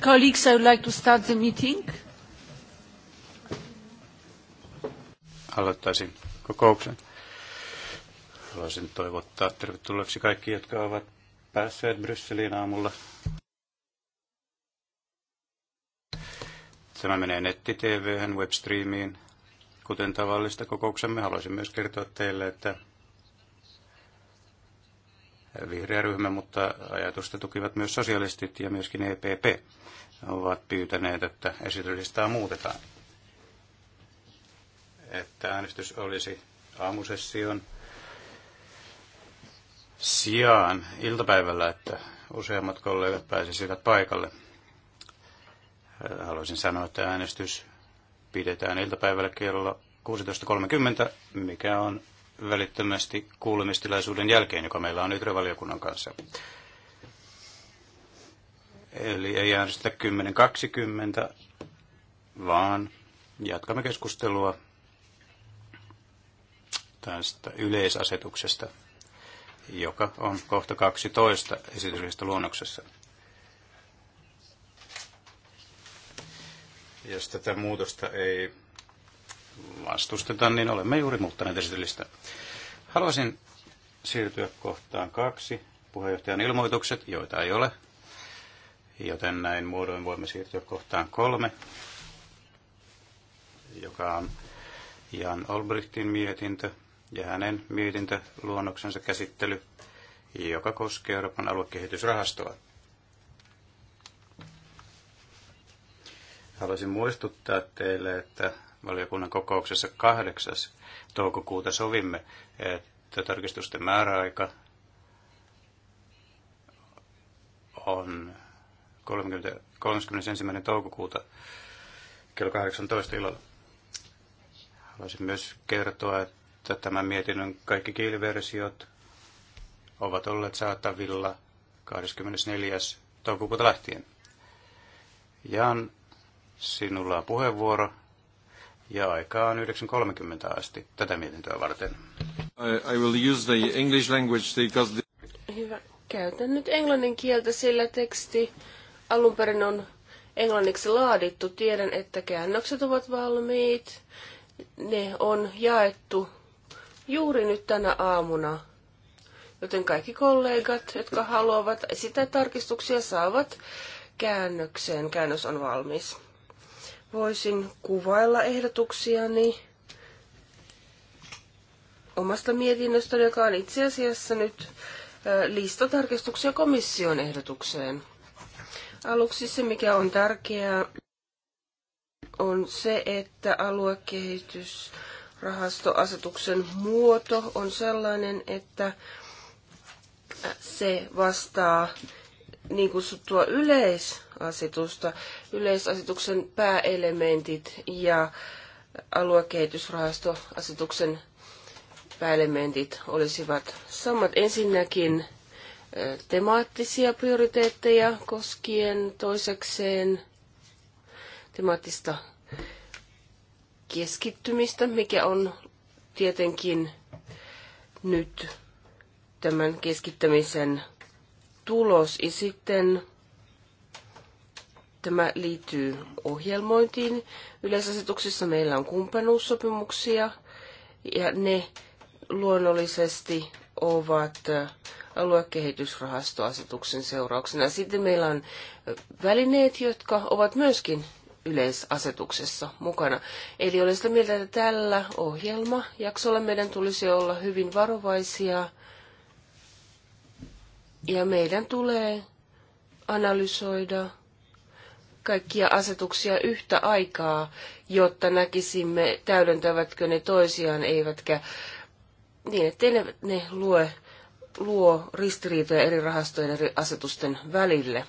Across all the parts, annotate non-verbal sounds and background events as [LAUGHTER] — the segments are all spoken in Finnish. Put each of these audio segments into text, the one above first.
colleagues, I would like to start the meeting. Aloittaisin kokouksen. Haluaisin toivottaa tervetulleeksi kaikki, jotka ovat päässeet Brysseliin aamulla. Tämä menee netti-tvhen, webstreamiin, kuten tavallista kokouksemme. Haluaisin myös kertoa teille, että vihreä ryhmä, mutta ajatusta tukivat myös sosialistit ja myöskin EPP ovat pyytäneet, että esityslistaa muutetaan. Että äänestys olisi aamusession sijaan iltapäivällä, että useammat kollegat pääsisivät paikalle. Haluaisin sanoa, että äänestys pidetään iltapäivällä kello 16.30, mikä on välittömästi kuulemistilaisuuden jälkeen, joka meillä on ytre kanssa. Eli ei äänestä 10.20, vaan jatkamme keskustelua tästä yleisasetuksesta, joka on kohta 12 esityksestä luonnoksessa. Jos tätä muutosta ei vastusteta, niin olemme juuri muuttaneet esitellistä. Haluaisin siirtyä kohtaan kaksi, puheenjohtajan ilmoitukset, joita ei ole, joten näin muodoin voimme siirtyä kohtaan kolme, joka on Jan Olbrichtin mietintö ja hänen mietintöluonnoksensa käsittely, joka koskee Euroopan aluekehitysrahastoa. Haluaisin muistuttaa teille, että valiokunnan kokouksessa 8. toukokuuta sovimme, että tarkistusten määräaika on 30, 31. toukokuuta kello 18 illalla. Haluaisin myös kertoa, että tämän mietinnön kaikki kieliversiot ovat olleet saatavilla 24. toukokuuta lähtien. Jan, sinulla on puheenvuoro ja aikaa on 9.30 asti tätä mietintöä varten. I, I will use the English language because the... Hyvä. Käytän nyt englannin kieltä, sillä teksti alun perin on englanniksi laadittu. Tiedän, että käännökset ovat valmiit. Ne on jaettu juuri nyt tänä aamuna. Joten kaikki kollegat, jotka haluavat sitä tarkistuksia, saavat käännökseen. Käännös on valmis voisin kuvailla ehdotuksiani omasta mietinnöstä, joka on itse asiassa nyt listatarkistuksia komission ehdotukseen. Aluksi se, mikä on tärkeää, on se, että aluekehitysrahastoasetuksen muoto on sellainen, että se vastaa niin kutsuttua yleisasetusta, yleisasetuksen pääelementit ja aluekehitysrahastoasetuksen pääelementit olisivat samat. Ensinnäkin temaattisia prioriteetteja koskien toisekseen temaattista keskittymistä, mikä on tietenkin nyt tämän keskittämisen tulos. Ja sitten tämä liittyy ohjelmointiin. Yleisasetuksissa meillä on kumppanuussopimuksia ja ne luonnollisesti ovat aluekehitysrahastoasetuksen seurauksena. Sitten meillä on välineet, jotka ovat myöskin yleisasetuksessa mukana. Eli olen sitä mieltä, että tällä ohjelmajaksolla meidän tulisi olla hyvin varovaisia ja meidän tulee analysoida kaikkia asetuksia yhtä aikaa, jotta näkisimme, täydentävätkö ne toisiaan, eivätkä niin, ettei ne, ne lue, luo ristiriitoja eri rahastojen eri asetusten välille,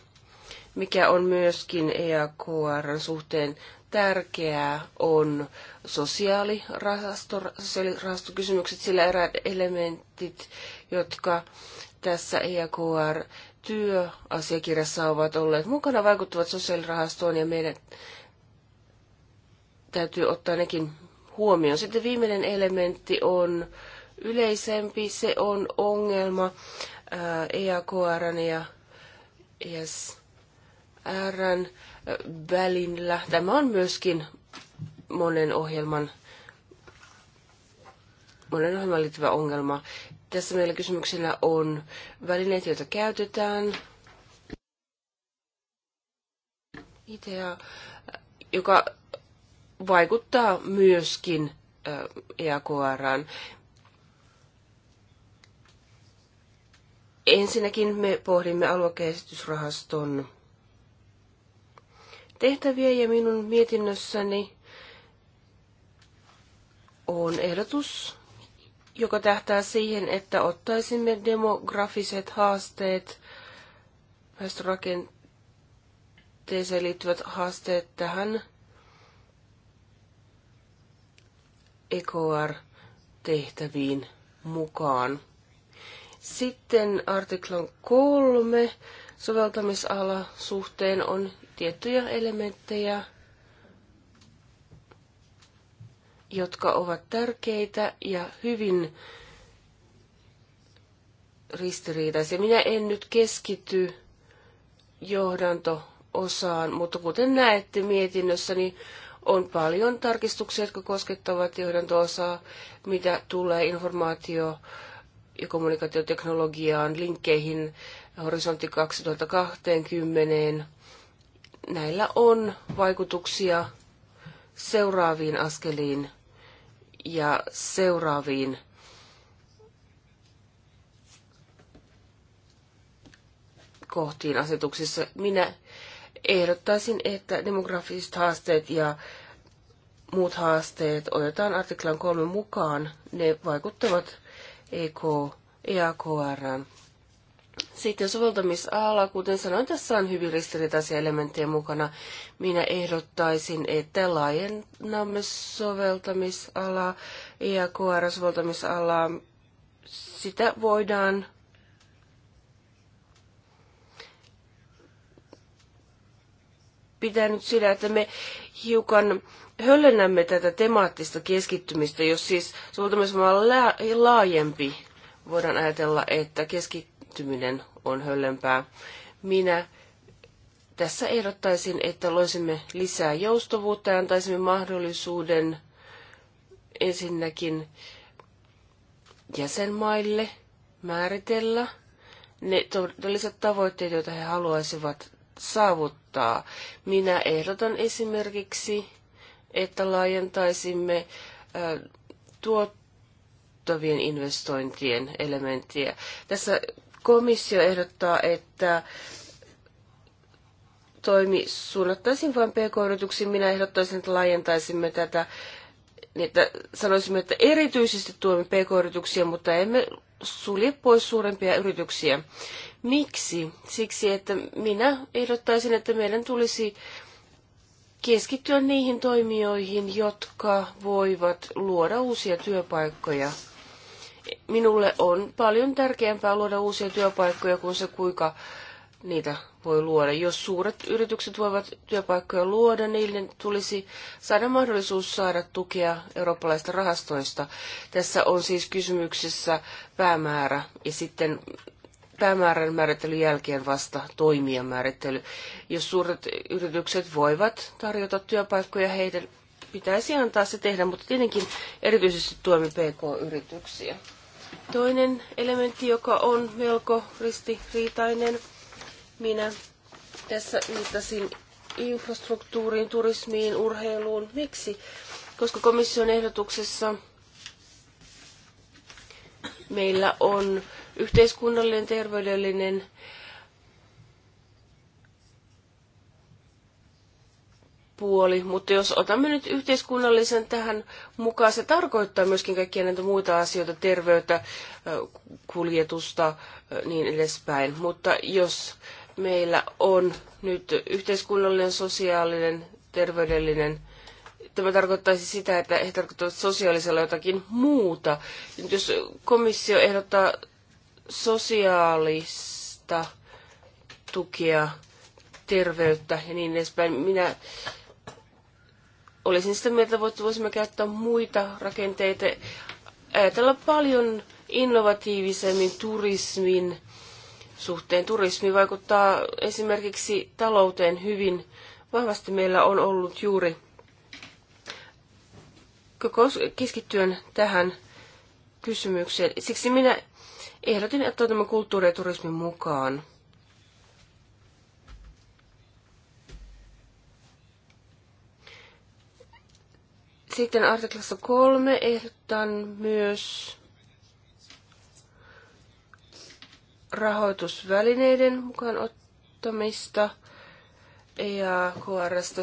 mikä on myöskin EAKRn suhteen tärkeää on sosiaalirahasto, sosiaalirahastokysymykset, sillä eräät elementit, jotka tässä EAKR työasiakirjassa ovat olleet mukana, vaikuttavat sosiaalirahastoon ja meidän täytyy ottaa nekin huomioon. Sitten viimeinen elementti on yleisempi, se on ongelma EAKR ja ESR välillä. Tämä on myöskin monen ohjelman monen ohjelman liittyvä ongelma. Tässä meillä kysymyksenä on välineet, joita käytetään. Idea, joka vaikuttaa myöskin EAKRaan. Ensinnäkin me pohdimme aluekehitysrahaston tehtäviä ja minun mietinnössäni on ehdotus joka tähtää siihen, että ottaisimme demografiset haasteet, väestörakenteeseen liittyvät haasteet tähän EKR-tehtäviin mukaan. Sitten artiklan kolme soveltamisala suhteen on tiettyjä elementtejä, jotka ovat tärkeitä ja hyvin ristiriitaisia. Minä en nyt keskity johdanto-osaan, mutta kuten näette mietinnössäni, niin on paljon tarkistuksia, jotka koskettavat johdanto-osaa, mitä tulee informaatio- ja kommunikaatioteknologiaan, linkkeihin, horisontti 2020. Näillä on vaikutuksia seuraaviin askeliin ja seuraaviin kohtiin asetuksissa. Minä ehdottaisin, että demografiset haasteet ja muut haasteet otetaan artiklan kolme mukaan. Ne vaikuttavat EK, EAKRn sitten soveltamisala, kuten sanoin, tässä on hyvin ristiriitaisia elementtejä mukana. Minä ehdottaisin, että laajennamme soveltamisalaa e ja QR-soveltamisalaa. Sitä voidaan pitää nyt sillä, että me hiukan höllennämme tätä temaattista keskittymistä, jos siis soveltamisala on laajempi voidaan ajatella, että keski, keskittyminen on höllempää. Minä tässä ehdottaisin, että loisimme lisää joustavuutta ja antaisimme mahdollisuuden ensinnäkin jäsenmaille määritellä ne todelliset tavoitteet, joita he haluaisivat saavuttaa. Minä ehdotan esimerkiksi, että laajentaisimme tuottavien investointien elementtiä. Tässä Komissio ehdottaa, että toimi suunnattaisiin vain pk-yrityksiin. Minä ehdottaisin, että laajentaisimme tätä, niin että sanoisimme, että erityisesti tuomme pk-yrityksiä, mutta emme sulje pois suurempia yrityksiä. Miksi? Siksi, että minä ehdottaisin, että meidän tulisi keskittyä niihin toimijoihin, jotka voivat luoda uusia työpaikkoja. Minulle on paljon tärkeämpää luoda uusia työpaikkoja kuin se, kuinka niitä voi luoda. Jos suuret yritykset voivat työpaikkoja luoda, niille tulisi saada mahdollisuus saada tukea eurooppalaista rahastoista. Tässä on siis kysymyksessä päämäärä ja sitten päämäärän määrittelyn jälkeen vasta toimien määrittely. Jos suuret yritykset voivat tarjota työpaikkoja, heidän pitäisi antaa se tehdä, mutta tietenkin erityisesti tuemme PK-yrityksiä. Toinen elementti, joka on melko ristiriitainen, minä tässä viittasin infrastruktuuriin, turismiin, urheiluun. Miksi? Koska komission ehdotuksessa meillä on yhteiskunnallinen, terveydellinen puoli, mutta jos otamme nyt yhteiskunnallisen tähän mukaan, se tarkoittaa myöskin kaikkia näitä muita asioita, terveyttä, kuljetusta, niin edespäin. Mutta jos meillä on nyt yhteiskunnallinen, sosiaalinen, terveydellinen, tämä tarkoittaisi sitä, että he tarkoittavat sosiaalisella jotakin muuta. Nyt jos komissio ehdottaa sosiaalista tukea, terveyttä ja niin edespäin, minä Olisin sitä mieltä, että voisimme käyttää muita rakenteita, ajatella paljon innovatiivisemmin turismin suhteen. Turismi vaikuttaa esimerkiksi talouteen hyvin vahvasti. Meillä on ollut juuri keskittyen tähän kysymykseen. Siksi minä ehdotin, että otamme kulttuuri ja turismin mukaan. Sitten artiklassa kolme ehdotan myös rahoitusvälineiden mukaan ottamista ja QRstä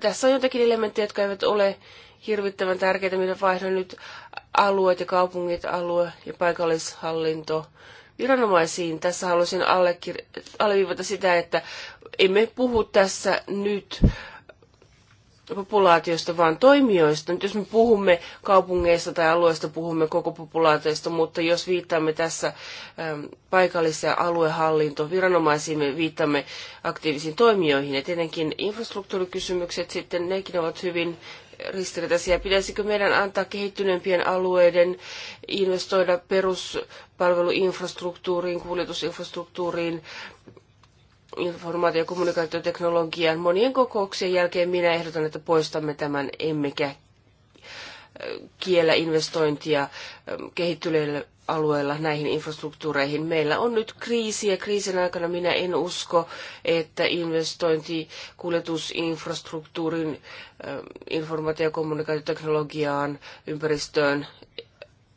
tässä on jotakin elementtejä, jotka eivät ole hirvittävän tärkeitä, mitä vaihdan nyt alueet ja kaupungit, alue ja paikallishallinto viranomaisiin. Tässä haluaisin alleviivata sitä, että emme puhu tässä nyt populaatiosta, vaan toimijoista. Nyt jos me puhumme kaupungeista tai alueista, puhumme koko populaatiosta, mutta jos viittaamme tässä ähm, paikalliseen aluehallintoviranomaisiin, me viittaamme aktiivisiin toimijoihin. Ja tietenkin infrastruktuurikysymykset sitten, nekin ovat hyvin ristiriitaisia. Pitäisikö meidän antaa kehittyneempien alueiden investoida peruspalveluinfrastruktuuriin, kuljetusinfrastruktuuriin, informaatio- ja kommunikaatioteknologian monien kokouksien jälkeen minä ehdotan, että poistamme tämän emmekä äh, kiellä investointia äh, kehittyneille alueilla näihin infrastruktuureihin. Meillä on nyt kriisi ja kriisin aikana minä en usko, että investointi kuljetusinfrastruktuurin, äh, informaatio- ja kommunikaatioteknologiaan, ympäristöön,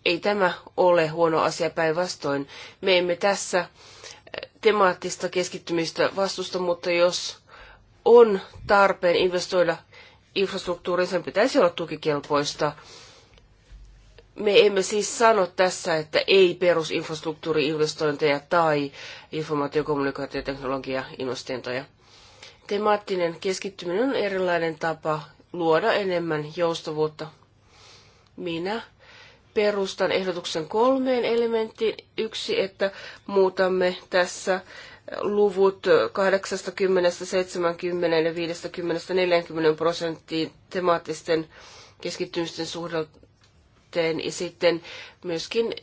ei tämä ole huono asia päinvastoin. Me emme tässä temaattista keskittymistä vastusta, mutta jos on tarpeen investoida infrastruktuuriin, sen pitäisi olla tukikelpoista. Me emme siis sano tässä, että ei investointeja tai investointeja. Temaattinen keskittyminen on erilainen tapa luoda enemmän joustavuutta. Minä perustan ehdotuksen kolmeen elementtiin. Yksi, että muutamme tässä luvut 80, 70 ja 50, 40 prosenttiin temaattisten keskittymisten suhdelteen ja sitten myöskin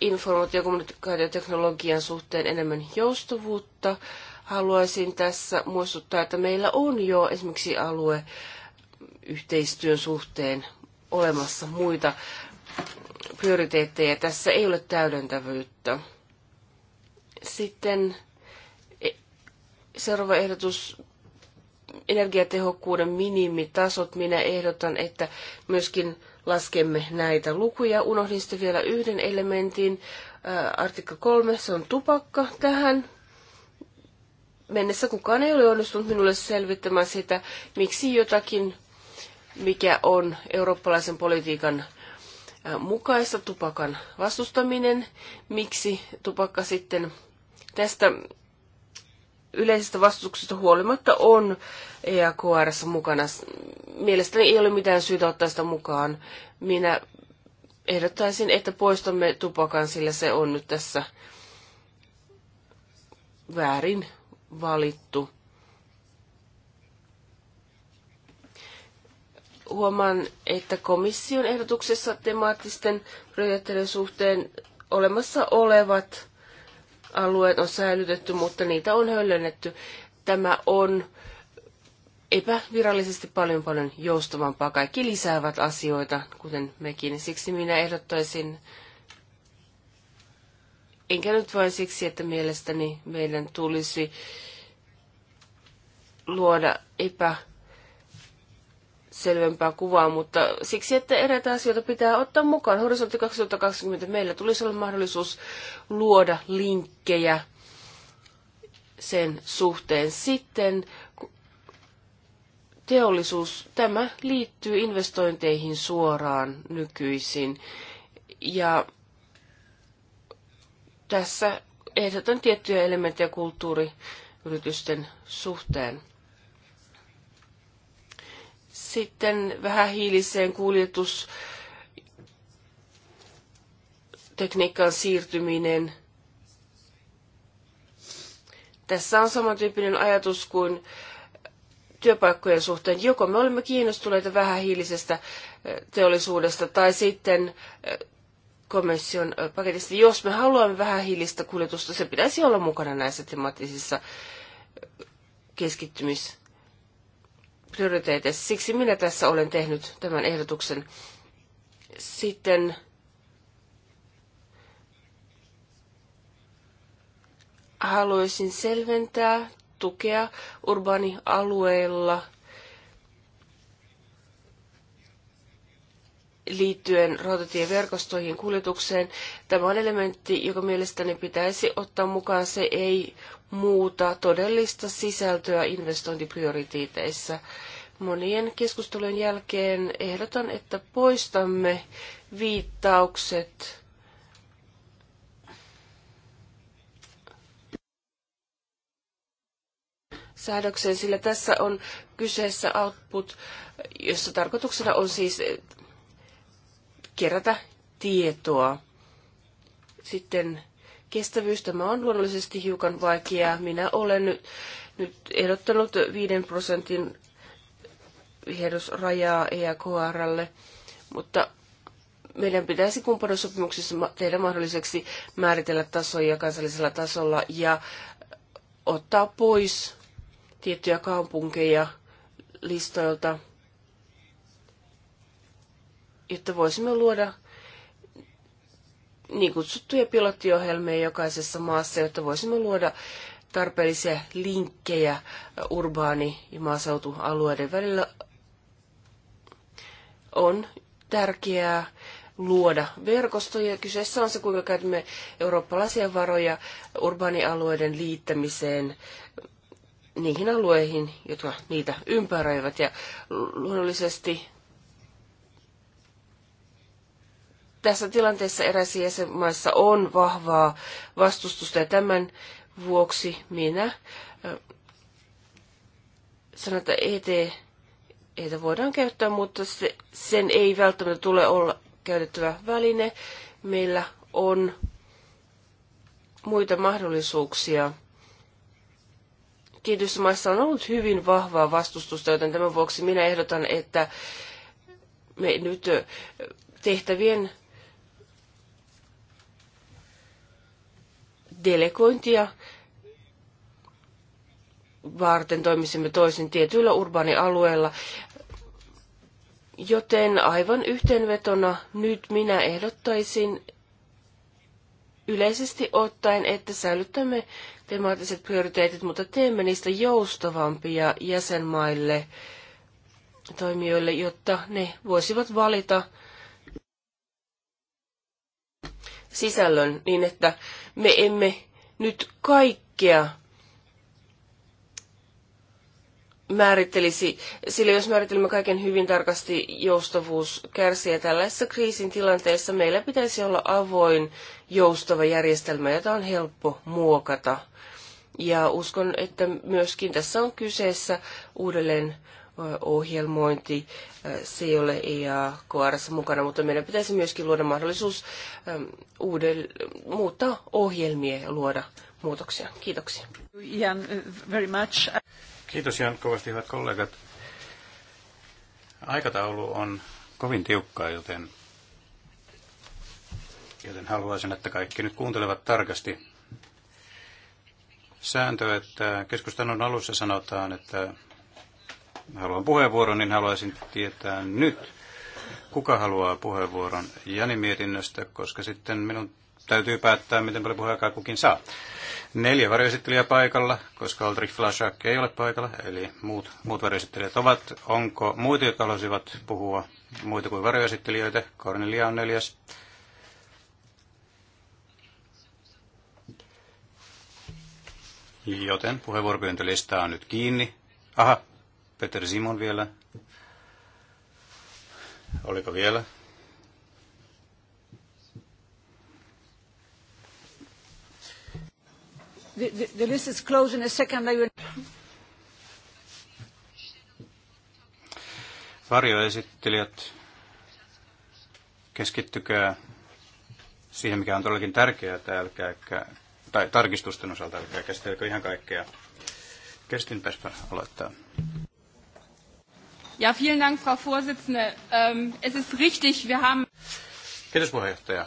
informaatio- ja kommunikaatioteknologian suhteen enemmän joustavuutta. Haluaisin tässä muistuttaa, että meillä on jo esimerkiksi alue yhteistyön suhteen olemassa muita prioriteetteja. Tässä ei ole täydentävyyttä. Sitten e, seuraava ehdotus, energiatehokkuuden minimitasot. Minä ehdotan, että myöskin laskemme näitä lukuja. Unohdin sitten vielä yhden elementin. Artikka 3, se on tupakka tähän mennessä kukaan ei ole onnistunut minulle selvittämään sitä, miksi jotakin mikä on eurooppalaisen politiikan mukaista tupakan vastustaminen, miksi tupakka sitten tästä yleisestä vastustuksesta huolimatta on EAKR mukana. Mielestäni ei ole mitään syytä ottaa sitä mukaan. Minä ehdottaisin, että poistamme tupakan, sillä se on nyt tässä väärin valittu huomaan, että komission ehdotuksessa temaattisten projektien suhteen olemassa olevat alueet on säilytetty, mutta niitä on höllennetty. Tämä on epävirallisesti paljon paljon joustavampaa. Kaikki lisäävät asioita, kuten mekin. Siksi minä ehdottaisin, enkä nyt vain siksi, että mielestäni meidän tulisi luoda epä selvempää kuvaa, mutta siksi, että eräitä asioita pitää ottaa mukaan. Horisontti 2020 meillä tulisi olla mahdollisuus luoda linkkejä sen suhteen. Sitten teollisuus, tämä liittyy investointeihin suoraan nykyisin. Ja tässä ehdotan tiettyjä elementtejä kulttuuriyritysten suhteen. Sitten vähähiiliseen kuljetustekniikkaan siirtyminen. Tässä on samantyyppinen ajatus kuin työpaikkojen suhteen. Joko me olemme kiinnostuneita vähähiilisestä teollisuudesta tai sitten komission paketista. Jos me haluamme vähähiilistä kuljetusta, se pitäisi olla mukana näissä temaattisissa keskittymis- prioriteeteissa. Siksi minä tässä olen tehnyt tämän ehdotuksen. Sitten haluaisin selventää tukea urbaanialueilla – liittyen rautatieverkostoihin kuljetukseen. Tämä on elementti, joka mielestäni pitäisi ottaa mukaan. Se ei muuta todellista sisältöä investointiprioriteeteissa. Monien keskustelujen jälkeen ehdotan, että poistamme viittaukset säädökseen, sillä tässä on kyseessä output, jossa tarkoituksena on siis kerätä tietoa. Sitten kestävyys, tämä on luonnollisesti hiukan vaikeaa. Minä olen nyt, nyt ehdottanut 5 prosentin viherusrajaa EAKRlle, mutta meidän pitäisi kumppanuussopimuksissa tehdä mahdolliseksi määritellä tasoja kansallisella tasolla ja ottaa pois tiettyjä kaupunkeja listoilta – jotta voisimme luoda niin kutsuttuja pilottiohjelmia jokaisessa maassa, jotta voisimme luoda tarpeellisia linkkejä urbaani- ja maaseutualueiden välillä. On tärkeää luoda verkostoja. Kyseessä on se, kuinka käytämme eurooppalaisia varoja urbaanialueiden liittämiseen niihin alueihin, jotka niitä ympäröivät. Ja luonnollisesti tässä tilanteessa eräissä jäsenmaissa on vahvaa vastustusta ja tämän vuoksi minä sanon, että ET, ET voidaan käyttää, mutta se, sen ei välttämättä tule olla käytettävä väline. Meillä on muita mahdollisuuksia. Tietyissä maissa on ollut hyvin vahvaa vastustusta, joten tämän vuoksi minä ehdotan, että me nyt tehtävien delegointia varten toimisimme toisin tietyillä urbaanialueilla. Joten aivan yhteenvetona nyt minä ehdottaisin yleisesti ottaen, että säilyttämme temaattiset prioriteetit, mutta teemme niistä joustavampia jäsenmaille, toimijoille, jotta ne voisivat valita sisällön niin, että me emme nyt kaikkea määrittelisi, sillä jos määrittelemme kaiken hyvin tarkasti, joustavuus kärsii. Tällaisessa kriisin tilanteessa meillä pitäisi olla avoin, joustava järjestelmä, jota on helppo muokata. Ja uskon, että myöskin tässä on kyseessä uudelleen ohjelmointi, äh, se ei ole EAKRS mukana, mutta meidän pitäisi myöskin luoda mahdollisuus ähm, uudelle, muuttaa ohjelmia ja luoda muutoksia. Kiitoksia. Jan, uh, very much. Kiitos Jan kovasti, hyvät kollegat. Aikataulu on kovin tiukkaa, joten, joten haluaisin, että kaikki nyt kuuntelevat tarkasti sääntö, että keskustelun alussa sanotaan, että haluan puheenvuoron, niin haluaisin tietää nyt, kuka haluaa puheenvuoron Jani mietinnöstä, koska sitten minun täytyy päättää, miten paljon puheaikaa kukin saa. Neljä varjoesittelijää paikalla, koska Aldrich Flashak ei ole paikalla, eli muut, muut varjoesittelijät ovat. Onko muita, jotka haluaisivat puhua muita kuin varjoesittelijöitä? Cornelia on neljäs. Joten puheenvuoropyyntölista on nyt kiinni. Aha, Peter Simon vielä. Oliko vielä? The, the, the list is closed in a second. Varjoesittelijät, keskittykää siihen, mikä on todellakin tärkeää, että älkää, tai tarkistusten osalta, älkää käsitelkö ihan kaikkea. Kerstin Pesper aloittaa. Ja, vielen Dank, Frau Vorsitzende. Ähm, es ist richtig, wir haben... Kiitos puheenjohtaja.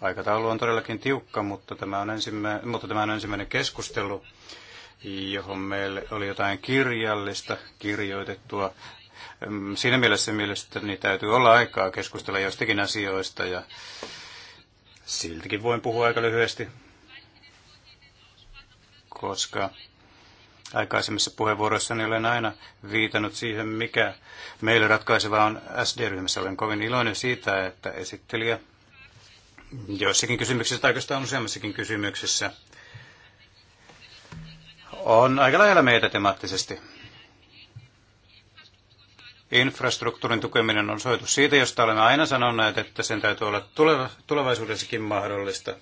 Aikataulu on todellakin tiukka, mutta tämä on, ensimmä, mutta tämä on ensimmäinen keskustelu, johon meille oli jotain kirjallista, kirjoitettua. Siinä mielessä mielestäni täytyy olla aikaa keskustella jostakin asioista ja siltikin voin puhua aika lyhyesti, koska Aikaisemmissa puheenvuoroissani olen aina viitannut siihen, mikä meille ratkaisevaa on SD-ryhmässä. Olen kovin iloinen siitä, että esittelijä joissakin kysymyksissä tai oikeastaan useammassakin kysymyksissä on aika lailla meitä temaattisesti. Infrastruktuurin tukeminen on soitu siitä, josta olemme aina sanoneet, että sen täytyy olla tulevaisuudessakin mahdollista.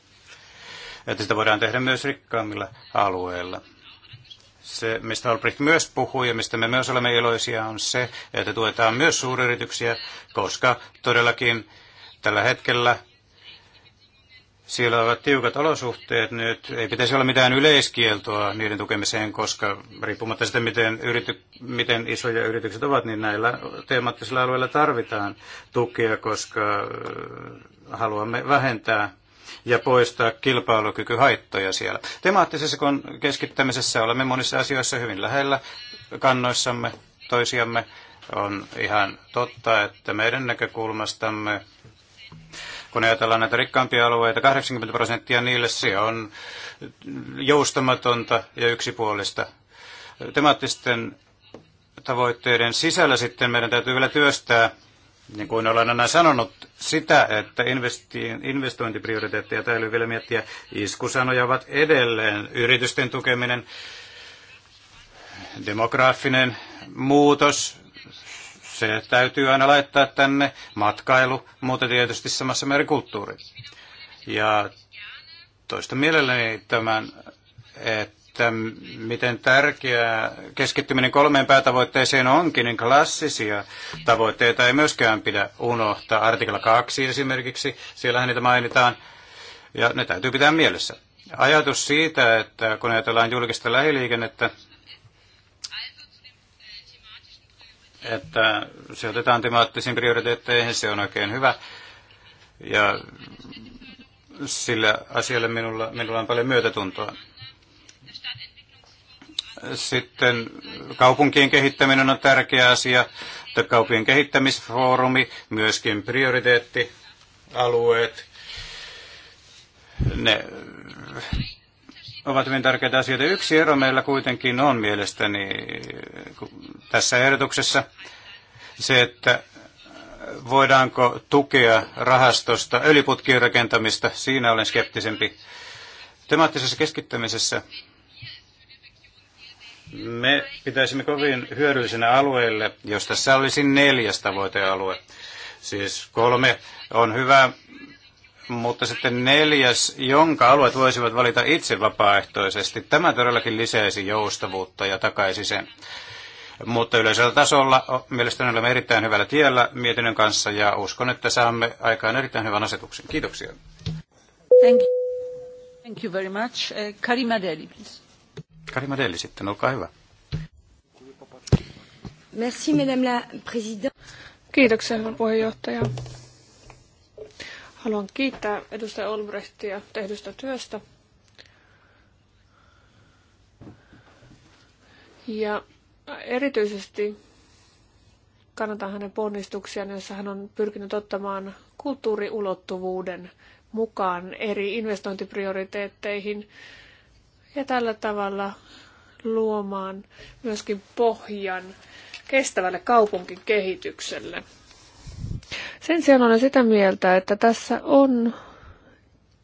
Että sitä voidaan tehdä myös rikkaammilla alueilla. Se, mistä Albrecht myös puhui ja mistä me myös olemme iloisia, on se, että tuetaan myös suuryrityksiä, koska todellakin tällä hetkellä siellä ovat tiukat olosuhteet nyt. Ei pitäisi olla mitään yleiskieltoa niiden tukemiseen, koska riippumatta siitä, miten, yrity, miten isoja yritykset ovat, niin näillä teemattisilla alueilla tarvitaan tukea, koska äh, haluamme vähentää ja poistaa kilpailukykyhaittoja siellä. Temaattisessa keskittämisessä olemme monissa asioissa hyvin lähellä kannoissamme toisiamme. On ihan totta, että meidän näkökulmastamme kun ajatellaan näitä rikkaampia alueita, 80 prosenttia niille se on joustamatonta ja yksipuolista. Temaattisten tavoitteiden sisällä sitten meidän täytyy vielä työstää niin kuin olen aina sanonut, sitä, että investointiprioriteetteja täytyy vielä miettiä. Iskusanoja ovat edelleen yritysten tukeminen, demograafinen muutos, se täytyy aina laittaa tänne, matkailu, muuta tietysti samassa määrin kulttuuri. Ja toista mielelläni tämän, että että miten tärkeää keskittyminen kolmeen päätavoitteeseen onkin, niin klassisia tavoitteita ei myöskään pidä unohtaa. Artikla 2 esimerkiksi, siellähän niitä mainitaan, ja ne täytyy pitää mielessä. Ajatus siitä, että kun ajatellaan julkista lähiliikennettä, että se otetaan temaattisiin prioriteetteihin, se on oikein hyvä. Ja sillä asialle minulla, minulla on paljon myötätuntoa. Sitten kaupunkien kehittäminen on tärkeä asia. Kaupunkien kehittämisfoorumi, myöskin prioriteettialueet. Ne ovat hyvin tärkeitä asioita. Yksi ero meillä kuitenkin on mielestäni tässä ehdotuksessa se, että voidaanko tukea rahastosta öljyputkien rakentamista. Siinä olen skeptisempi. Temaattisessa keskittämisessä me pitäisimme kovin hyödyllisenä alueelle, jos tässä olisi neljäs tavoitealue. Siis kolme on hyvä, mutta sitten neljäs, jonka alueet voisivat valita itse vapaaehtoisesti. Tämä todellakin lisäisi joustavuutta ja takaisi sen. Mutta yleisellä tasolla mielestäni olemme erittäin hyvällä tiellä mietinnön kanssa ja uskon, että saamme aikaan erittäin hyvän asetuksen. Kiitoksia. Thank you, Thank you very much. Uh, Karima Deli, please. Karima Delli sitten, olkaa hyvä. Merci, madame la présidente. Kiitoksia, hyvä puheenjohtaja. Haluan kiittää edustaja Olbrechtia tehdystä työstä. Ja erityisesti kannatan hänen ponnistuksiaan, jossa hän on pyrkinyt ottamaan kulttuuriulottuvuuden mukaan eri investointiprioriteetteihin ja tällä tavalla luomaan myöskin pohjan kestävälle kaupunkikehitykselle. Sen sijaan olen sitä mieltä, että tässä on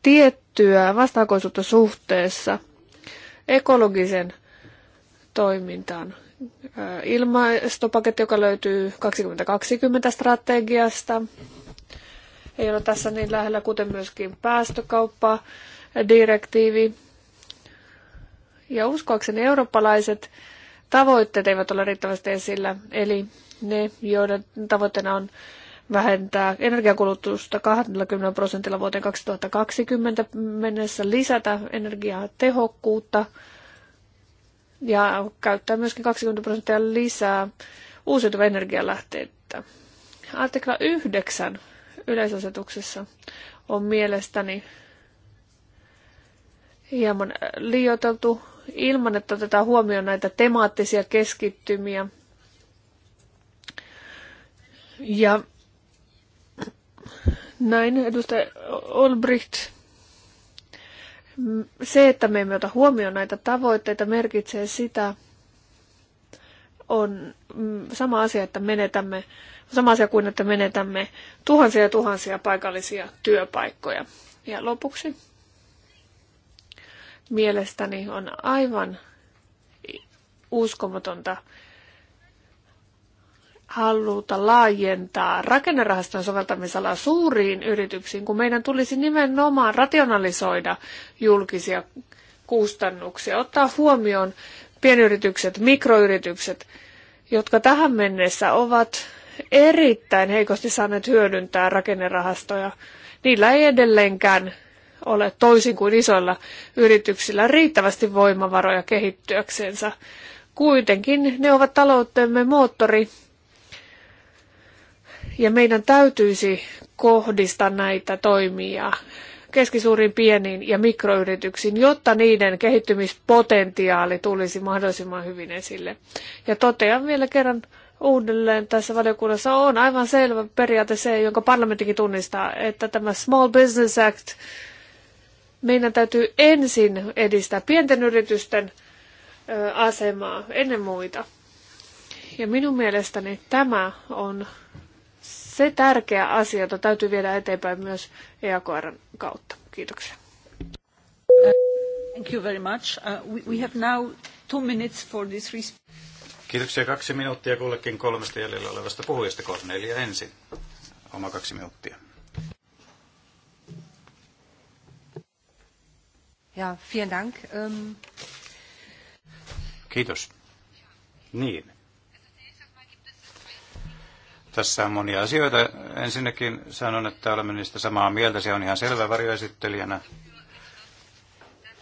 tiettyä vastaakoisuutta suhteessa ekologisen toimintaan. Ilmastopaketti, joka löytyy 2020 strategiasta, ei ole tässä niin lähellä, kuten myöskin päästökauppa, direktiivi, ja uskoakseni eurooppalaiset tavoitteet eivät ole riittävästi esillä, eli ne, joiden tavoitteena on vähentää energiakulutusta 20 prosentilla vuoteen 2020 mennessä, lisätä energiatehokkuutta ja käyttää myöskin 20 prosenttia lisää uusiutuvia energialähteitä. Artikla 9 yleisasetuksessa on mielestäni hieman liioiteltu ilman, että otetaan huomioon näitä temaattisia keskittymiä. Ja näin, edustaja Olbricht. Se, että me emme ota huomioon näitä tavoitteita, merkitsee sitä, on sama asia, että menetämme, sama asia kuin että menetämme tuhansia ja tuhansia paikallisia työpaikkoja. Ja lopuksi mielestäni on aivan uskomatonta haluta laajentaa rakennerahaston soveltamisalaa suuriin yrityksiin, kun meidän tulisi nimenomaan rationalisoida julkisia kustannuksia, ottaa huomioon pienyritykset, mikroyritykset, jotka tähän mennessä ovat erittäin heikosti saaneet hyödyntää rakennerahastoja. Niillä ei edelleenkään ole toisin kuin isoilla yrityksillä riittävästi voimavaroja kehittyäksensä. Kuitenkin ne ovat taloutemme moottori ja meidän täytyisi kohdistaa näitä toimia keskisuuriin, pieniin ja mikroyrityksiin, jotta niiden kehittymispotentiaali tulisi mahdollisimman hyvin esille. Ja totean vielä kerran uudelleen tässä valiokunnassa on aivan selvä periaate se, jonka parlamenttikin tunnistaa, että tämä Small Business Act meidän täytyy ensin edistää pienten yritysten asemaa ennen muita. Ja minun mielestäni tämä on se tärkeä asia, jota täytyy viedä eteenpäin myös EAKRn kautta. Kiitoksia. Thank you very much. Uh, we, have now two minutes for this Kiitoksia kaksi minuuttia kullekin kolmesta jäljellä olevasta puhujasta. Kornelia ensin. Oma kaksi minuuttia. Ja, vielen Dank. Ähm. Kiitos. Niin. Tässä on monia asioita. Ensinnäkin sanon, että olemme niistä samaa mieltä. Se on ihan selvä varjoesittelijänä.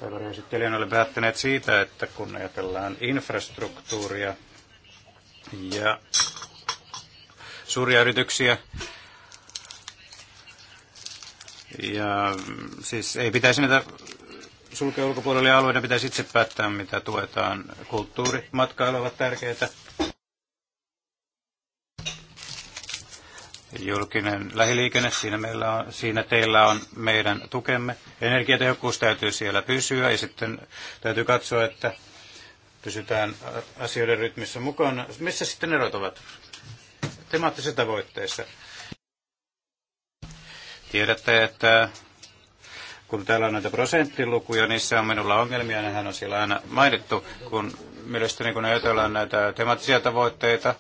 Tai varjoesittelijänä olemme päättäneet siitä, että kun ajatellaan infrastruktuuria ja suuria yrityksiä, ja siis ei pitäisi näitä sulkea ulkopuolelle alueiden pitäisi itse päättää, mitä tuetaan. Kulttuuri, matkailu ovat tärkeitä. Julkinen lähiliikenne, siinä, meillä on, siinä teillä on meidän tukemme. Energiatehokkuus täytyy siellä pysyä ja sitten täytyy katsoa, että pysytään asioiden rytmissä mukana. Missä sitten erot ovat? Temaattisissa tavoitteissa. Tiedätte, että kun täällä on näitä prosenttilukuja, niissä on minulla ongelmia, nehän on siellä aina mainittu, kun mielestäni kun ajatellaan näitä temaattisia tavoitteita,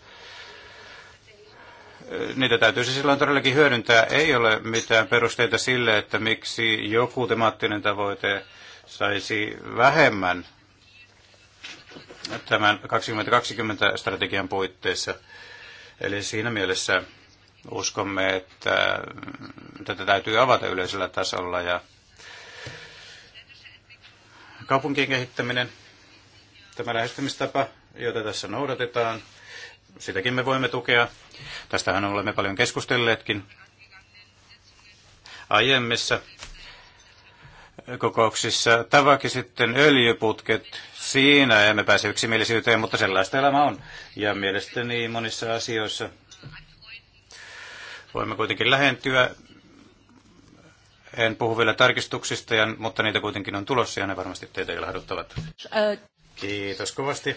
niitä täytyisi silloin todellakin hyödyntää. Ei ole mitään perusteita sille, että miksi joku temaattinen tavoite saisi vähemmän tämän 2020 strategian puitteissa. Eli siinä mielessä uskomme, että tätä täytyy avata yleisellä tasolla ja kaupunkien kehittäminen, tämä lähestymistapa, jota tässä noudatetaan, sitäkin me voimme tukea. Tästähän olemme paljon keskustelleetkin aiemmissa kokouksissa. Tavaki sitten öljyputket, siinä emme pääse yksimielisyyteen, mutta sellaista elämä on. Ja mielestäni monissa asioissa voimme kuitenkin lähentyä en puhu vielä tarkistuksista, mutta niitä kuitenkin on tulossa ja ne varmasti teitä ilahduttavat. Kiitos kovasti.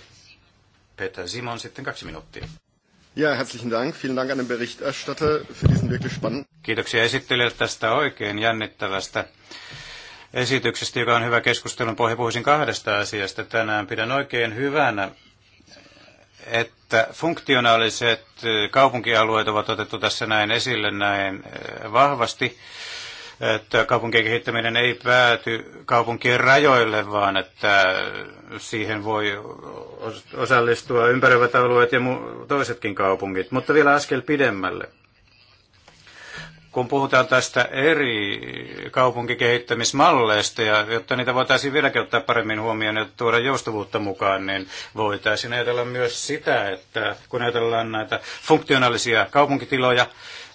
Peter Simon sitten kaksi minuuttia. Ja, herzlichen Dank. Vielen Dank an den Berichterstatter für diesen wirklich spannenden. Kiitoksia esittelijälle tästä oikein jännittävästä esityksestä, joka on hyvä keskustelun pohja. Puhuisin kahdesta asiasta tänään. Pidän oikein hyvänä, että funktionaaliset kaupunkialueet ovat otettu tässä näin esille näin eh, vahvasti että kaupunkien kehittäminen ei pääty kaupunkien rajoille, vaan että siihen voi osallistua ympäröivät alueet ja toisetkin kaupungit, mutta vielä askel pidemmälle. Kun puhutaan tästä eri kaupunkikehittämismalleista, ja jotta niitä voitaisiin vieläkin ottaa paremmin huomioon ja tuoda joustavuutta mukaan, niin voitaisiin ajatella myös sitä, että kun ajatellaan näitä funktionaalisia kaupunkitiloja,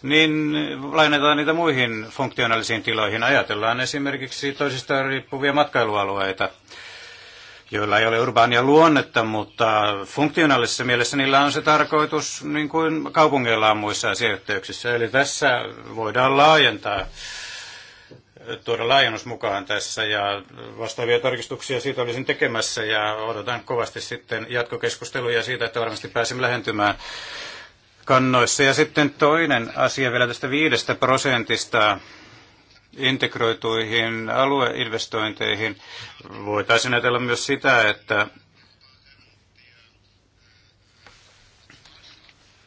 niin lainataan niitä muihin funktionaalisiin tiloihin. Ajatellaan esimerkiksi toisistaan riippuvia matkailualueita, joilla ei ole urbaania luonnetta, mutta funktionaalisessa mielessä niillä on se tarkoitus niin kuin kaupungeilla on muissa asiayhteyksissä. Eli tässä voidaan laajentaa tuoda laajennus mukaan tässä ja vastaavia tarkistuksia siitä olisin tekemässä ja odotan kovasti sitten jatkokeskusteluja siitä, että varmasti pääsemme lähentymään kannoissa. Ja sitten toinen asia vielä tästä viidestä prosentista integroituihin alueinvestointeihin. Voitaisiin ajatella myös sitä, että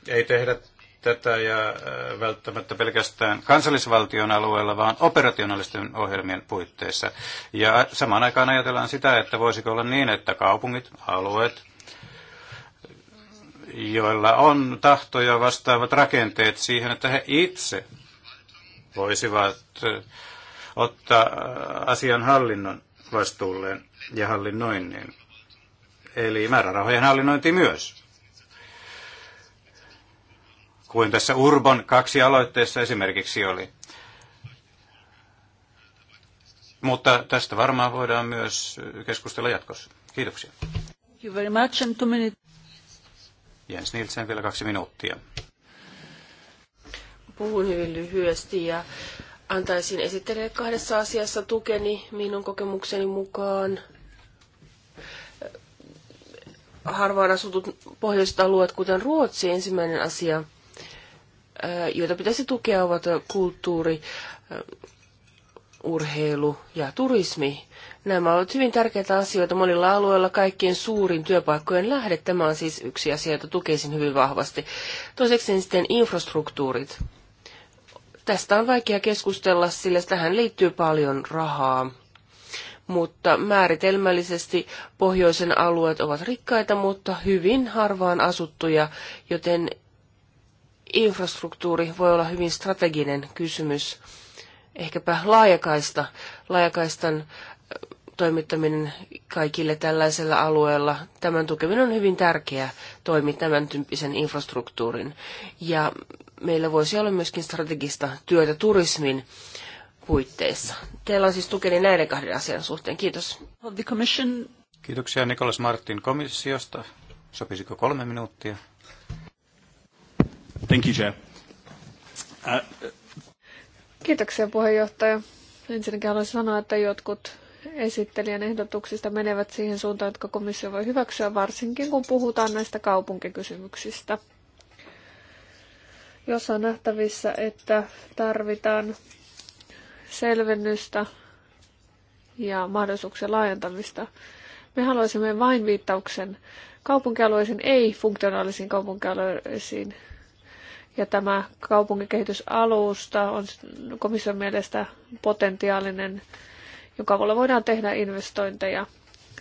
ei tehdä tätä ja äh, välttämättä pelkästään kansallisvaltion alueella, vaan operationaalisten ohjelmien puitteissa. Ja äh, samaan aikaan ajatellaan sitä, että voisiko olla niin, että kaupungit, alueet, joilla on tahtoja vastaavat rakenteet siihen, että he itse voisivat ottaa asian hallinnon vastuulleen ja hallinnoinnin. Eli määrärahojen hallinnointi myös. Kuin tässä Urban kaksi aloitteessa esimerkiksi oli. Mutta tästä varmaan voidaan myös keskustella jatkossa. Kiitoksia. Thank you very much and two minutes. Jens Nielsen vielä kaksi minuuttia. Puhun hyvin lyhyesti ja antaisin esittelijälle kahdessa asiassa tukeni minun kokemukseni mukaan. Harvaan asutut pohjoiset alueet, kuten Ruotsi, ensimmäinen asia, joita pitäisi tukea, ovat kulttuuri, urheilu ja turismi. Nämä ovat hyvin tärkeitä asioita monilla alueilla. Kaikkien suurin työpaikkojen lähde. Tämä on siis yksi asia, jota tukisin hyvin vahvasti. Toiseksi sitten infrastruktuurit. Tästä on vaikea keskustella, sillä tähän liittyy paljon rahaa. Mutta määritelmällisesti pohjoisen alueet ovat rikkaita, mutta hyvin harvaan asuttuja, joten infrastruktuuri voi olla hyvin strateginen kysymys ehkäpä laajakaista, laajakaistan toimittaminen kaikille tällaisella alueella, tämän tukeminen on hyvin tärkeä toimi tämän tyyppisen infrastruktuurin. Ja meillä voisi olla myöskin strategista työtä turismin puitteissa. Teillä on siis tukeni näiden kahden asian suhteen. Kiitos. Kiitoksia Nikolas Martin komissiosta. Sopisiko kolme minuuttia? Thank you, Chair. Uh, Kiitoksia puheenjohtaja. Ensinnäkin haluaisin sanoa, että jotkut esittelijän ehdotuksista menevät siihen suuntaan, jotka komissio voi hyväksyä, varsinkin kun puhutaan näistä kaupunkikysymyksistä, jossa on nähtävissä, että tarvitaan selvennystä ja mahdollisuuksien laajentamista. Me haluaisimme vain viittauksen kaupunkialueisiin, ei funktionaalisiin kaupunkialueisiin. Ja tämä kaupunkikehitysalusta on komission mielestä potentiaalinen jonka avulla voidaan tehdä investointeja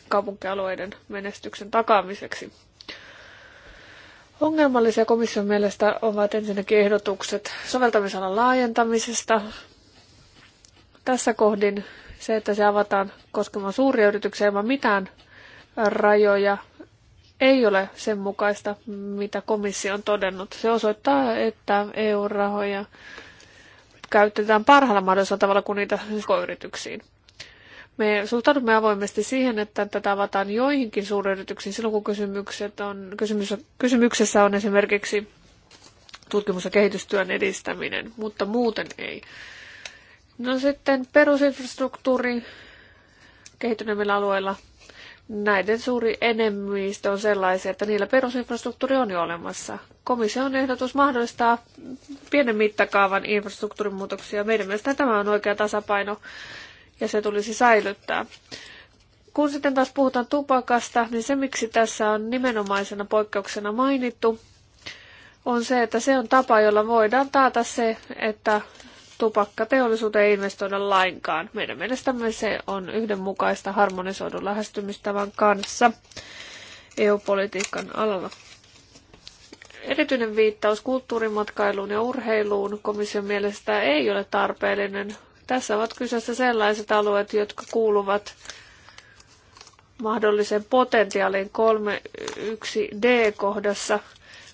kaupunkialueiden menestyksen takaamiseksi. Ongelmallisia komission mielestä ovat ensinnäkin ehdotukset soveltamisalan laajentamisesta. Tässä kohdin se, että se avataan koskemaan suuria yrityksiä ilman mitään rajoja, ei ole sen mukaista, mitä komissio on todennut. Se osoittaa, että EU-rahoja käytetään parhaalla mahdollisella tavalla kuin niitä siis yrityksiin. Me suhtaudumme avoimesti siihen, että tätä avataan joihinkin suuryrityksiin silloin, kun kysymykset on, kysymys, kysymyksessä on esimerkiksi tutkimus- ja kehitystyön edistäminen, mutta muuten ei. No sitten perusinfrastruktuuri kehittyneemmillä alueilla. Näiden suuri enemmistö on sellaisia, että niillä perusinfrastruktuuri on jo olemassa. Komission ehdotus mahdollistaa pienen mittakaavan infrastruktuurin muutoksia. Meidän mielestä tämä on oikea tasapaino ja se tulisi säilyttää. Kun sitten taas puhutaan tupakasta, niin se miksi tässä on nimenomaisena poikkeuksena mainittu, on se, että se on tapa, jolla voidaan taata se, että tupakkateollisuuteen ei investoida lainkaan. Meidän mielestämme se on yhdenmukaista harmonisoidun lähestymistavan kanssa EU-politiikan alalla. Erityinen viittaus kulttuurimatkailuun ja urheiluun komission mielestä ei ole tarpeellinen, tässä ovat kyseessä sellaiset alueet, jotka kuuluvat mahdollisen potentiaalin 3.1d-kohdassa.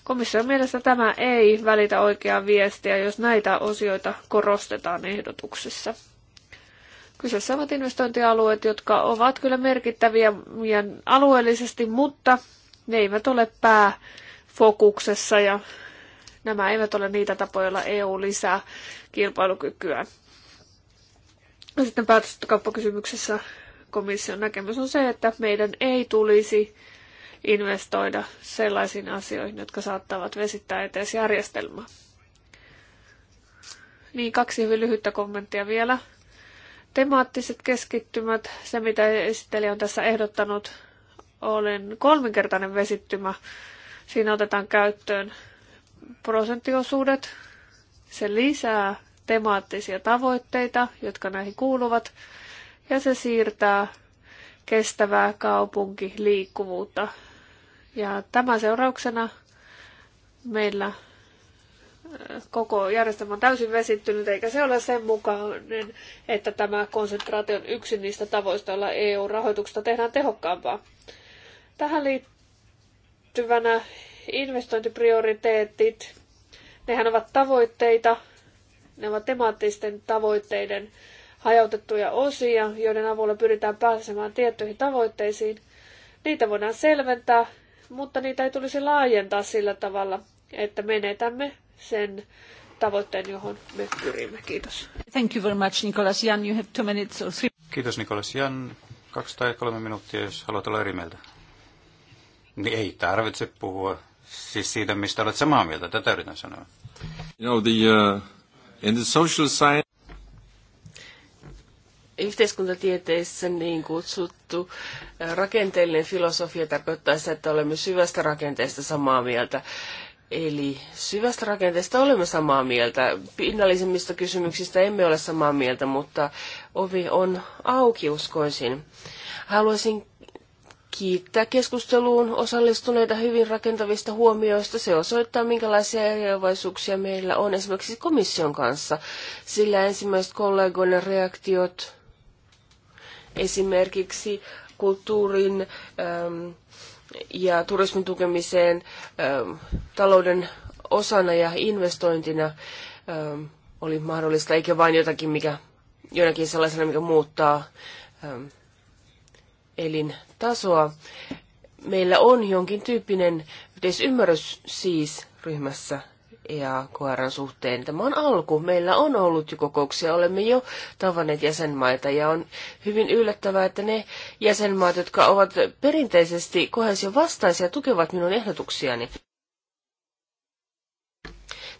Komission mielestä tämä ei välitä oikeaa viestiä, jos näitä osioita korostetaan ehdotuksessa. Kyseessä ovat investointialueet, jotka ovat kyllä merkittäviä alueellisesti, mutta ne eivät ole pääfokuksessa ja nämä eivät ole niitä tapoja, joilla EU lisää kilpailukykyä. Sitten päätöskauppakysymyksessä komission näkemys on se, että meidän ei tulisi investoida sellaisiin asioihin, jotka saattavat vesittää etes järjestelmää. Niin, kaksi hyvin lyhyttä kommenttia vielä. Temaattiset keskittymät, se mitä esittelijä on tässä ehdottanut, olen kolminkertainen vesittymä. Siinä otetaan käyttöön prosenttiosuudet. Se lisää temaattisia tavoitteita, jotka näihin kuuluvat, ja se siirtää kestävää kaupunkiliikkuvuutta. Ja tämän seurauksena meillä äh, koko järjestelmä on täysin vesittynyt, eikä se ole sen mukainen, että tämä konsentraatio on yksi niistä tavoista, joilla EU-rahoituksesta tehdään tehokkaampaa. Tähän liittyvänä investointiprioriteetit, nehän ovat tavoitteita, ne ovat temaattisten tavoitteiden hajautettuja osia, joiden avulla pyritään pääsemään tiettyihin tavoitteisiin. Niitä voidaan selventää, mutta niitä ei tulisi laajentaa sillä tavalla, että menetämme sen tavoitteen, johon me pyrimme. Kiitos. Thank you very much, Nicholas Jan. You have two minutes or three. Kiitos, Nicholas Jan. Kaksi tai kolme minuuttia, jos haluat olla eri mieltä. Niin ei tarvitse puhua siis siitä, mistä olet samaa mieltä. Tätä yritän sanoa. You know, the, uh... In the social science... Yhteiskuntatieteessä niin kutsuttu rakenteellinen filosofia tarkoittaa sitä, että olemme syvästä rakenteesta samaa mieltä. Eli syvästä rakenteesta olemme samaa mieltä. Pinnallisemmista kysymyksistä emme ole samaa mieltä, mutta ovi on auki uskoisin. Haluaisin kiittää keskusteluun osallistuneita hyvin rakentavista huomioista. Se osoittaa, minkälaisia eriävaisuuksia meillä on esimerkiksi komission kanssa, sillä ensimmäiset kollegoiden reaktiot esimerkiksi kulttuurin ähm, ja turismin tukemiseen ähm, talouden osana ja investointina ähm, oli mahdollista, eikä vain jotakin, mikä, jonakin sellaisena, mikä muuttaa ähm, elintasoa. Meillä on jonkin tyyppinen yhteisymmärrys siis ryhmässä ja e koiran suhteen. Tämä on alku. Meillä on ollut jo kokouksia, olemme jo tavanneet jäsenmaita ja on hyvin yllättävää, että ne jäsenmaat, jotka ovat perinteisesti kohesio vastaisia, tukevat minun ehdotuksiani.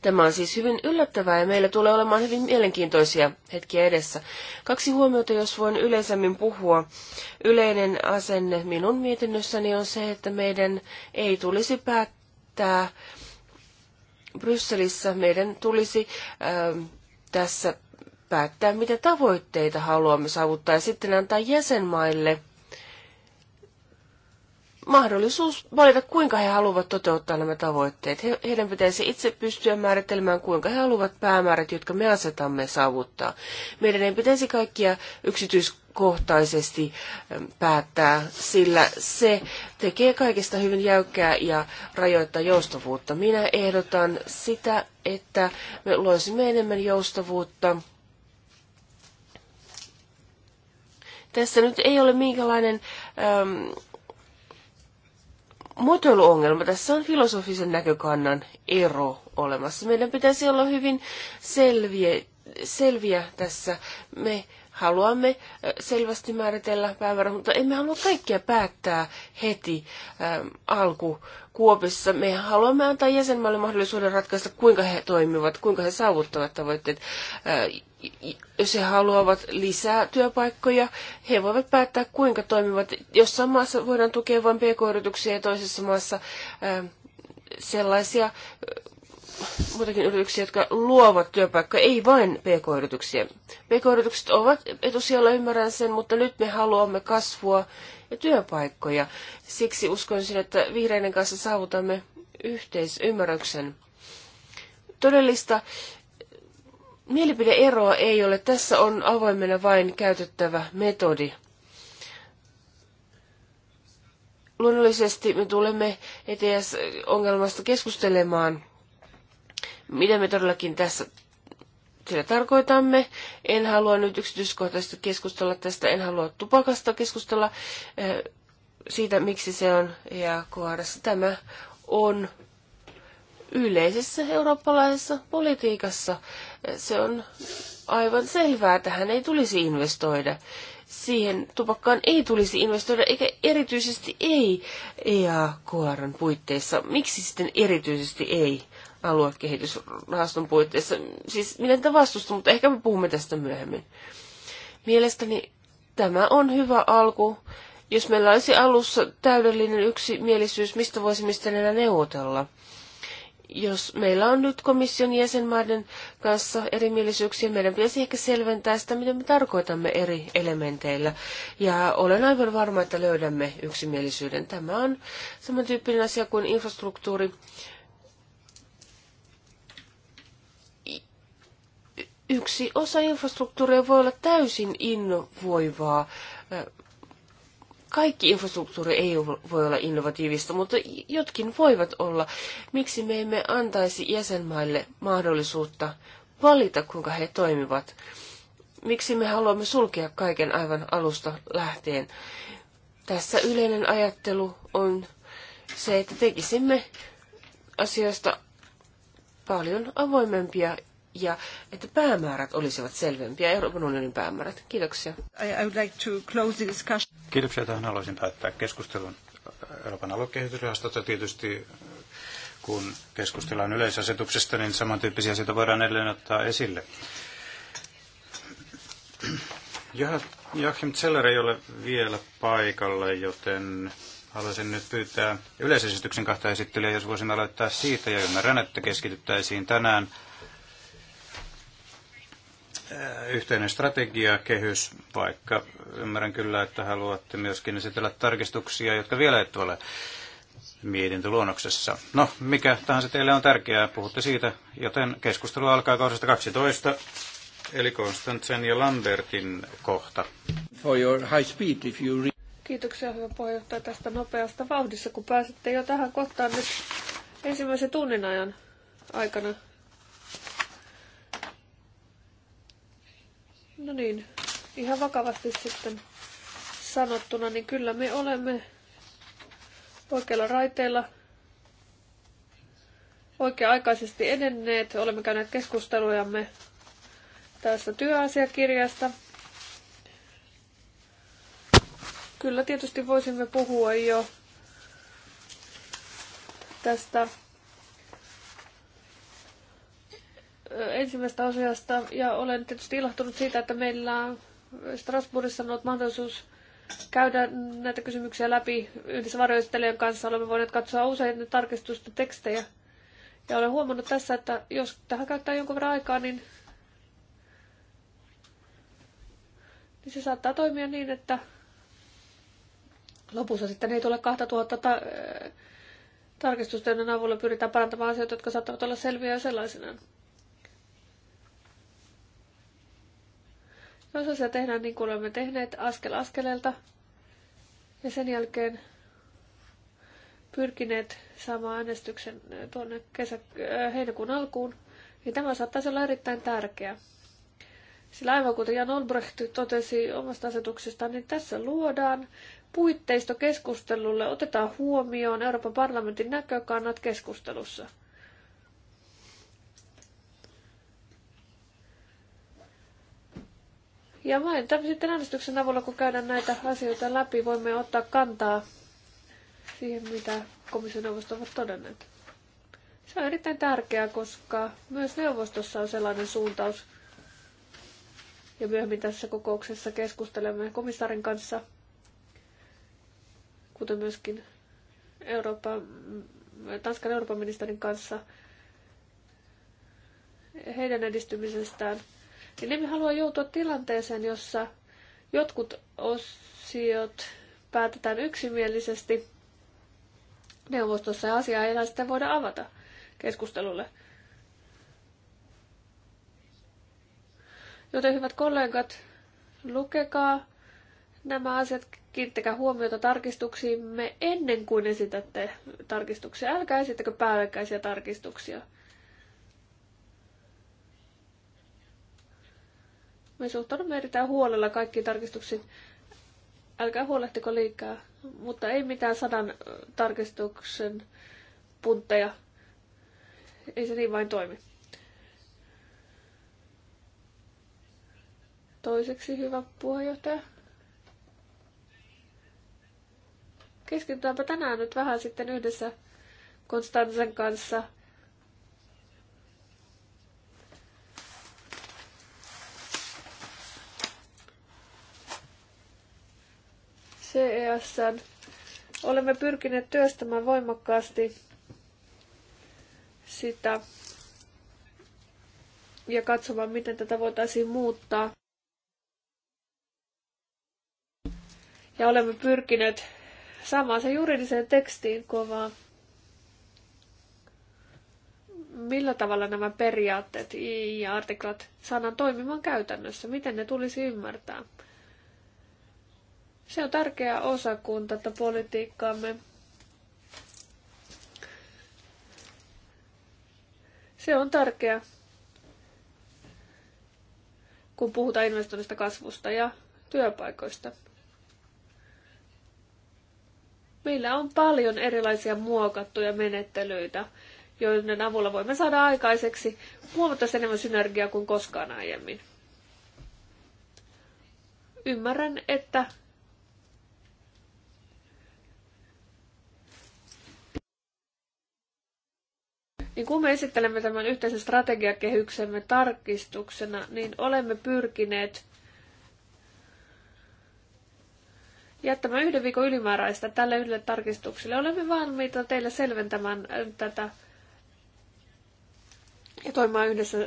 Tämä on siis hyvin yllättävää ja meillä tulee olemaan hyvin mielenkiintoisia hetkiä edessä. Kaksi huomiota, jos voin yleisemmin puhua. Yleinen asenne minun mietinnössäni on se, että meidän ei tulisi päättää Brysselissä, meidän tulisi äh, tässä päättää, mitä tavoitteita haluamme saavuttaa ja sitten antaa jäsenmaille – mahdollisuus valita, kuinka he haluavat toteuttaa nämä tavoitteet. He, heidän pitäisi itse pystyä määrittelemään, kuinka he haluavat päämäärät, jotka me asetamme, saavuttaa. Meidän ei pitäisi kaikkia yksityiskohtaisesti päättää, sillä se tekee kaikista hyvin jäykkää ja rajoittaa joustavuutta. Minä ehdotan sitä, että me loisimme enemmän joustavuutta. Tässä nyt ei ole minkälainen... Ähm, muotoiluongelma. Tässä on filosofisen näkökannan ero olemassa. Meidän pitäisi olla hyvin selviä, selviä tässä. Me haluamme selvästi määritellä päivämäärän, mutta emme halua kaikkia päättää heti äm, Kuopissa Me haluamme antaa jäsenmaille mahdollisuuden ratkaista, kuinka he toimivat, kuinka he saavuttavat tavoitteet jos he haluavat lisää työpaikkoja, he voivat päättää kuinka toimivat. Jossain maassa voidaan tukea vain pk-yrityksiä ja toisessa maassa ähm, äh, sellaisia muitakin yrityksiä, jotka luovat työpaikkoja, ei vain pk-yrityksiä. Pk-yritykset ovat etusijalla, ymmärrän sen, mutta nyt me haluamme kasvua ja työpaikkoja. Siksi uskoisin, että vihreiden kanssa saavutamme yhteisymmärryksen. Todellista Mielipideeroa ei ole. Tässä on avoimena vain käytettävä metodi. Luonnollisesti me tulemme ETS-ongelmasta keskustelemaan, mitä me todellakin tässä sillä tarkoitamme. En halua nyt yksityiskohtaisesti keskustella tästä, en halua tupakasta keskustella eh, siitä, miksi se on ja e kohdassa. Tämä on yleisessä eurooppalaisessa politiikassa se on aivan selvää, tähän ei tulisi investoida. Siihen tupakkaan ei tulisi investoida, eikä erityisesti ei EA-koaran puitteissa. Miksi sitten erityisesti ei aluekehitysrahaston puitteissa? Siis minä tätä vastustan, mutta ehkä me puhumme tästä myöhemmin. Mielestäni tämä on hyvä alku. Jos meillä olisi alussa täydellinen yksimielisyys, mistä voisimme sitten enää neuvotella – jos meillä on nyt komission jäsenmaiden kanssa erimielisyyksiä, meidän pitäisi ehkä selventää sitä, mitä me tarkoitamme eri elementeillä. Ja olen aivan varma, että löydämme yksimielisyyden. Tämä on samantyyppinen asia kuin infrastruktuuri. Yksi osa infrastruktuuria voi olla täysin innovoivaa kaikki infrastruktuuri ei voi olla innovatiivista, mutta jotkin voivat olla. Miksi me emme antaisi jäsenmaille mahdollisuutta valita, kuinka he toimivat? Miksi me haluamme sulkea kaiken aivan alusta lähtien? Tässä yleinen ajattelu on se, että tekisimme asioista paljon avoimempia ja että päämäärät olisivat selvempiä, Euroopan unionin päämäärät. Kiitoksia. I, I would like to close the discussion. Kiitoksia, tähän haluaisin päättää keskustelun Euroopan aluekehitysrahastosta. Tietysti kun keskustellaan yleisasetuksesta, niin samantyyppisiä asioita voidaan edelleen ottaa esille. Joachim Zeller ei ole vielä paikalla, joten haluaisin nyt pyytää yleisesityksen kahta esittelyä, jos voisimme aloittaa siitä, ja ymmärrän, että keskityttäisiin tänään yhteinen strategiakehys, vaikka ymmärrän kyllä, että haluatte myöskin esitellä tarkistuksia, jotka vielä et ole mietintöluonnoksessa. No, mikä tahansa teille on tärkeää, puhutte siitä, joten keskustelu alkaa kohdasta 12, eli Konstantsen ja Lambertin kohta. For your high speed, if you re- Kiitoksia hyvä puheenjohtaja tästä nopeasta vauhdissa, kun pääsette jo tähän kohtaan nyt ensimmäisen tunnin ajan aikana. No niin, ihan vakavasti sitten sanottuna, niin kyllä me olemme oikeilla raiteilla oikea-aikaisesti edenneet. Olemme käyneet keskustelujamme tästä työasiakirjasta. Kyllä tietysti voisimme puhua jo tästä ensimmäisestä asiasta ja olen tietysti ilahtunut siitä, että meillä Strasbourgissa on ollut mahdollisuus käydä näitä kysymyksiä läpi yhdessä varjoistelijan kanssa. Olemme voineet katsoa usein tarkistusta tekstejä. Ja olen huomannut tässä, että jos tähän käyttää jonkun verran aikaa, niin, niin se saattaa toimia niin, että lopussa sitten ei tule 2000 ta- äh, tarkistusten avulla pyritään parantamaan asioita, jotka saattavat olla selviä jo sellaisenaan. Jos asia tehdään niin kuin olemme tehneet askel askeleelta ja sen jälkeen pyrkineet saamaan äänestyksen eh, tuonne kesä, eh, heinäkuun alkuun, niin tämä saattaisi olla erittäin tärkeä. Sillä aivan kuten Jan Olbrecht totesi omasta asetuksestaan, niin tässä luodaan puitteisto keskustelulle, otetaan huomioon Euroopan parlamentin näkökannat keskustelussa – Ja vain tämmöisen sitten äänestyksen avulla, kun käydään näitä asioita läpi, voimme ottaa kantaa siihen, mitä neuvosto ovat todenneet. Se on erittäin tärkeää, koska myös neuvostossa on sellainen suuntaus. Ja myöhemmin tässä kokouksessa keskustelemme komissaarin kanssa, kuten myöskin Euroopan, Tanskan Euroopan ministerin kanssa heidän edistymisestään – niin emme halua joutua tilanteeseen, jossa jotkut osiot päätetään yksimielisesti neuvostossa ja asiaa ei enää sitten voida avata keskustelulle. Joten hyvät kollegat, lukekaa nämä asiat, kiinnittäkää huomiota tarkistuksiimme ennen kuin esitätte tarkistuksia. Älkää esittäkö päällekkäisiä tarkistuksia. Me suhtaudumme erittäin huolella kaikki tarkistuksiin. Älkää huolehtiko liikaa, mutta ei mitään sadan tarkistuksen puntteja. Ei se niin vain toimi. Toiseksi hyvä puheenjohtaja. Keskitytäänpä tänään nyt vähän sitten yhdessä Konstansen kanssa – CES olemme pyrkineet työstämään voimakkaasti sitä ja katsomaan, miten tätä voitaisiin muuttaa. Ja olemme pyrkineet saamaan sen juridiseen tekstiin kovaa. Millä tavalla nämä periaatteet ja artiklat saadaan toimimaan käytännössä? Miten ne tulisi ymmärtää? Se on tärkeä osa politiikkaamme. Se on tärkeä, kun puhutaan investoinnista kasvusta ja työpaikoista. Meillä on paljon erilaisia muokattuja menettelyitä, joiden avulla voimme saada aikaiseksi huomattavasti enemmän synergiaa kuin koskaan aiemmin. Ymmärrän, että Niin kun me esittelemme tämän yhteisen strategiakehyksemme tarkistuksena, niin olemme pyrkineet jättämään yhden viikon ylimääräistä tälle yhdelle tarkistukselle. Olemme valmiita teille selventämään tätä ja toimimaan yhdessä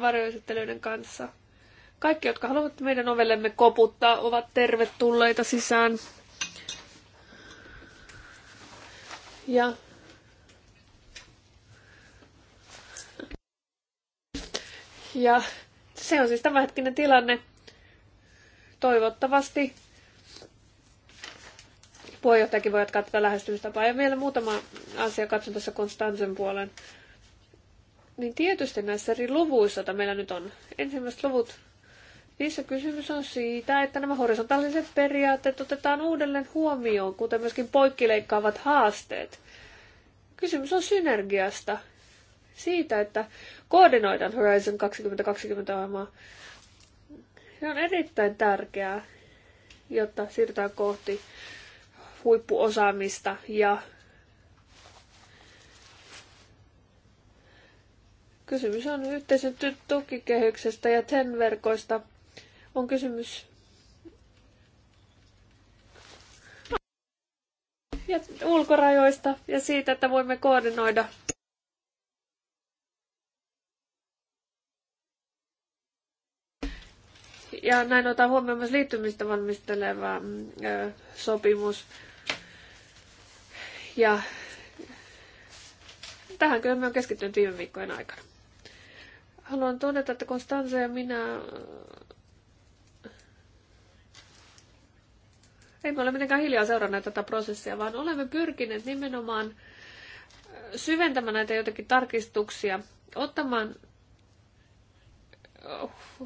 varjoesittelyiden kanssa. Kaikki, jotka haluavat meidän ovellemme koputtaa, ovat tervetulleita sisään. Ja Ja se on siis tämänhetkinen tilanne. Toivottavasti puheenjohtajakin voi jatkaa tätä lähestymistapaa. Ja vielä muutama asia katson tässä Konstansen puolen. Niin tietysti näissä eri luvuissa, joita meillä nyt on, ensimmäiset luvut, niissä kysymys on siitä, että nämä horisontaaliset periaatteet otetaan uudelleen huomioon, kuten myöskin poikkileikkaavat haasteet. Kysymys on synergiasta siitä, että koordinoidaan Horizon 2020-ohjelmaa. Se on erittäin tärkeää, jotta siirrytään kohti huippuosaamista ja Kysymys on yhteisen tukikehyksestä ja TEN-verkoista. On kysymys ja ulkorajoista ja siitä, että voimme koordinoida Ja näin otetaan huomioon myös liittymistä valmisteleva mm, ö, sopimus. Ja tähän kyllä me on keskittynyt viime viikkojen aikana. Haluan todeta, että Konstanze ja minä ei me ole mitenkään hiljaa seuranneet tätä prosessia, vaan olemme pyrkineet nimenomaan syventämään näitä jotakin tarkistuksia, ottamaan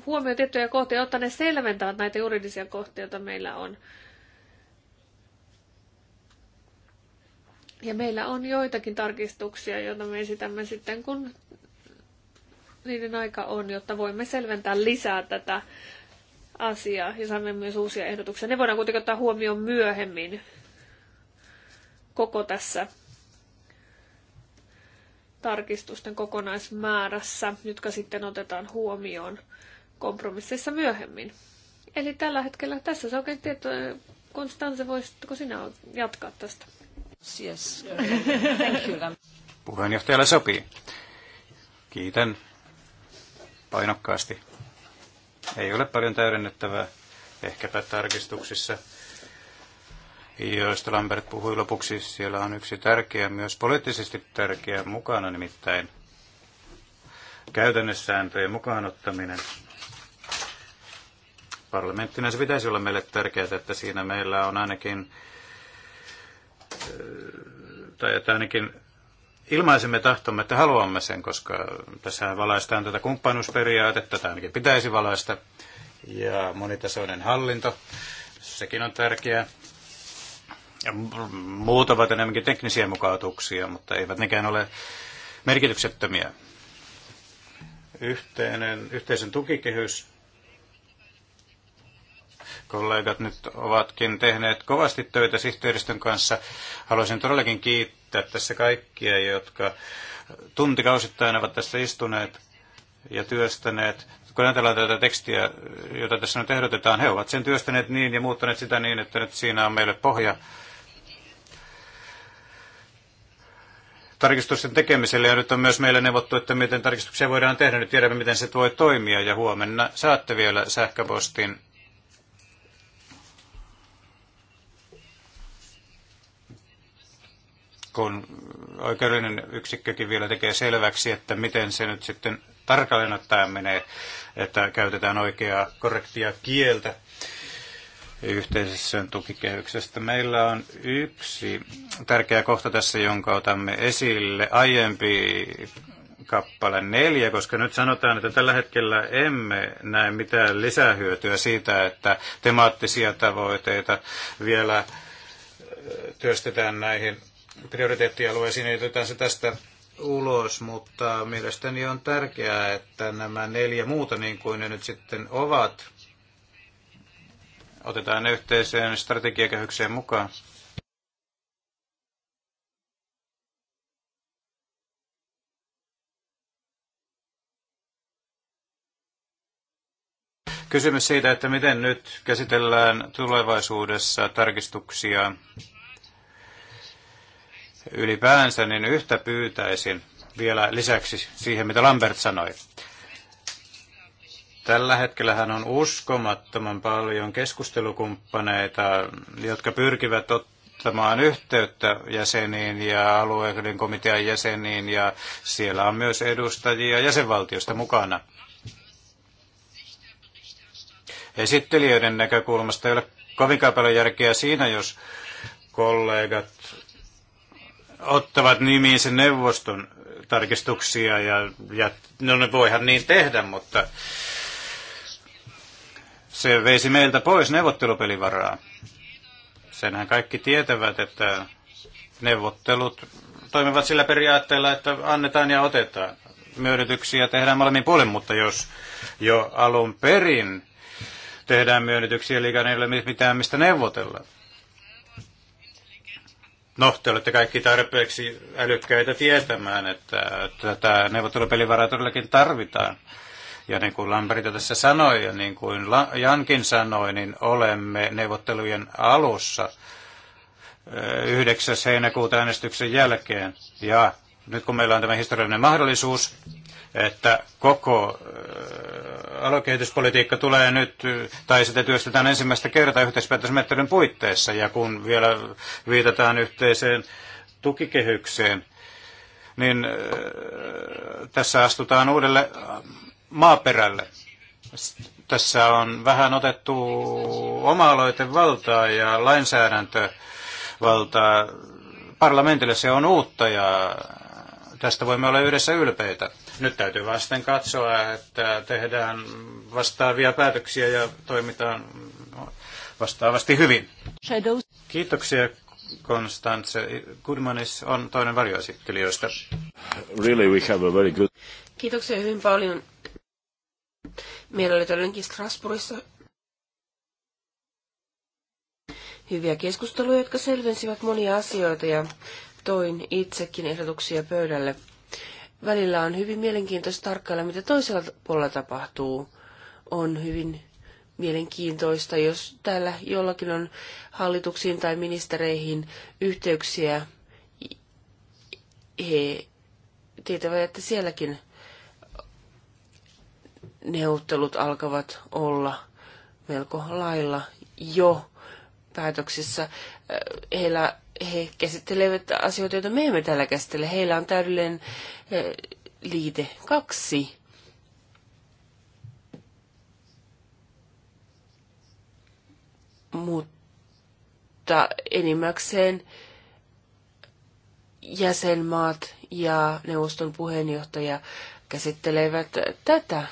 huomioon tiettyjä kohtia, jotta ne selventävät näitä juridisia kohtia, joita meillä on. Ja meillä on joitakin tarkistuksia, joita me esitämme sitten, kun niiden aika on, jotta voimme selventää lisää tätä asiaa ja saamme myös uusia ehdotuksia. Ne voidaan kuitenkin ottaa huomioon myöhemmin koko tässä tarkistusten kokonaismäärässä, jotka sitten otetaan huomioon kompromisseissa myöhemmin. Eli tällä hetkellä tässä se oikein tieto, Konstanze, voisitko sinä jatkaa tästä? Yes. Thank you. Puheenjohtajalle sopii. Kiitän painokkaasti. Ei ole paljon täydennettävää ehkäpä tarkistuksissa joista Lambert puhui lopuksi. Siellä on yksi tärkeä, myös poliittisesti tärkeä mukana, nimittäin käytännössääntöjen mukaanottaminen. Parlamenttina se pitäisi olla meille tärkeää, että siinä meillä on ainakin, äh, tai että ainakin ilmaisemme tahtomme, että haluamme sen, koska tässä valaistaan tätä kumppanuusperiaatetta, tai ainakin pitäisi valaista, ja monitasoinen hallinto, sekin on tärkeää. Muut ovat enemmänkin teknisiä mukautuksia, mutta eivät nekään ole merkityksettömiä. Yhteinen, yhteisen tukikehys. Kollegat nyt ovatkin tehneet kovasti töitä sihteeristön kanssa. Haluaisin todellakin kiittää tässä kaikkia, jotka tuntikausittain ovat tässä istuneet ja työstäneet. Kun ajatellaan tätä tekstiä, jota tässä nyt ehdotetaan, he ovat sen työstäneet niin ja muuttaneet sitä niin, että nyt siinä on meille pohja tarkistusten tekemiselle. Ja nyt on myös meillä neuvottu, että miten tarkistuksia voidaan tehdä. Nyt tiedämme, miten se voi toimia. Ja huomenna saatte vielä sähköpostin kun oikeudellinen yksikkökin vielä tekee selväksi, että miten se nyt sitten tarkalleen ottaen menee, että käytetään oikeaa korrektia kieltä yhteisessä tukikehyksestä. Meillä on yksi tärkeä kohta tässä, jonka otamme esille. Aiempi kappale neljä, koska nyt sanotaan, että tällä hetkellä emme näe mitään lisähyötyä siitä, että temaattisia tavoitteita vielä työstetään näihin prioriteettialueisiin, ja niin otetaan se tästä ulos, mutta mielestäni on tärkeää, että nämä neljä muuta, niin kuin ne nyt sitten ovat, otetaan yhteiseen strategiakehykseen mukaan. Kysymys siitä, että miten nyt käsitellään tulevaisuudessa tarkistuksia ylipäänsä, niin yhtä pyytäisin vielä lisäksi siihen, mitä Lambert sanoi. Tällä hetkellä hän on uskomattoman paljon keskustelukumppaneita, jotka pyrkivät ottamaan yhteyttä jäseniin ja alueiden komitean jäseniin ja siellä on myös edustajia jäsenvaltiosta mukana. Esittelijöiden näkökulmasta ei ole kovinkaan paljon järkeä siinä, jos kollegat ottavat nimiin sen neuvoston tarkistuksia ja, ja no ne voihan niin tehdä, mutta se veisi meiltä pois neuvottelupelivaraa. Senhän kaikki tietävät, että neuvottelut toimivat sillä periaatteella, että annetaan ja otetaan. Myönnytyksiä tehdään molemmin puolin, mutta jos jo alun perin tehdään myönnytyksiä, eli ei ole mitään mistä neuvotella. No, te olette kaikki tarpeeksi älykkäitä tietämään, että tätä neuvottelupelivaraa todellakin tarvitaan. Ja niin kuin Lamberto tässä sanoi ja niin kuin Jankin sanoi, niin olemme neuvottelujen alussa 9. heinäkuuta äänestyksen jälkeen. Ja nyt kun meillä on tämä historiallinen mahdollisuus, että koko aluekehityspolitiikka tulee nyt, tai sitä työstetään ensimmäistä kertaa yhteispäätösmenettelyn puitteissa, ja kun vielä viitataan yhteiseen tukikehykseen, niin tässä astutaan uudelle maaperälle. Tässä on vähän otettu oma-aloitevaltaa ja lainsäädäntövaltaa. Parlamentille se on uutta ja tästä voimme olla yhdessä ylpeitä. Nyt täytyy vasten katsoa, että tehdään vastaavia päätöksiä ja toimitaan vastaavasti hyvin. Shadows. Kiitoksia Konstantse. Kudmanis on toinen varjoesittelijöistä. Really we have a very good... Kiitoksia hyvin paljon Meillä oli todellakin Strasbourgissa hyviä keskusteluja, jotka selvensivät monia asioita ja toin itsekin ehdotuksia pöydälle. Välillä on hyvin mielenkiintoista tarkkailla, mitä toisella puolella tapahtuu. On hyvin mielenkiintoista, jos täällä jollakin on hallituksiin tai ministereihin yhteyksiä. He tietävät, että sielläkin neuvottelut alkavat olla melko lailla jo päätöksissä. Heillä, he käsittelevät asioita, joita me emme täällä käsittele. Heillä on täydellinen eh, liite kaksi. Mutta enimmäkseen jäsenmaat ja neuvoston puheenjohtaja käsittelevät tätä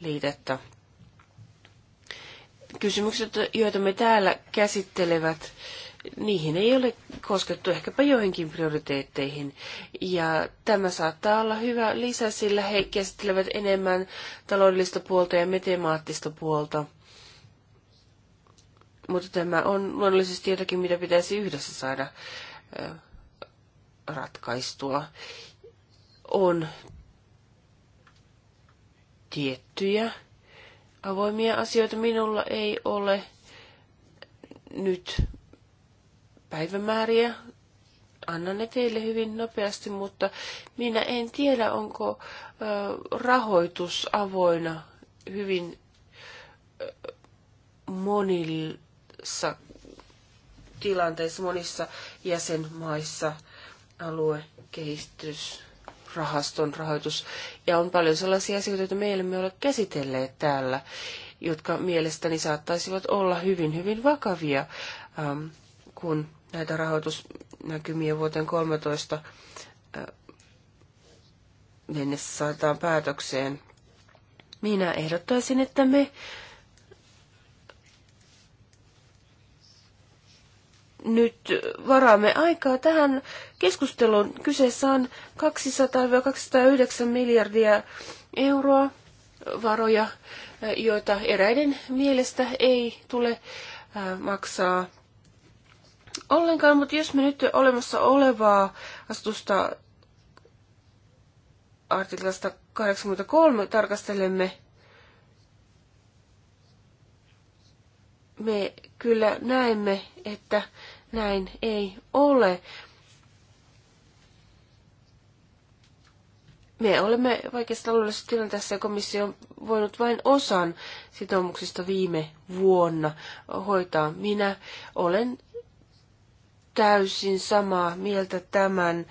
liitettä. Kysymykset, joita me täällä käsittelevät, niihin ei ole koskettu ehkäpä joihinkin prioriteetteihin. Ja tämä saattaa olla hyvä lisä, sillä he käsittelevät enemmän taloudellista puolta ja matemaattista puolta. Mutta tämä on luonnollisesti jotakin, mitä pitäisi yhdessä saada ratkaistua. On tiettyjä avoimia asioita. Minulla ei ole nyt päivämääriä. Annan ne teille hyvin nopeasti, mutta minä en tiedä, onko rahoitus avoina hyvin monissa tilanteissa, monissa jäsenmaissa aluekehitys rahaston rahoitus. Ja on paljon sellaisia asioita, joita me emme ole käsitelleet täällä, jotka mielestäni saattaisivat olla hyvin, hyvin vakavia, ähm, kun näitä rahoitusnäkymiä vuoteen 13 äh, mennessä saadaan päätökseen. Minä ehdottaisin, että me nyt varaamme aikaa tähän keskusteluun. Kyseessä on 200-209 miljardia euroa varoja, joita eräiden mielestä ei tule maksaa ollenkaan, mutta jos me nyt olemassa olevaa astusta artiklasta 83 tarkastelemme me kyllä näemme, että näin ei ole. Me olemme vaikeassa taloudellisessa tilanteessa ja komissio on voinut vain osan sitoumuksista viime vuonna hoitaa. Minä olen täysin samaa mieltä tämän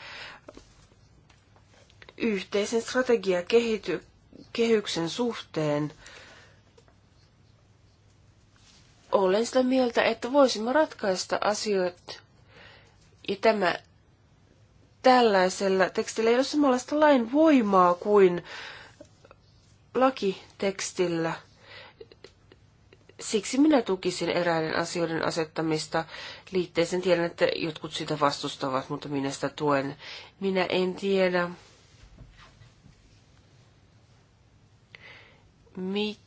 yhteisen strategiakehityksen suhteen olen sitä mieltä, että voisimme ratkaista asioita. Ja tämä tällaisella tekstillä ei ole samanlaista lain voimaa kuin lakitekstillä. Siksi minä tukisin eräiden asioiden asettamista liitteeseen. Tiedän, että jotkut sitä vastustavat, mutta minä sitä tuen. Minä en tiedä, mit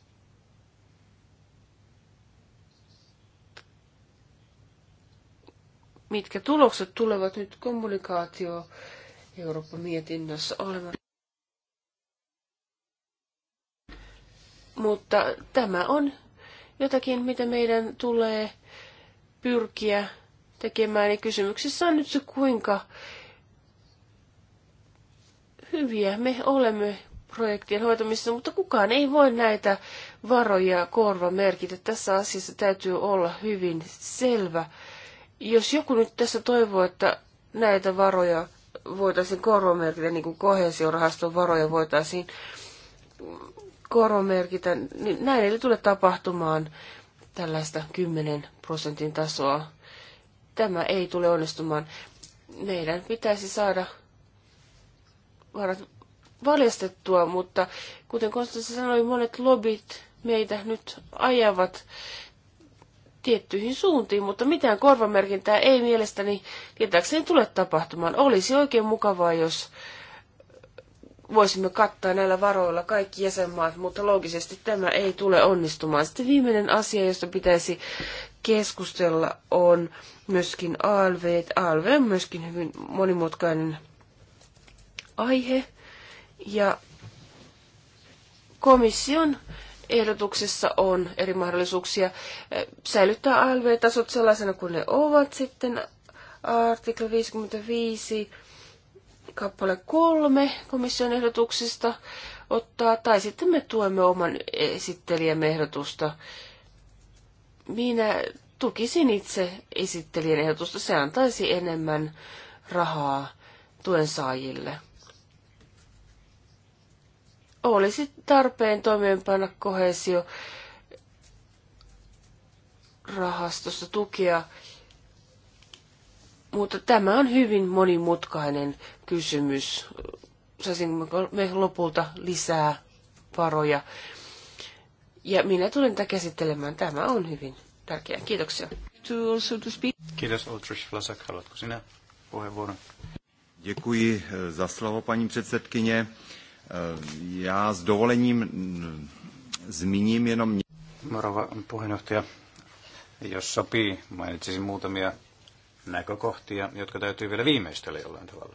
mitkä tulokset tulevat nyt kommunikaatio Euroopan mietinnössä olemaan. Mutta tämä on jotakin, mitä meidän tulee pyrkiä tekemään. Ja kysymyksessä on nyt se, kuinka hyviä me olemme projektien hoitamisessa, mutta kukaan ei voi näitä varoja korva merkitä. Tässä asiassa täytyy olla hyvin selvä. Jos joku nyt tässä toivoo, että näitä varoja voitaisiin korvamerkitä, niin kuin kohesiorahaston varoja voitaisiin korvamerkitä, niin näin ei tule tapahtumaan tällaista 10 prosentin tasoa. Tämä ei tule onnistumaan. Meidän pitäisi saada varat valjastettua, mutta kuten Konstantin sanoi, monet lobit meitä nyt ajavat tiettyihin suuntiin, mutta mitään korvamerkintää ei mielestäni tietääkseni tule tapahtumaan. Olisi oikein mukavaa, jos voisimme kattaa näillä varoilla kaikki jäsenmaat, mutta loogisesti tämä ei tule onnistumaan. Sitten viimeinen asia, josta pitäisi keskustella, on myöskin ALV. ALV on myöskin hyvin monimutkainen aihe. Ja komission ehdotuksessa on eri mahdollisuuksia eh, säilyttää ALV-tasot sellaisena kuin ne ovat. Sitten artikla 55 kappale 3 komission ehdotuksista ottaa, tai sitten me tuemme oman esittelijämme ehdotusta. Minä tukisin itse esittelijän ehdotusta, se antaisi enemmän rahaa tuen saajille olisi tarpeen toimeenpanna kohesio rahastossa tukea. Mutta tämä on hyvin monimutkainen kysymys. Saisinko me lopulta lisää varoja? Ja minä tulen tätä käsittelemään. Tämä on hyvin tärkeä Kiitoksia. Kiitos, Ultrich Vlasak. Haluatko sinä puheenvuoron? Děkuji eh, za slovo, paní předsedkyně. Eh, ja s dovolením zminím jenom... Morova puheenjohtaja, jos sopii, mainitsisin muutamia näkökohtia, jotka täytyy vielä viimeistellä jollain tavalla.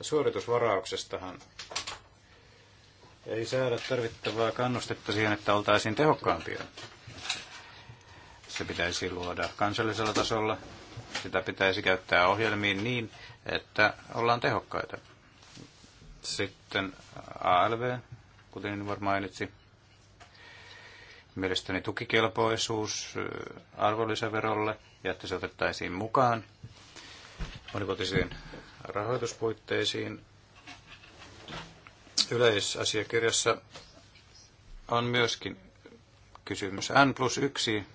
Suoritusvarauksestahan ei saada tarvittavaa kannustetta siihen, että oltaisiin tehokkaampia se pitäisi luoda kansallisella tasolla. Sitä pitäisi käyttää ohjelmiin niin, että ollaan tehokkaita. Sitten ALV, kuten varmaan mainitsi, mielestäni tukikelpoisuus arvonlisäverolle ja että se otettaisiin mukaan monikotisiin rahoituspuitteisiin. Yleisasiakirjassa on myöskin kysymys N plus 1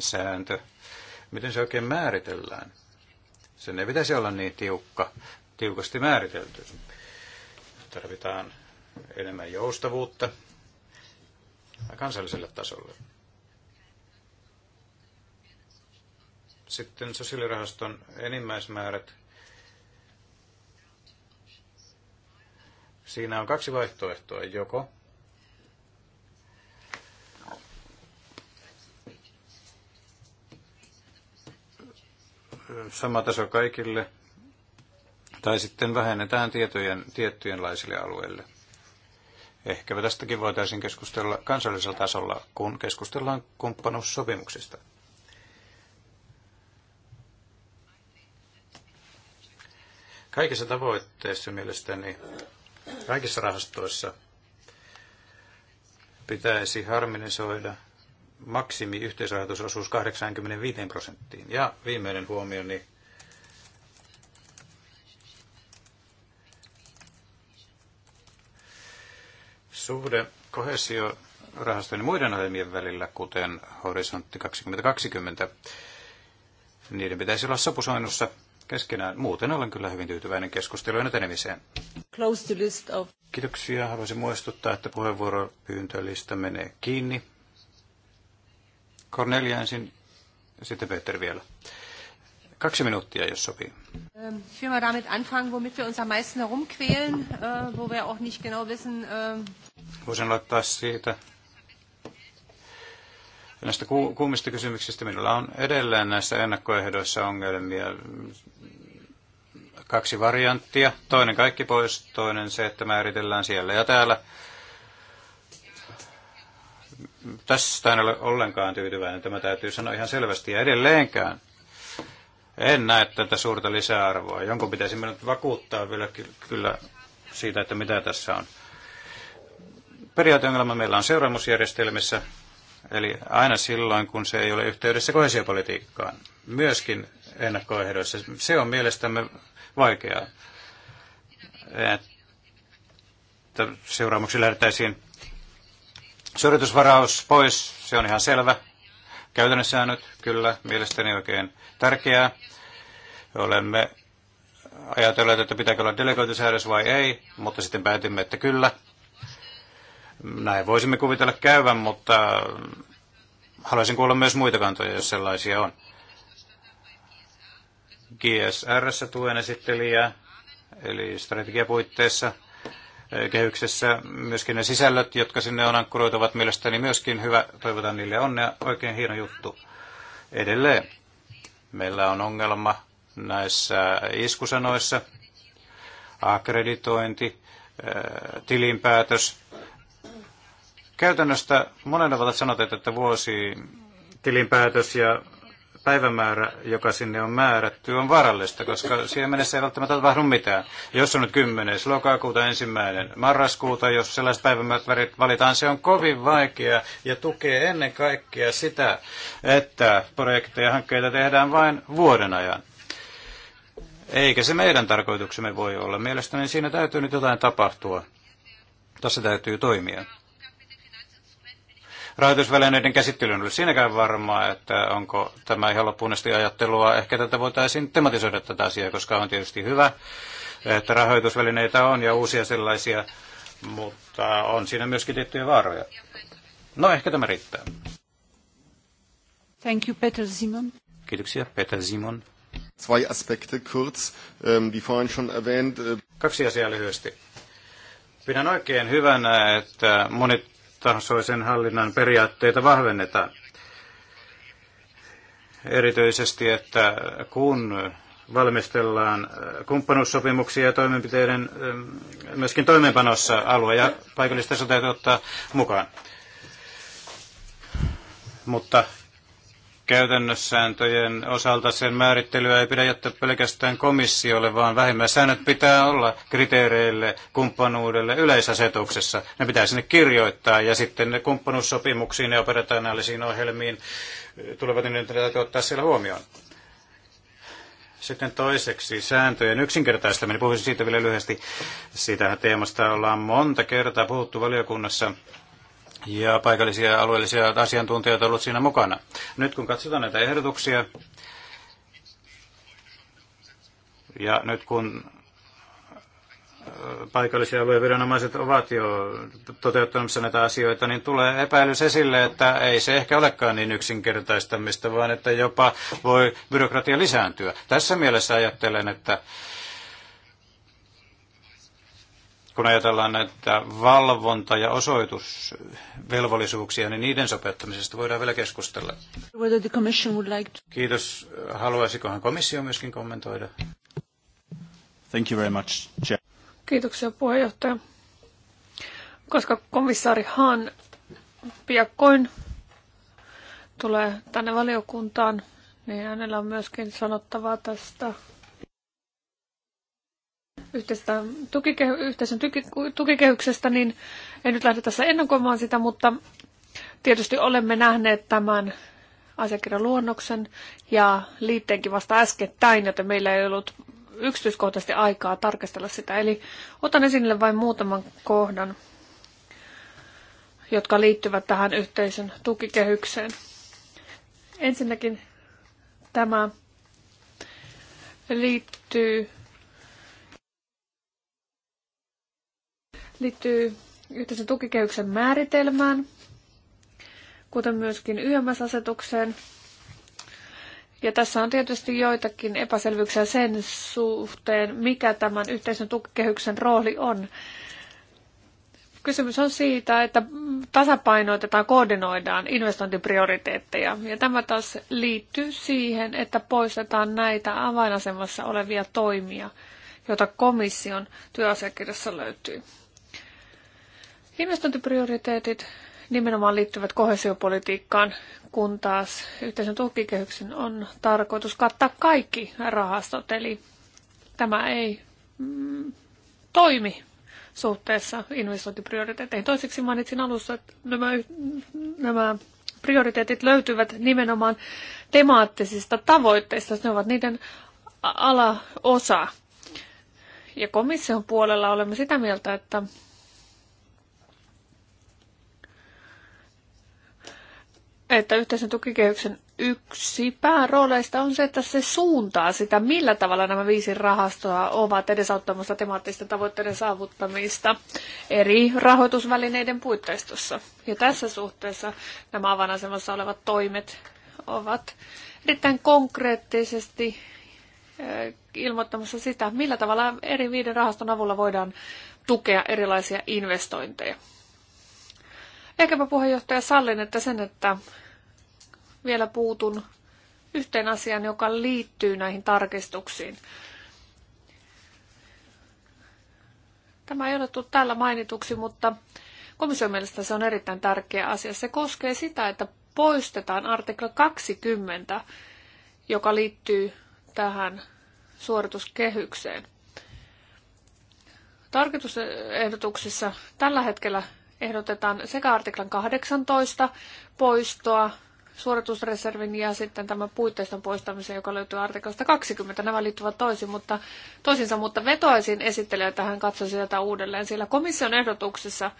sääntö, miten se oikein määritellään. Sen ei pitäisi olla niin tiukka, tiukasti määritelty. Tarvitaan enemmän joustavuutta kansalliselle tasolle. Sitten sosiaalirahaston enimmäismäärät. Siinä on kaksi vaihtoehtoa. Joko sama taso kaikille, tai sitten vähennetään tietojen, tiettyjenlaisille alueille. Ehkä tästäkin voitaisiin keskustella kansallisella tasolla, kun keskustellaan kumppanuussopimuksista. Kaikissa tavoitteissa mielestäni, kaikissa rahastoissa pitäisi harminisoida – maksimi yhteisrahoitusosuus 85 prosenttiin. Ja viimeinen huomio, niin suhde kohesio ja muiden ohjelmien välillä, kuten Horisontti 2020, niiden pitäisi olla sopusoinnussa keskenään. Muuten olen kyllä hyvin tyytyväinen keskustelujen etenemiseen. Close list of... Kiitoksia. Haluaisin muistuttaa, että puheenvuoropyyntölista menee kiinni. Cornelia ensin, sitten Peter vielä. Kaksi minuuttia, jos sopii. Ähm, ich will mal damit anfangen, womit wir uns am meisten herumquälen, äh, wo wir auch nicht genau wissen. Äh, Voisin aloittaa siitä. Näistä ku- kuumista kysymyksistä minulla on edelleen näissä ennakkoehdoissa ongelmia. Kaksi varianttia. Toinen kaikki pois, toinen se, että määritellään siellä ja täällä tästä en ole ollenkaan tyytyväinen, tämä täytyy sanoa ihan selvästi. Ja edelleenkään en näe tätä suurta lisäarvoa. Jonkun pitäisi minut vakuuttaa vielä kyllä siitä, että mitä tässä on. Periaateongelma meillä on seuraamusjärjestelmissä, eli aina silloin, kun se ei ole yhteydessä kohesiopolitiikkaan. Myöskin ennakkoehdoissa. Se on mielestämme vaikeaa, että seuraamuksi lähdettäisiin Syrjitysvaraus pois, se on ihan selvä. Käytännössä nyt kyllä, mielestäni oikein tärkeää. Olemme ajatelleet, että pitääkö olla delegointisäädös vai ei, mutta sitten päätimme, että kyllä. Näin voisimme kuvitella käyvän, mutta haluaisin kuulla myös muita kantoja, jos sellaisia on. GSR tuen esittelijä, eli strategiapuitteissa – kehyksessä. Myöskin ne sisällöt, jotka sinne on ankkuroitu, ovat mielestäni myöskin hyvä. Toivotan niille onnea. Oikein hieno juttu. Edelleen meillä on ongelma näissä iskusanoissa. Akkreditointi, äh, tilinpäätös. Käytännöstä monet ovat sanoneet, että vuosi tilinpäätös ja päivämäärä, joka sinne on määrätty, on vaarallista, koska siihen mennessä ei välttämättä tapahdu mitään. Jos on nyt 10. lokakuuta ensimmäinen marraskuuta, jos sellaiset päivämäärät valitaan, se on kovin vaikea ja tukee ennen kaikkea sitä, että projekteja ja hankkeita tehdään vain vuoden ajan. Eikä se meidän tarkoituksemme voi olla. Mielestäni siinä täytyy nyt jotain tapahtua. Tässä täytyy toimia rahoitusvälineiden käsittelyyn ole siinäkään varmaa, että onko tämä ihan loppuun asti ajattelua. Ehkä tätä voitaisiin tematisoida tätä asiaa, koska on tietysti hyvä, että rahoitusvälineitä on ja uusia sellaisia, mutta on siinä myöskin tiettyjä vaaroja. No ehkä tämä riittää. Thank you, Peter Simon. Kiitoksia, Peter Simon. Zwei Aspekte kurz, ähm, wie vorhin schon erwähnt. Äh, Kaksi asiaa lyhyesti. Pidän oikein hyvänä, että monet tasoisen hallinnan periaatteita vahvennetaan. Erityisesti, että kun valmistellaan kumppanuussopimuksia ja toimenpiteiden myöskin toimeenpanossa alue- ja paikallista täytyy ottaa mukaan. Mutta käytännössääntöjen osalta sen määrittelyä ei pidä jättää pelkästään komissiolle, vaan vähimmäissäännöt pitää olla kriteereille kumppanuudelle yleisasetuksessa. Ne pitää sinne kirjoittaa ja sitten ne kumppanuussopimuksiin ja operationaalisiin ohjelmiin eh, tulevat, niin ne täytyy ottaa siellä huomioon. Sitten toiseksi sääntöjen yksinkertaistaminen. Puhuisin siitä vielä lyhyesti. Siitä teemasta ollaan monta kertaa puhuttu valiokunnassa ja paikallisia ja alueellisia asiantuntijoita ollut siinä mukana. Nyt kun katsotaan näitä ehdotuksia, ja nyt kun paikallisia viranomaiset ovat jo toteuttamassa näitä asioita, niin tulee epäilys esille, että ei se ehkä olekaan niin yksinkertaistamista, vaan että jopa voi byrokratia lisääntyä. Tässä mielessä ajattelen, että kun ajatellaan näitä valvonta- ja osoitusvelvollisuuksia, niin niiden sopeuttamisesta voidaan vielä keskustella. Kiitos. Haluaisikohan komissio myöskin kommentoida? Thank you very much, Chair. Kiitoksia puheenjohtaja. Koska komissaari Hahn piakkoin tulee tänne valiokuntaan, niin hänellä on myöskin sanottavaa tästä yhteisestä tukikehy, yhteisön tuki, tukikehyksestä, niin en nyt lähde tässä ennakoimaan sitä, mutta tietysti olemme nähneet tämän asiakirjan luonnoksen ja liitteenkin vasta äskettäin, joten meillä ei ollut yksityiskohtaisesti aikaa tarkastella sitä. Eli otan esille vain muutaman kohdan, jotka liittyvät tähän yhteisön tukikehykseen. Ensinnäkin tämä liittyy liittyy yhteisen tukikehyksen määritelmään, kuten myöskin YMS-asetukseen. Ja tässä on tietysti joitakin epäselvyyksiä sen suhteen, mikä tämän yhteisen tukikehyksen rooli on. Kysymys on siitä, että tasapainoitetaan, koordinoidaan investointiprioriteetteja. Ja tämä taas liittyy siihen, että poistetaan näitä avainasemassa olevia toimia, joita komission työasiakirjassa löytyy. Investointiprioriteetit nimenomaan liittyvät kohesiopolitiikkaan, kun taas yhteisen tukikehyksen on tarkoitus kattaa kaikki rahastot, eli tämä ei mm, toimi suhteessa investointiprioriteetteihin. Toiseksi mainitsin alussa, että nämä, nämä prioriteetit löytyvät nimenomaan temaattisista tavoitteista. Ne ovat niiden alaosa. Ja komission puolella olemme sitä mieltä, että että yhteisen tukikehyksen yksi päärooleista on se, että se suuntaa sitä, millä tavalla nämä viisi rahastoa ovat edesauttamassa temaattisten tavoitteiden saavuttamista eri rahoitusvälineiden puitteistossa. Ja tässä suhteessa nämä avainasemassa olevat toimet ovat erittäin konkreettisesti eh, ilmoittamassa sitä, millä tavalla eri viiden rahaston avulla voidaan tukea erilaisia investointeja. Ehkäpä puheenjohtaja sallin, että sen, että vielä puutun yhteen asiaan, joka liittyy näihin tarkistuksiin. Tämä ei ole tullut täällä mainituksi, mutta komission mielestä se on erittäin tärkeä asia. Se koskee sitä, että poistetaan artikla 20, joka liittyy tähän suorituskehykseen. Tarkoitusehdotuksissa tällä hetkellä ehdotetaan sekä artiklan 18 poistoa suoritusreservin ja sitten tämän puitteiston poistamisen, joka löytyy artikosta 20. Nämä liittyvät toisiin, mutta, toisinsa, mutta vetoaisin esittelijä, tähän hän katsoisi tätä uudelleen, sillä komission ehdotuksessa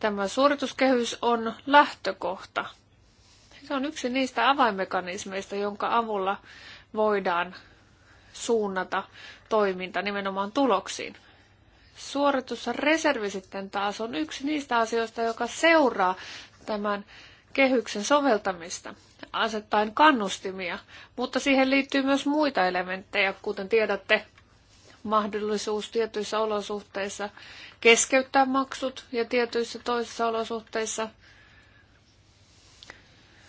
tämä suorituskehys on lähtökohta. Se on yksi niistä avainmekanismeista, jonka avulla voidaan suunnata toiminta nimenomaan tuloksiin. Suoritusreservi sitten taas on yksi niistä asioista, joka seuraa tämän kehyksen soveltamista asettaen kannustimia, mutta siihen liittyy myös muita elementtejä, kuten tiedätte, mahdollisuus tietyissä olosuhteissa keskeyttää maksut ja tietyissä toisissa olosuhteissa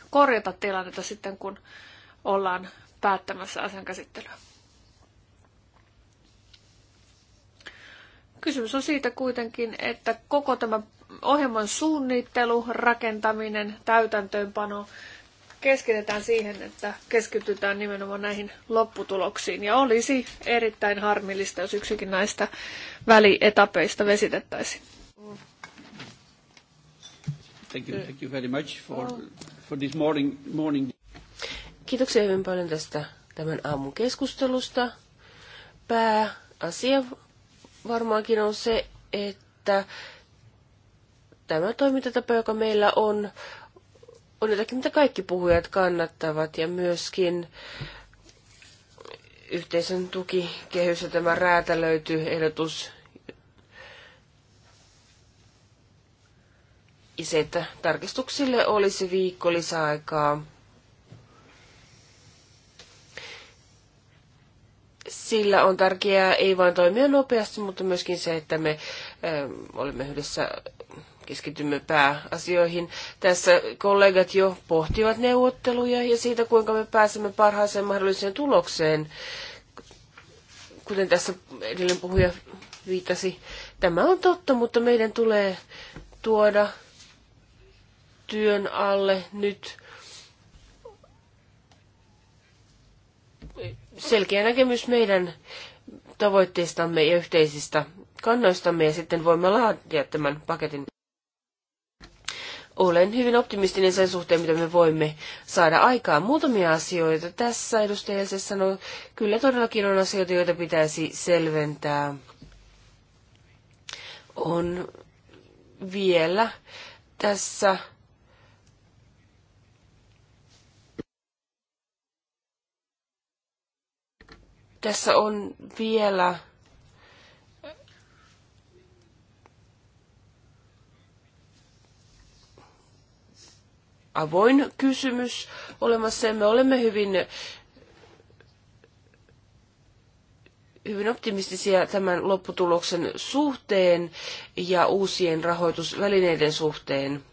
korjata tilannetta sitten, kun ollaan päättämässä asian käsittelyä. Kysymys on siitä kuitenkin, että koko tämä ohjelman suunnittelu, rakentaminen, täytäntöönpano keskitetään siihen, että keskitytään nimenomaan näihin lopputuloksiin. Ja olisi erittäin harmillista, jos yksikin näistä välietapeista vesitettäisiin. Thank you, thank you very much for, for this morning, morning. Kiitoksia hyvin paljon tästä tämän aamun keskustelusta. Pääasia varmaankin on se, että tämä toimintatapa, joka meillä on, on jotakin, mitä kaikki puhujat kannattavat ja myöskin yhteisen tukikehys ja tämä räätälöity ehdotus ja se, että tarkistuksille olisi viikko lisäaikaa. Sillä on tärkeää ei vain toimia nopeasti, mutta myöskin se, että me ö, olemme yhdessä keskitymme pääasioihin. Tässä kollegat jo pohtivat neuvotteluja ja siitä, kuinka me pääsemme parhaaseen mahdolliseen tulokseen. Kuten tässä edellinen puhuja viitasi, tämä on totta, mutta meidän tulee tuoda työn alle nyt selkeä näkemys meidän tavoitteistamme ja yhteisistä kannoistamme ja sitten voimme laatia tämän paketin olen hyvin optimistinen sen suhteen, mitä me voimme saada aikaan. Muutamia asioita tässä edustaja Else sanoi. Kyllä todellakin on asioita, joita pitäisi selventää. On vielä tässä tässä on vielä avoin kysymys olemassa ja me olemme hyvin, hyvin optimistisia tämän lopputuloksen suhteen ja uusien rahoitusvälineiden suhteen.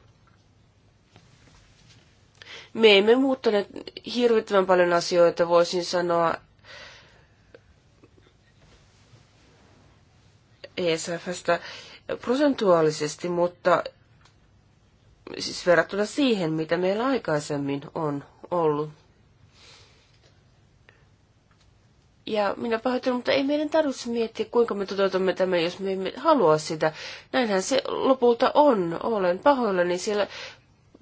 Me emme muuttaneet hirvittävän paljon asioita, voisin sanoa, ESFstä prosentuaalisesti, mutta siis verrattuna siihen, mitä meillä aikaisemmin on ollut. Ja minä pahoittelen, mutta ei meidän tarvitse miettiä, kuinka me toteutamme tämän, jos me emme halua sitä. Näinhän se lopulta on. Olen pahoillani, siellä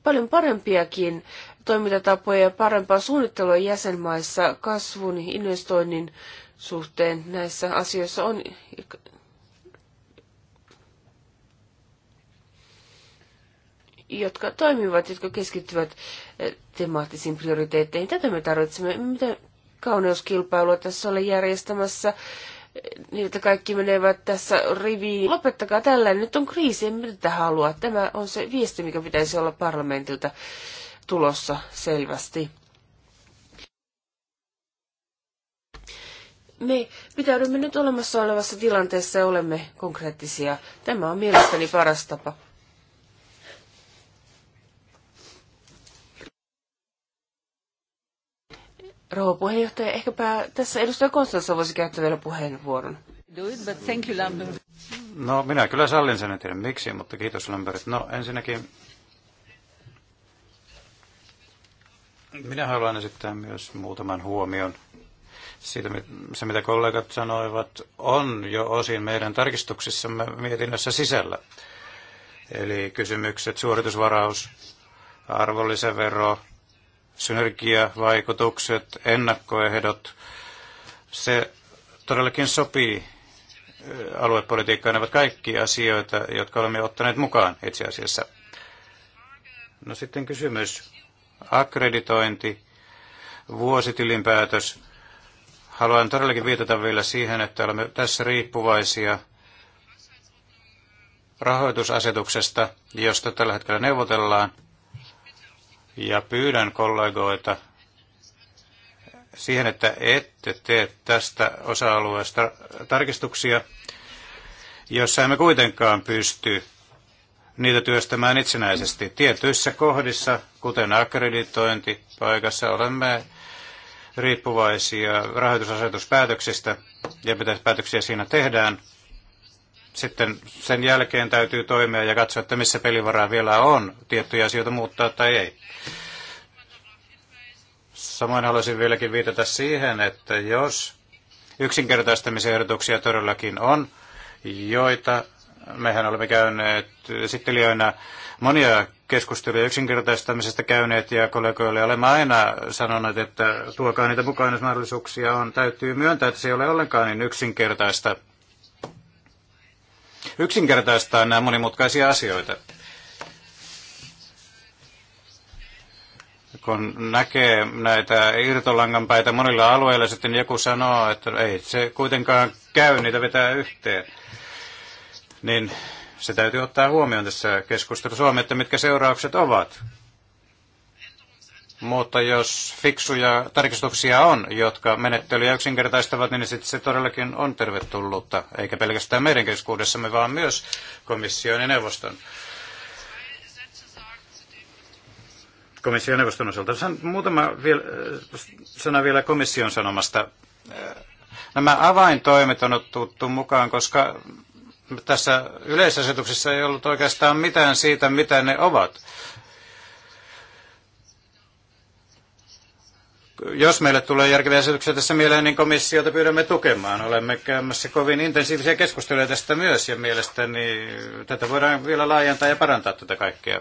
paljon parempiakin toimintatapoja ja parempaa suunnittelua jäsenmaissa kasvun, investoinnin suhteen näissä asioissa on, jotka toimivat, jotka keskittyvät eh, temaattisiin prioriteetteihin. Tätä me tarvitsemme. Mitä kauneuskilpailua tässä ole järjestämässä? Eh, Niiltä kaikki menevät tässä riviin. Lopettakaa tällä, nyt on kriisi, en mitä halua. Tämä on se viesti, mikä pitäisi olla parlamentilta tulossa selvästi. me pitäydymme nyt olemassa olevassa tilanteessa ja olemme konkreettisia. Tämä on mielestäni paras tapa rouva puheenjohtaja. Ehkäpä tässä edustaja Konstanssa voisi käyttää vielä puheenvuoron. No minä kyllä sallin sen, en tiedä miksi, mutta kiitos Lambert. No ensinnäkin minä haluan esittää myös muutaman huomion. Siitä, se mitä kollegat sanoivat, on jo osin meidän tarkistuksissamme mietinnössä sisällä. Eli kysymykset, suoritusvaraus, arvonlisävero, synergiavaikutukset, ennakkoehdot, se todellakin sopii aluepolitiikkaan. Ne ovat kaikki asioita, jotka olemme ottaneet mukaan itse asiassa. No sitten kysymys. Akkreditointi, vuositilinpäätös. Haluan todellakin viitata vielä siihen, että olemme tässä riippuvaisia rahoitusasetuksesta, josta tällä hetkellä neuvotellaan – ja pyydän kollegoita siihen, että ette tee tästä osa-alueesta tarkistuksia, jossa emme kuitenkaan pysty niitä työstämään itsenäisesti. Tietyissä kohdissa, kuten akkreditointipaikassa, olemme riippuvaisia rahoitusasetuspäätöksistä ja mitä päätöksiä siinä tehdään. Sitten sen jälkeen täytyy toimia ja katsoa, että missä pelivaraa vielä on tiettyjä asioita muuttaa tai ei. Samoin haluaisin vieläkin viitata siihen, että jos yksinkertaistamisen ehdotuksia todellakin on, joita mehän olemme käyneet esittelijöinä monia keskusteluja yksinkertaistamisesta käyneet ja kollegoille olemme aina sanoneet, että tuokaa niitä mukaan, jos mahdollisuuksia on. Täytyy myöntää, että se ei ole ollenkaan niin yksinkertaista yksinkertaistaa nämä monimutkaisia asioita. kun näkee näitä irtolanganpäitä monilla alueilla, sitten joku sanoo, että ei se kuitenkaan käy, niitä vetää yhteen. Niin se täytyy ottaa huomioon tässä keskustelussa Suomi, että mitkä seuraukset ovat mutta jos fiksuja tarkistuksia on, jotka menettelyjä yksinkertaistavat, niin sitten se todellakin on tervetullutta, eikä pelkästään meidän keskuudessamme, vaan myös komission ja neuvoston. Komission neuvoston osalta. Muutama vielä, sana vielä komission sanomasta. Nämä avaintoimet on otettu mukaan, koska tässä yleisasetuksessa ei ollut oikeastaan mitään siitä, mitä ne ovat Jos meille tulee järkeviä esityksiä tässä mieleen, niin komissiota pyydämme tukemaan. Olemme käymässä kovin intensiivisiä keskusteluja tästä myös, ja mielestäni tätä voidaan vielä laajentaa ja parantaa tätä kaikkea.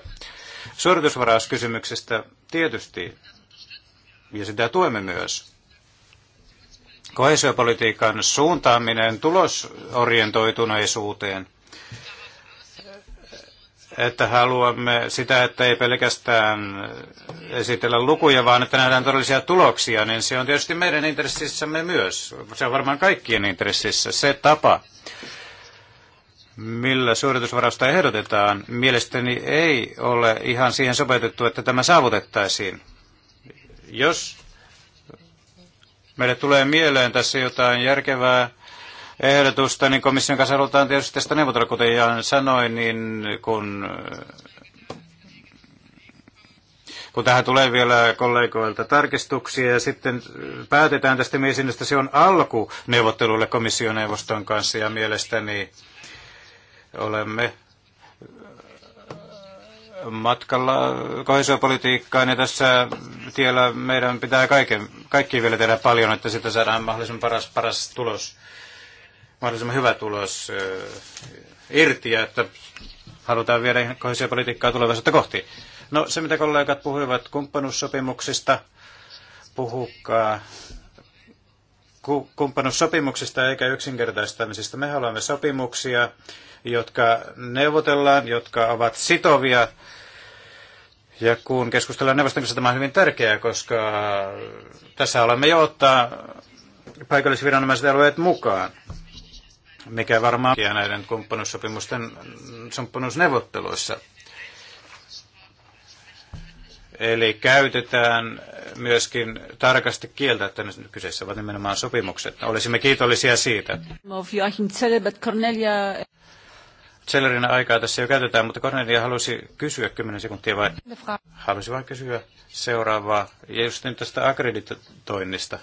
Suoritusvarauskysymyksestä tietysti, ja sitä tuemme myös. Koesiopolitiikan suuntaaminen tulosorientoituneisuuteen että haluamme sitä, että ei pelkästään esitellä lukuja, vaan että nähdään todellisia tuloksia, niin se on tietysti meidän intressissämme myös. Se on varmaan kaikkien intressissä se tapa, millä suoritusvarausta ehdotetaan, mielestäni ei ole ihan siihen sopeutettu, että tämä saavutettaisiin. Jos meille tulee mieleen tässä jotain järkevää ehdotusta, niin komission kanssa halutaan tietysti tästä neuvotella, kuten Jan sanoi, niin kun kun tähän tulee vielä kollegoilta tarkistuksia ja sitten päätetään tästä mietinnöstä, se on alku neuvotteluille komissioneuvoston kanssa ja mielestäni olemme matkalla kohesiopolitiikkaan ja tässä tiellä meidän pitää kaiken, kaikki vielä tehdä paljon, että sitä saadaan mahdollisimman paras, paras tulos mahdollisimman hyvä tulos irti ja että halutaan viedä politiikkaa tulevaisuutta kohti. No se, mitä kollegat puhuivat kumppanuussopimuksista, puhukaa kumppanuussopimuksista eikä yksinkertaistamisista. Me haluamme sopimuksia, jotka neuvotellaan, jotka ovat sitovia. Ja kun keskustellaan neuvoston kanssa, tämä on hyvin tärkeää, koska tässä olemme jo ottaa paikallisviranomaiset alueet mukaan mikä varmaan ja näiden kumppanuussopimusten sopimusneuvotteluissa. Eli käytetään myöskin tarkasti kieltä, että kyseessä ovat nimenomaan sopimukset. Olisimme kiitollisia siitä. Sellerin aikaa tässä jo käytetään, mutta Cornelia halusi kysyä 10 sekuntia vai? Halusi vain kysyä seuraavaa. Ja just nyt tästä akkreditoinnista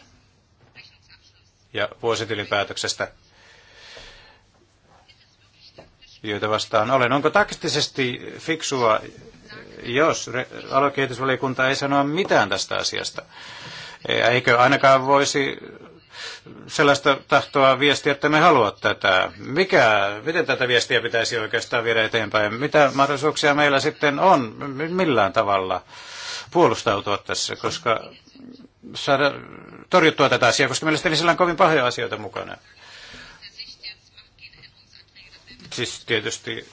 ja vuositilinpäätöksestä joita vastaan olen. Onko taktisesti fiksua, jos aluekehitysvaliokunta ei sanoa mitään tästä asiasta? Eikö ainakaan voisi sellaista tahtoa viestiä, että me halua tätä. Mikä, miten tätä viestiä pitäisi oikeastaan viedä eteenpäin? Mitä mahdollisuuksia meillä sitten on millään tavalla puolustautua tässä, koska saada torjuttua tätä asiaa, koska mielestäni sillä on kovin pahoja asioita mukana. Siis tietysti,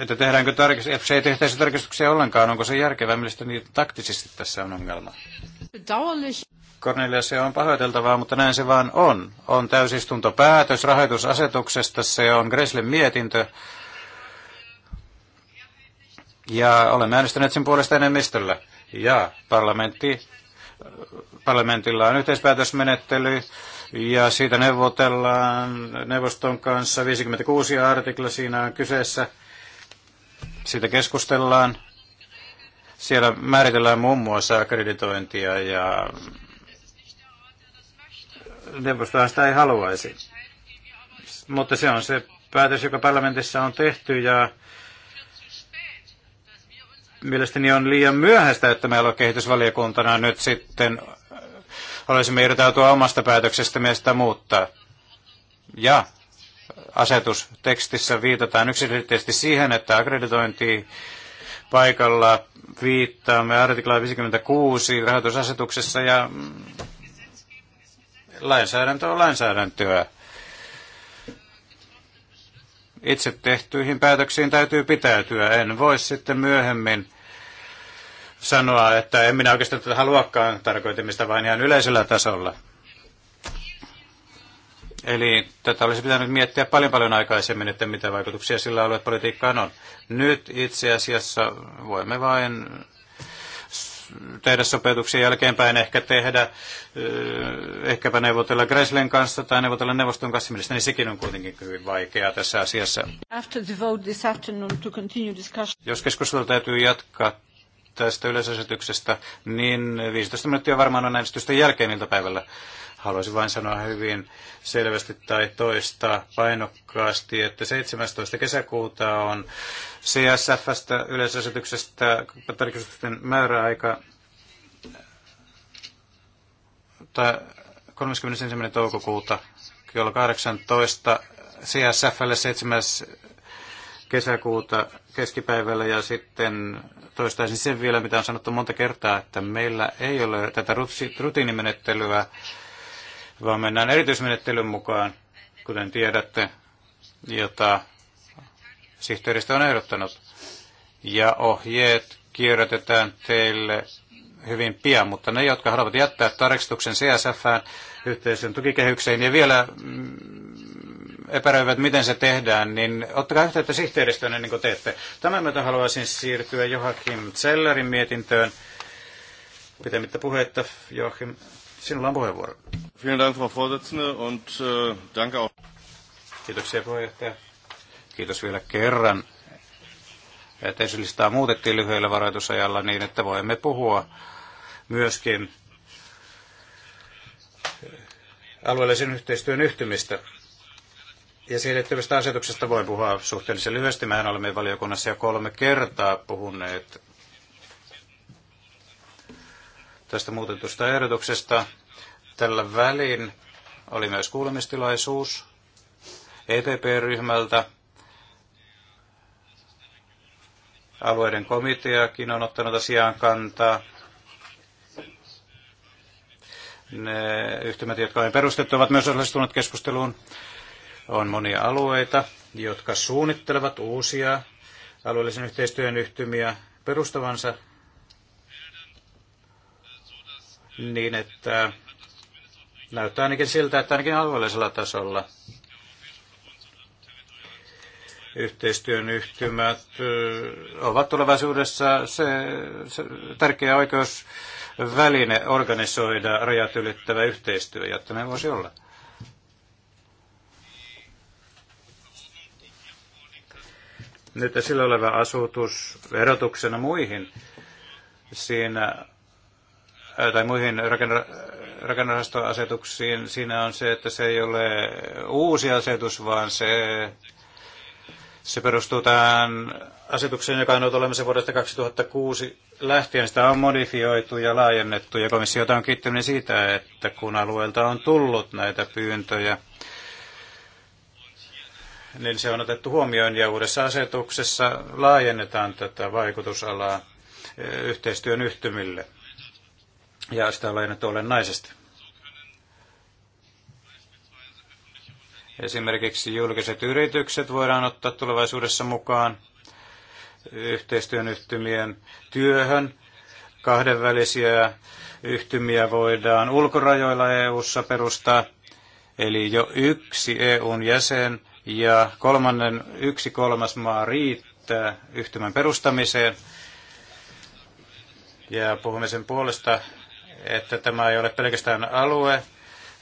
että tehdäänkö tarkistuksia, se ei tehtäisi tarkistuksia ollenkaan, onko se järkevää, mielestäni niin taktisesti tässä on ongelma. Cornelia, se on pahoiteltavaa, mutta näin se vaan on. On täysistuntopäätös rahoitusasetuksesta, se on Greslin mietintö. Ja olemme äänestäneet sen puolesta enemmistöllä. Ja parlamentti, parlamentilla on yhteispäätösmenettely ja siitä neuvotellaan neuvoston kanssa 56 artikla, siinä on kyseessä, siitä keskustellaan. Siellä määritellään muun muassa akkreditointia ja neuvostohan sitä ei haluaisi. Mutta se on se päätös, joka parlamentissa on tehty ja mielestäni on liian myöhäistä, että meillä on kehitysvaliokuntana nyt sitten Haluaisimme irtautua omasta päätöksestämme sitä muuttaa. Ja asetustekstissä viitataan yksilöllisesti siihen, että akkreditointi paikalla viittaamme artiklaa 56 rahoitusasetuksessa ja mm, lainsäädäntö on lainsäädäntöä. Itse tehtyihin päätöksiin täytyy pitäytyä. En voi sitten myöhemmin sanoa, että en minä oikeastaan tätä haluakaan tarkoitimista, vaan ihan yleisellä tasolla. Eli tätä olisi pitänyt miettiä paljon paljon aikaisemmin, että mitä vaikutuksia sillä aluepolitiikkaan on. Nyt itse asiassa voimme vain tehdä sopeutuksia jälkeenpäin, ehkä tehdä, ehkäpä neuvotella Greslen kanssa tai neuvotella neuvoston kanssa. Mielestäni sekin on kuitenkin hyvin vaikeaa tässä asiassa. Jos keskustelua täytyy jatkaa tästä yleisasetuksesta, niin 15 minuuttia varmaan on äänestysten jälkeen iltapäivällä. Haluaisin vain sanoa hyvin selvästi tai toista painokkaasti, että 17. kesäkuuta on CSFstä yleisasetuksesta tarkistusten määräaika tai 31. toukokuuta kello 18 CSFlle 7 kesäkuuta keskipäivällä ja sitten toistaisin sen vielä, mitä on sanottu monta kertaa, että meillä ei ole tätä rutiinimenettelyä, vaan mennään erityismenettelyn mukaan, kuten tiedätte, jota sihteeristä on ehdottanut. Ja ohjeet kierrätetään teille hyvin pian, mutta ne, jotka haluavat jättää tarkistuksen CSFään yhteisön tukikehykseen ja vielä mm, epäröivät, miten se tehdään, niin ottakaa yhteyttä sihteeristöön ennen niin kuin teette. Tämän myötä haluaisin siirtyä Joachim Zellerin mietintöön. Pitemmittä puheitta, Joachim, sinulla on puheenvuoro. Vielen Dank, Frau Vorsitzende, und äh, danke auch. Kiitoksia puheenjohtaja. Kiitos vielä kerran. Että esilistaa muutettiin lyhyellä varoitusajalla niin, että voimme puhua myöskin alueellisen yhteistyön yhtymistä ja siihen liittyvästä asetuksesta voi puhua suhteellisen lyhyesti. Mehän olemme valiokunnassa jo kolme kertaa puhuneet tästä muutetusta ehdotuksesta. Tällä välin oli myös kuulemistilaisuus EPP-ryhmältä. Alueiden komiteakin on ottanut asiaan kantaa. Ne yhtymät, jotka on perustettu, ovat myös osallistuneet keskusteluun. On monia alueita, jotka suunnittelevat uusia alueellisen yhteistyön yhtymiä perustavansa niin, että näyttää ainakin siltä, että ainakin alueellisella tasolla yhteistyön yhtymät ovat tulevaisuudessa se, se tärkeä oikeusväline organisoida rajat ylittävä yhteistyö, jotta ne voisi olla. nyt esillä oleva asutus verotuksena muihin siinä, tai muihin rakennerahastoasetuksiin siinä on se, että se ei ole uusi asetus, vaan se, se perustuu tähän asetukseen, joka on ollut olemassa vuodesta 2006 lähtien. Sitä on modifioitu ja laajennettu ja komissiota on kiittäminen siitä, että kun alueelta on tullut näitä pyyntöjä, niin se on otettu huomioon ja uudessa asetuksessa laajennetaan tätä vaikutusalaa eh, yhteistyön yhtymille. Ja sitä on laajennettu olennaisesti. Esimerkiksi julkiset yritykset voidaan ottaa tulevaisuudessa mukaan yhteistyön yhtymien työhön. Kahdenvälisiä yhtymiä voidaan ulkorajoilla EU-ssa perustaa. Eli jo yksi EUn jäsen ja kolmannen yksi kolmas maa riittää yhtymän perustamiseen. Ja puhumme sen puolesta, että tämä ei ole pelkästään alue,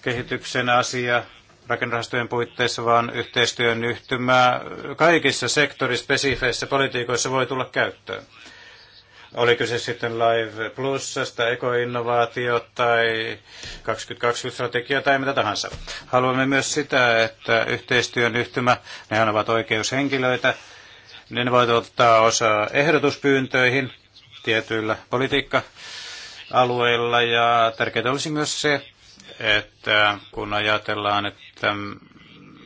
kehityksen asia rakennerahastojen puitteissa, vaan yhteistyön yhtymää kaikissa sektorispesifeissä politiikoissa voi tulla käyttöön. Oli kyse sitten Live Plusasta, ekoinnovaatio tai 2020-strategia tai mitä tahansa. Haluamme myös sitä, että yhteistyön yhtymä, nehän ovat oikeushenkilöitä, niin ne voivat ottaa osaa ehdotuspyyntöihin tietyillä politiikka-alueilla. Ja tärkeää olisi myös se, että kun ajatellaan, että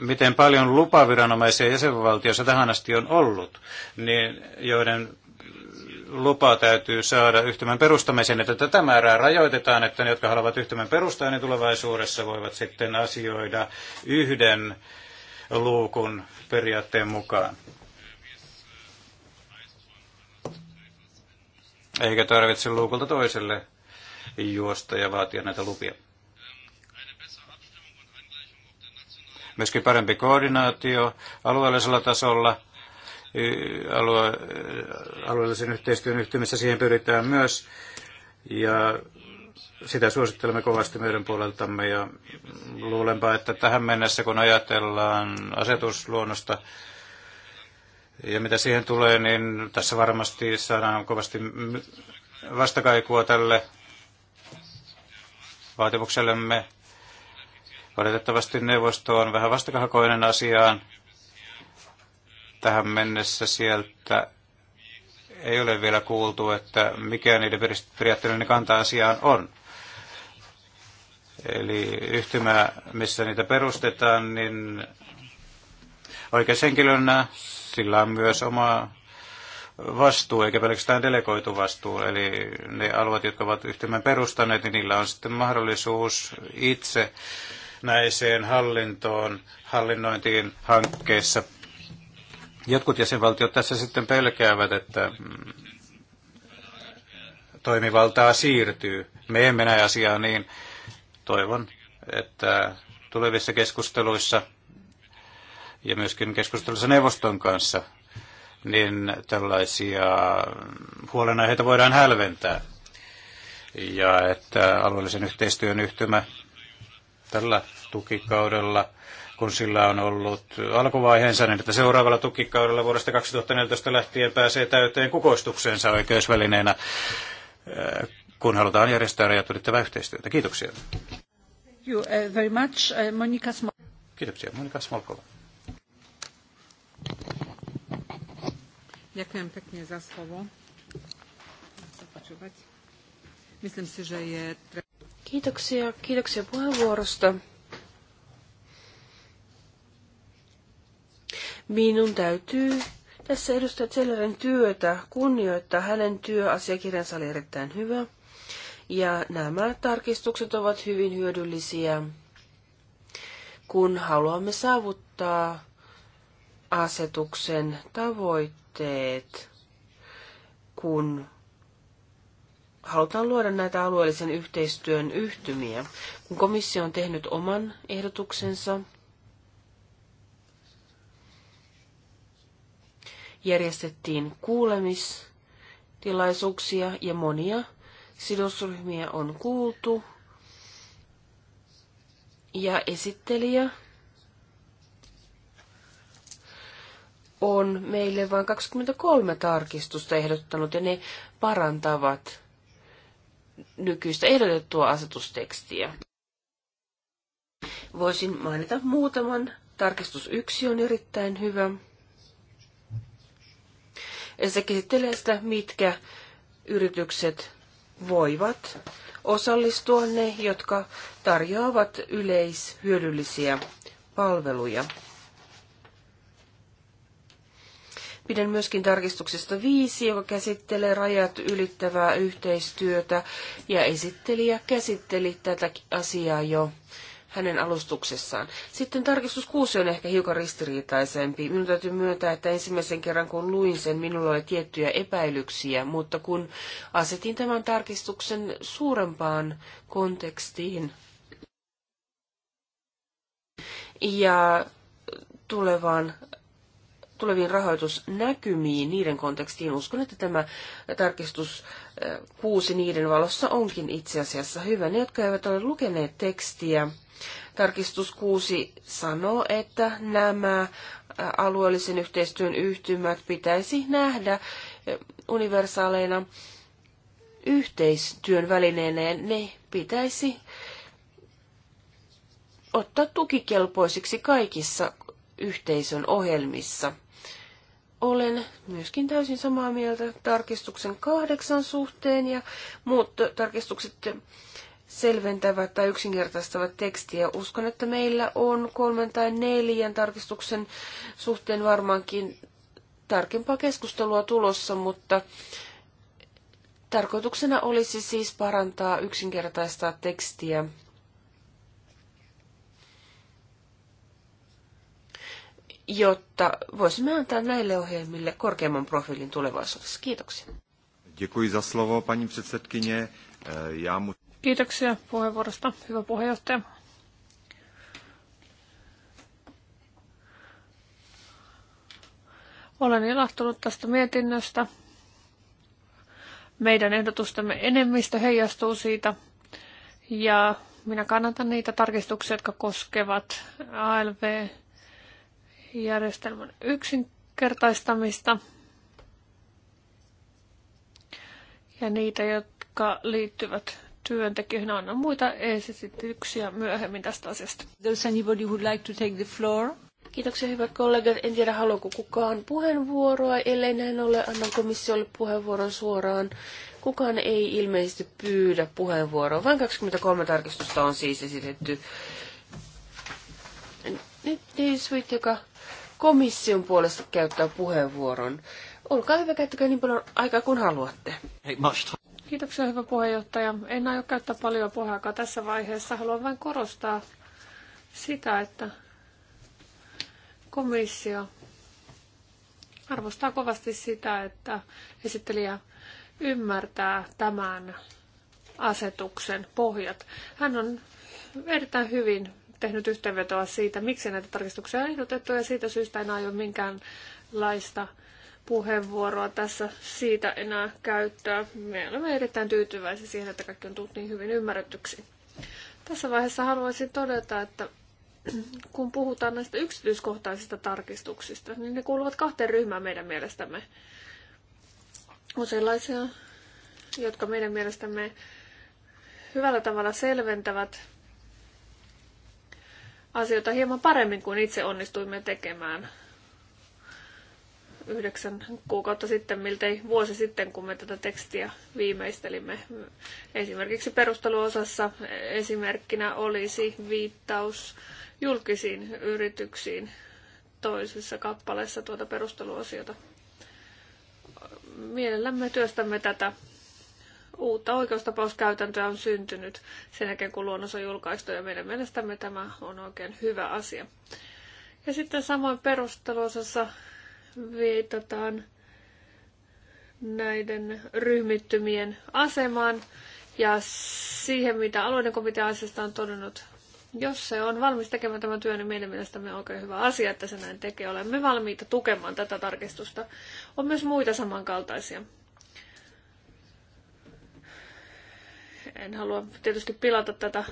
miten paljon lupaviranomaisia jäsenvaltiossa tähän asti on ollut, niin joiden lupa täytyy saada yhtymän perustamiseen, että tätä määrää rajoitetaan, että ne, jotka haluavat yhtymän perustaa, niin tulevaisuudessa voivat sitten asioida yhden luukun periaatteen mukaan. Eikä tarvitse luukulta toiselle juosta ja vaatia näitä lupia. Myöskin parempi koordinaatio alueellisella tasolla – alue, alueellisen yhteistyön yhtymissä siihen pyritään myös. Ja sitä suosittelemme kovasti meidän puoleltamme ja luulenpa, että tähän mennessä kun ajatellaan asetusluonnosta ja mitä siihen tulee, niin tässä varmasti saadaan kovasti vastakaikua tälle vaatimuksellemme. Valitettavasti neuvosto on vähän vastakahakoinen asiaan Tähän mennessä sieltä ei ole vielä kuultu, että mikä niiden periaatteellinen kanta asiaan on. Eli yhtymä, missä niitä perustetaan, niin oikeushenkilönä sillä on myös oma vastuu, eikä pelkästään delegoitu vastuu. Eli ne alueet, jotka ovat yhtymän perustaneet, niin niillä on sitten mahdollisuus itse näiseen hallintoon, hallinnointiin hankkeessa Jotkut jäsenvaltiot tässä sitten pelkäävät, että mm, toimivaltaa siirtyy. Me emme näe asiaa niin. Toivon, että tulevissa keskusteluissa ja myöskin keskustelussa neuvoston kanssa, niin tällaisia huolenaiheita voidaan hälventää. Ja että alueellisen yhteistyön yhtymä tällä tukikaudella kun sillä on ollut alkuvaiheensa, niin että seuraavalla tukikaudella vuodesta 2014 lähtien pääsee täyteen kukoistukseensa oikeusvälineenä, eh, kun halutaan järjestää rajat ylittävää yhteistyötä. Kiitoksia. Thank you eh, very much, eh, Monika Kiitoksia, Monika Smolkova. Kiitoksia, kiitoksia puheenvuorosta. Minun täytyy tässä edustaja Zellerin työtä kunnioittaa. Hänen työasiakirjansa oli erittäin hyvä. Ja nämä tarkistukset ovat hyvin hyödyllisiä, kun haluamme saavuttaa asetuksen tavoitteet, kun halutaan luoda näitä alueellisen yhteistyön yhtymiä. Kun komissio on tehnyt oman ehdotuksensa, järjestettiin kuulemistilaisuuksia ja monia sidosryhmiä on kuultu. Ja esittelijä on meille vain 23 tarkistusta ehdottanut ja ne parantavat nykyistä ehdotettua asetustekstiä. Voisin mainita muutaman. Tarkistus 1 on erittäin hyvä. Se käsittelee sitä, mitkä yritykset voivat osallistua ne, jotka tarjoavat yleishyödyllisiä palveluja. Pidän myöskin tarkistuksesta viisi, joka käsittelee rajat ylittävää yhteistyötä, ja esittelijä käsitteli tätä asiaa jo hänen alustuksessaan. Sitten tarkistus 6 on ehkä hiukan ristiriitaisempi. Minun täytyy myöntää, että ensimmäisen kerran kun luin sen, minulla oli tiettyjä epäilyksiä, mutta kun asetin tämän tarkistuksen suurempaan kontekstiin ja tulevaan tuleviin rahoitusnäkymiin, niiden kontekstiin. Uskon, että tämä tarkistus eh, kuusi niiden valossa onkin itse asiassa hyvä. Ne, jotka eivät ole lukeneet tekstiä, Tarkistus 6 sanoo, että nämä alueellisen yhteistyön yhtymät pitäisi nähdä universaaleina yhteistyön välineenä ja ne pitäisi ottaa tukikelpoisiksi kaikissa yhteisön ohjelmissa. Olen myöskin täysin samaa mieltä tarkistuksen kahdeksan suhteen ja muut tarkistukset selventävät tai yksinkertaistavat tekstiä. Uskon, että meillä on kolmen tai neljän tarkistuksen suhteen varmaankin tarkempaa keskustelua tulossa, mutta tarkoituksena olisi siis parantaa yksinkertaistaa tekstiä. jotta voisimme antaa näille ohjelmille korkeamman profiilin tulevaisuudessa. Kiitoksia. Děkuji za slovo, paní předsedkyně. Eh, já mu... Kiitoksia puheenvuorosta, hyvä puheenjohtaja. Olen ilahtunut tästä mietinnöstä. Meidän ehdotustemme enemmistö heijastuu siitä ja minä kannatan niitä tarkistuksia, jotka koskevat ALV-järjestelmän yksinkertaistamista ja niitä, jotka liittyvät työntekijöihin. anna muita esityksiä myöhemmin tästä asiasta. There's anybody would like to take the floor? Kiitoksia hyvät kollegat. En tiedä haluaako kukaan puheenvuoroa, ellei näin ole, annan komissiolle puheenvuoron suoraan. Kukaan ei ilmeisesti pyydä puheenvuoroa, vain 23 tarkistusta on siis esitetty. Nyt suit, joka komission puolesta käyttää puheenvuoron. Olkaa hyvä, käyttäkää niin paljon aikaa kuin haluatte. Hey, much Kiitoksia, hyvä puheenjohtaja. En aio käyttää paljon puheaikaa tässä vaiheessa. Haluan vain korostaa sitä, että komissio arvostaa kovasti sitä, että esittelijä ymmärtää tämän asetuksen pohjat. Hän on erittäin hyvin tehnyt yhteenvetoa siitä, miksi näitä tarkistuksia on ehdotettu, ja siitä syystä en aio minkäänlaista puheenvuoroa tässä siitä enää käyttää. Me olemme erittäin tyytyväisiä siihen, että kaikki on tullut niin hyvin ymmärretyksi. Tässä vaiheessa haluaisin todeta, että [CLEARS THROAT] kun puhutaan näistä yksityiskohtaisista tarkistuksista, niin ne kuuluvat kahteen ryhmään meidän mielestämme. On sellaisia, jotka meidän mielestämme hyvällä tavalla selventävät asioita hieman paremmin kuin itse onnistuimme tekemään yhdeksän kuukautta sitten, miltei vuosi sitten, kun me tätä tekstiä viimeistelimme. Esimerkiksi perusteluosassa esimerkkinä olisi viittaus julkisiin yrityksiin toisessa kappaleessa tuota perusteluosiota. Mielellämme työstämme tätä. Uutta oikeustapauskäytäntöä on syntynyt sen jälkeen, kun luonnos on julkaistu ja meidän mielestämme tämä on oikein hyvä asia. Ja sitten samoin perusteluosassa viitataan näiden ryhmittymien asemaan ja siihen, mitä alueiden komitea asiasta on todennut. Jos se on valmis tekemään tämän työn, niin meidän mielestämme on oikein hyvä asia, että se näin tekee. Olemme valmiita tukemaan tätä tarkistusta. On myös muita samankaltaisia. En halua tietysti pilata tätä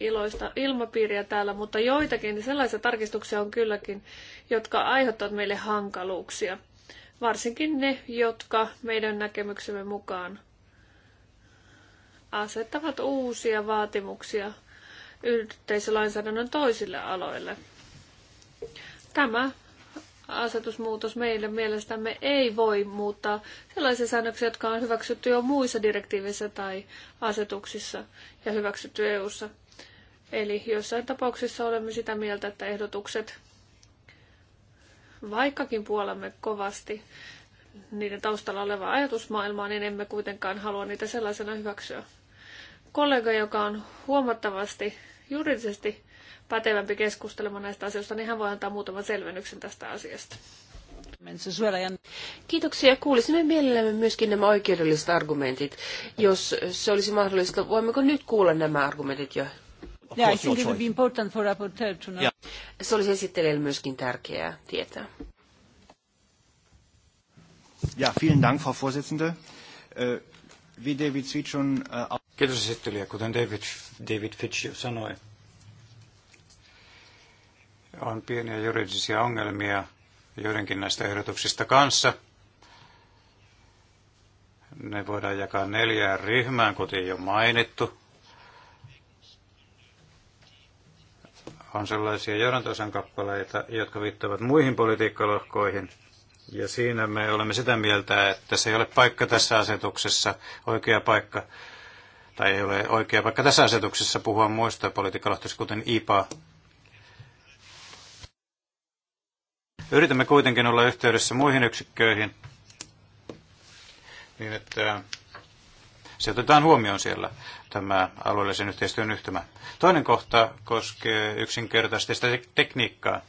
iloista ilmapiiriä täällä, mutta joitakin sellaisia tarkistuksia on kylläkin, jotka aiheuttavat meille hankaluuksia. Varsinkin ne, jotka meidän näkemyksemme mukaan asettavat uusia vaatimuksia yhteisölainsäädännön toisille aloille. Tämä asetusmuutos meille mielestämme ei voi muuttaa sellaisia säännöksiä, jotka on hyväksytty jo muissa direktiiveissä tai asetuksissa ja hyväksytty EU:ssa. Eli jossain tapauksissa olemme sitä mieltä, että ehdotukset, vaikkakin puolamme kovasti niiden taustalla olevaa ajatusmaailmaa, niin emme kuitenkaan halua niitä sellaisena hyväksyä. Kollega, joka on huomattavasti juridisesti pätevämpi keskustelemaan näistä asioista, niin hän voi antaa muutaman selvennyksen tästä asiasta. Kiitoksia. Kuulisimme mielellämme myöskin nämä oikeudelliset argumentit. Jos se olisi mahdollista, voimmeko nyt kuulla nämä argumentit jo se olisi esittelijälle myöskin tärkeää tietää. Ja, vielen Dank, Frau Vorsitzende. Äh, wie David Fitch on... Äh, Kiitos esittelijä. Kuten David, David Fitch jo sanoi, on pieniä juridisia ongelmia joidenkin näistä ehdotuksista kanssa. Ne voidaan jakaa neljään ryhmään, kuten jo mainittu. on sellaisia johdantosan kappaleita, jotka viittavat muihin politiikkalohkoihin. Ja siinä me olemme sitä mieltä, että se ei ole paikka tässä asetuksessa, oikea paikka, tai ei ole oikea paikka tässä asetuksessa puhua muista politiikkalohtoista, kuten IPA. Yritämme kuitenkin olla yhteydessä muihin yksikköihin, niin että se otetaan huomioon siellä tämä alueellisen yhteistyön yhtymä. Toinen kohta koskee yksinkertaisesti sitä tekniikkaa,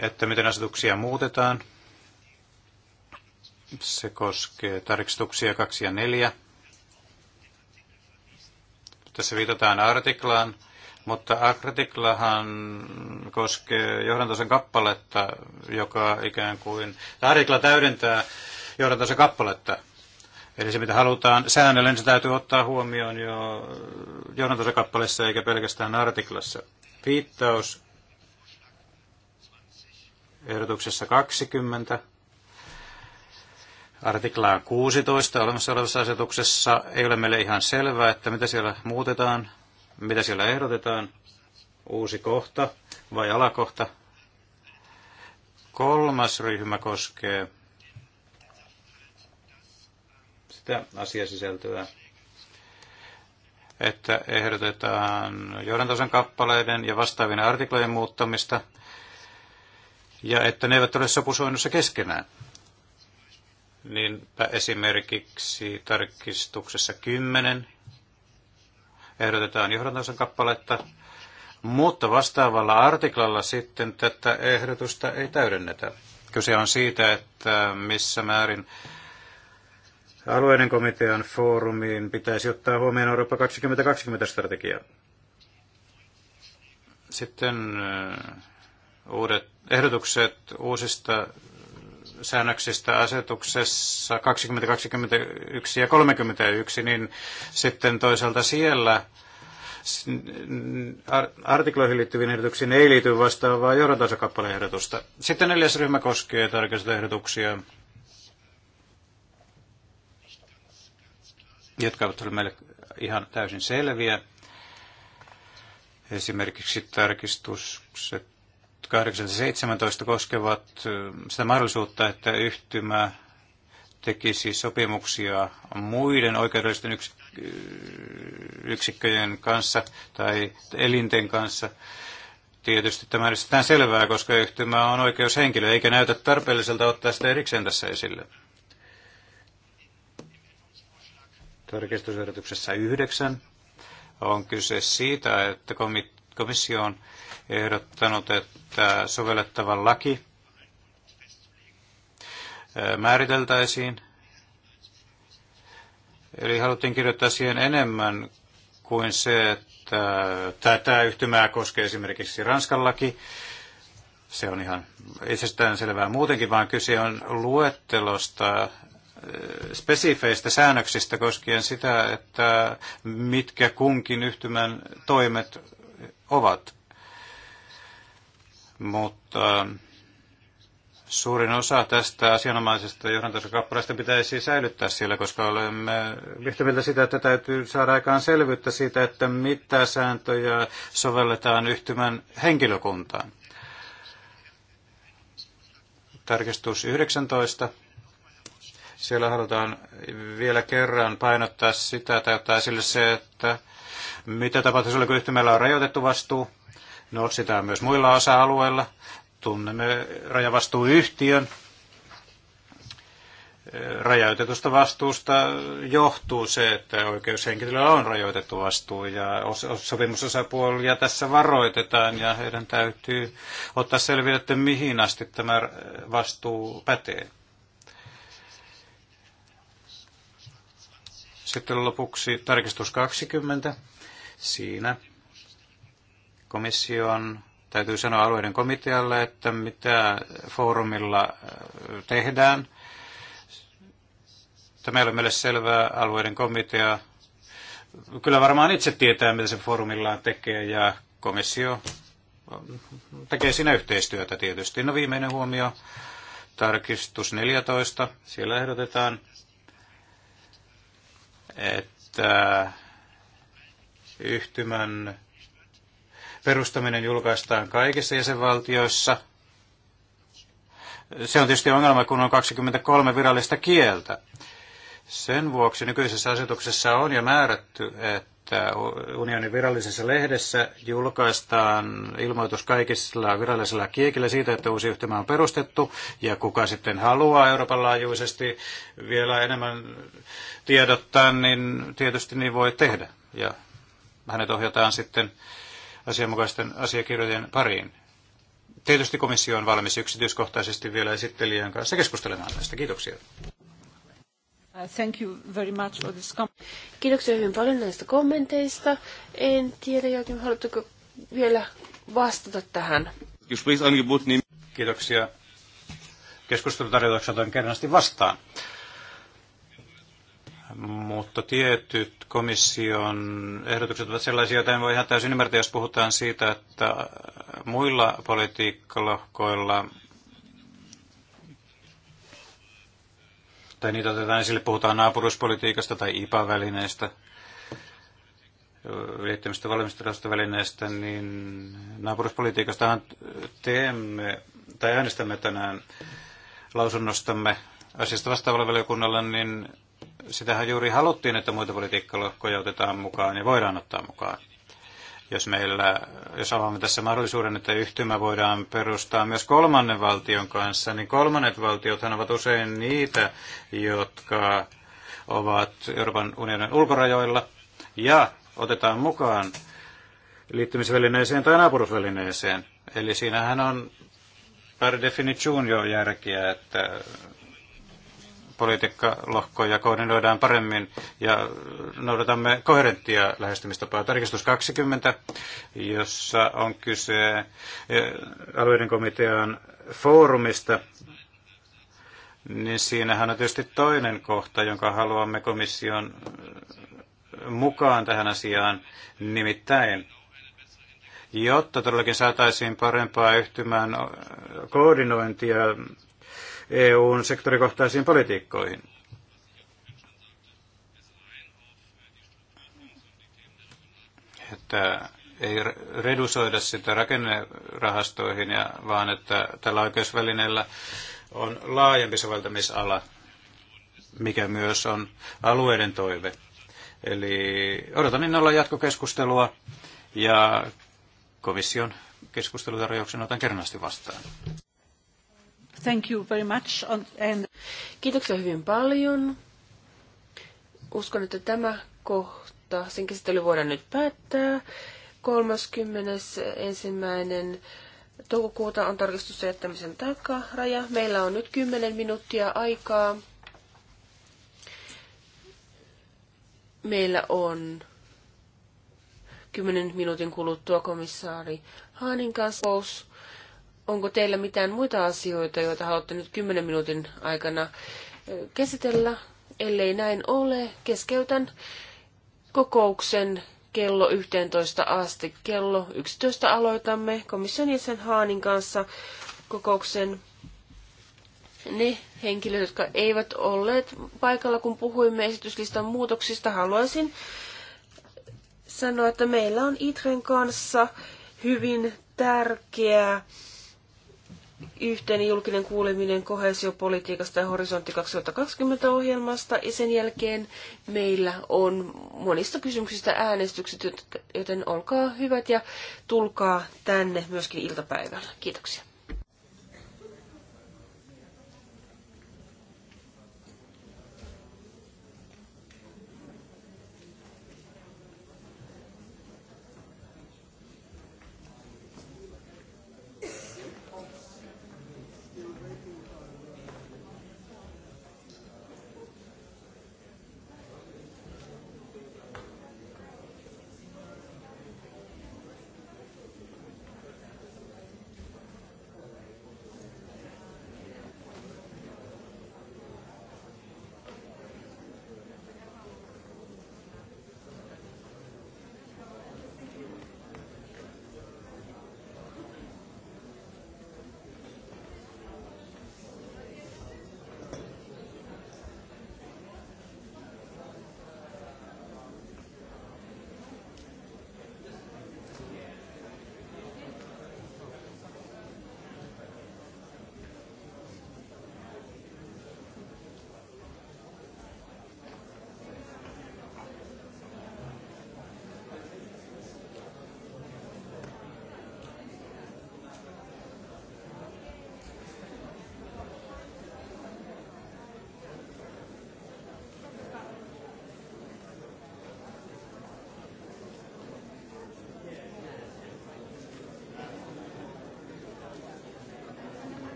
että miten asetuksia muutetaan. Se koskee tarkistuksia 2 ja 4. Tässä viitataan artiklaan, mutta artiklahan koskee johdantosen kappaletta, joka ikään kuin, artikla täydentää johdantosen kappaletta, Eli se, mitä halutaan säännöllä, niin se täytyy ottaa huomioon jo johdantosakappaleissa eikä pelkästään artiklassa. Viittaus ehdotuksessa 20 artiklaa 16 olemassa olevassa asetuksessa ei ole meille ihan selvää, että mitä siellä muutetaan, mitä siellä ehdotetaan, uusi kohta vai alakohta. Kolmas ryhmä koskee sitä asiasisältöä, että ehdotetaan johdantosan kappaleiden ja vastaavien artiklojen muuttamista, ja että ne eivät ole sopusoinnussa keskenään. Niinpä esimerkiksi tarkistuksessa 10 ehdotetaan johdantosan kappaletta, mutta vastaavalla artiklalla sitten tätä ehdotusta ei täydennetä. Kyse on siitä, että missä määrin alueiden komitean foorumiin pitäisi ottaa huomioon Eurooppa 2020-strategia. Sitten uudet ehdotukset uusista säännöksistä asetuksessa 2021 ja 31, niin sitten toisaalta siellä artikloihin liittyviin ehdotuksiin ei liity vastaavaa johdantosakappaleen ehdotusta. Sitten neljäs ryhmä koskee tarkistusehdotuksia, jotka ovat olleet meille ihan täysin selviä. Esimerkiksi tarkistukset 817 koskevat sitä mahdollisuutta, että yhtymä tekisi sopimuksia muiden oikeudellisten yksikköjen kanssa tai elinten kanssa. Tietysti tämä on selvää, koska yhtymä on oikeushenkilö, eikä näytä tarpeelliselta ottaa sitä erikseen tässä esille. tarkistusyrityksessä yhdeksän on kyse siitä, että komissio on ehdottanut, että sovellettava laki määriteltäisiin. Eli haluttiin kirjoittaa siihen enemmän kuin se, että tätä yhtymää koskee esimerkiksi Ranskan laki. Se on ihan itsestään selvää muutenkin, vaan kyse on luettelosta spesifeistä säännöksistä koskien sitä, että mitkä kunkin yhtymän toimet ovat. Mutta suurin osa tästä asianomaisesta johdantasokappaleesta pitäisi säilyttää siellä, koska olemme yhtä sitä, että täytyy saada aikaan selvyyttä siitä, että mitä sääntöjä sovelletaan yhtymän henkilökuntaan. Tarkistus 19 siellä halutaan vielä kerran painottaa sitä tai ottaa esille se, että mitä tapahtuu silloin, kun yhtymällä on rajoitettu vastuu. No, sitä on myös muilla osa-alueilla. Tunnemme rajavastuuyhtiön. Rajoitetusta vastuusta johtuu se, että oikeushenkilöllä on rajoitettu vastuu ja sopimusosapuolia tässä varoitetaan ja heidän täytyy ottaa selville, että mihin asti tämä vastuu pätee. Sitten lopuksi tarkistus 20. Siinä komission täytyy sanoa alueiden komitealle, että mitä foorumilla äh, tehdään. Tämä ei ole meille selvää alueiden komitea. Kyllä varmaan itse tietää, mitä se foorumillaan tekee ja komissio äh, tekee siinä yhteistyötä tietysti. No viimeinen huomio, tarkistus 14. Siellä ehdotetaan että yhtymän perustaminen julkaistaan kaikissa jäsenvaltioissa. Se on tietysti ongelma, kun on 23 virallista kieltä. Sen vuoksi nykyisessä asetuksessa on jo määrätty, että unionin virallisessa lehdessä julkaistaan ilmoitus kaikilla virallisilla kiekillä siitä, että uusi yhtymä on perustettu ja kuka sitten haluaa Euroopan laajuisesti vielä enemmän tiedottaa, niin tietysti niin voi tehdä. Ja hänet ohjataan sitten asianmukaisten asiakirjojen pariin. Tietysti komissio on valmis yksityiskohtaisesti vielä esittelijän kanssa keskustelemaan näistä. Kiitoksia. Uh, thank you very much for this Kiitoksia hyvin paljon näistä kommenteista. En tiedä, Joakim, haluatteko vielä vastata tähän? Kiitoksia. Keskustelutarjoukset on kerrasti vastaan. Mutta tietyt komission ehdotukset ovat sellaisia, joita en voi ihan täysin ymmärtää, jos puhutaan siitä, että muilla politiikkalohkoilla tai niitä otetaan esille, puhutaan naapuruspolitiikasta tai IPA-välineestä, liittymistä valmistelusta välineestä, niin naapuruspolitiikastahan teemme tai äänestämme tänään lausunnostamme asiasta vastaavalle valiokunnalle, niin sitähän juuri haluttiin, että muita politiikkalohkoja otetaan mukaan ja voidaan ottaa mukaan jos meillä, jos avaamme tässä mahdollisuuden, että yhtymä voidaan perustaa myös kolmannen valtion kanssa, niin kolmannet valtiothan ovat usein niitä, jotka ovat Euroopan unionin ulkorajoilla ja otetaan mukaan liittymisvälineeseen tai naapurusvälineeseen. Eli siinähän on per definition jo järkeä, että politiikkalohkoja koordinoidaan paremmin ja noudatamme koherenttia lähestymistapaa. Tarkistus 20, jossa on kyse eh, alueiden komitean foorumista, niin siinähän on tietysti toinen kohta, jonka haluamme komission eh, mukaan tähän asiaan, nimittäin jotta todellakin saataisiin parempaa yhtymään eh, koordinointia EUn sektorikohtaisiin politiikkoihin. Että ei redusoida sitä rakennerahastoihin, ja, vaan että tällä oikeusvälineellä on laajempi soveltamisala, mikä myös on alueiden toive. Eli odotan innolla jatkokeskustelua ja komission keskustelutarjouksen otan kernaasti vastaan. Thank you very much. And... Kiitoksia hyvin paljon. Uskon, että tämä kohta, sen käsittely voidaan nyt päättää. 31. toukokuuta on tarkistus jättämisen takaraja. Meillä on nyt 10 minuuttia aikaa. Meillä on 10 minuutin kuluttua komissaari Haanin kanssa onko teillä mitään muita asioita, joita haluatte nyt 10 minuutin aikana käsitellä? Ellei näin ole, keskeytän kokouksen kello 11 asti. Kello 11 aloitamme komission jäsen Haanin kanssa kokouksen ne henkilöt, jotka eivät olleet paikalla, kun puhuimme esityslistan muutoksista, haluaisin sanoa, että meillä on Itren kanssa hyvin tärkeä yhteinen julkinen kuuleminen kohesiopolitiikasta ja horisontti 2020 ohjelmasta ja sen jälkeen meillä on monista kysymyksistä äänestykset, joten olkaa hyvät ja tulkaa tänne myöskin iltapäivällä. Kiitoksia.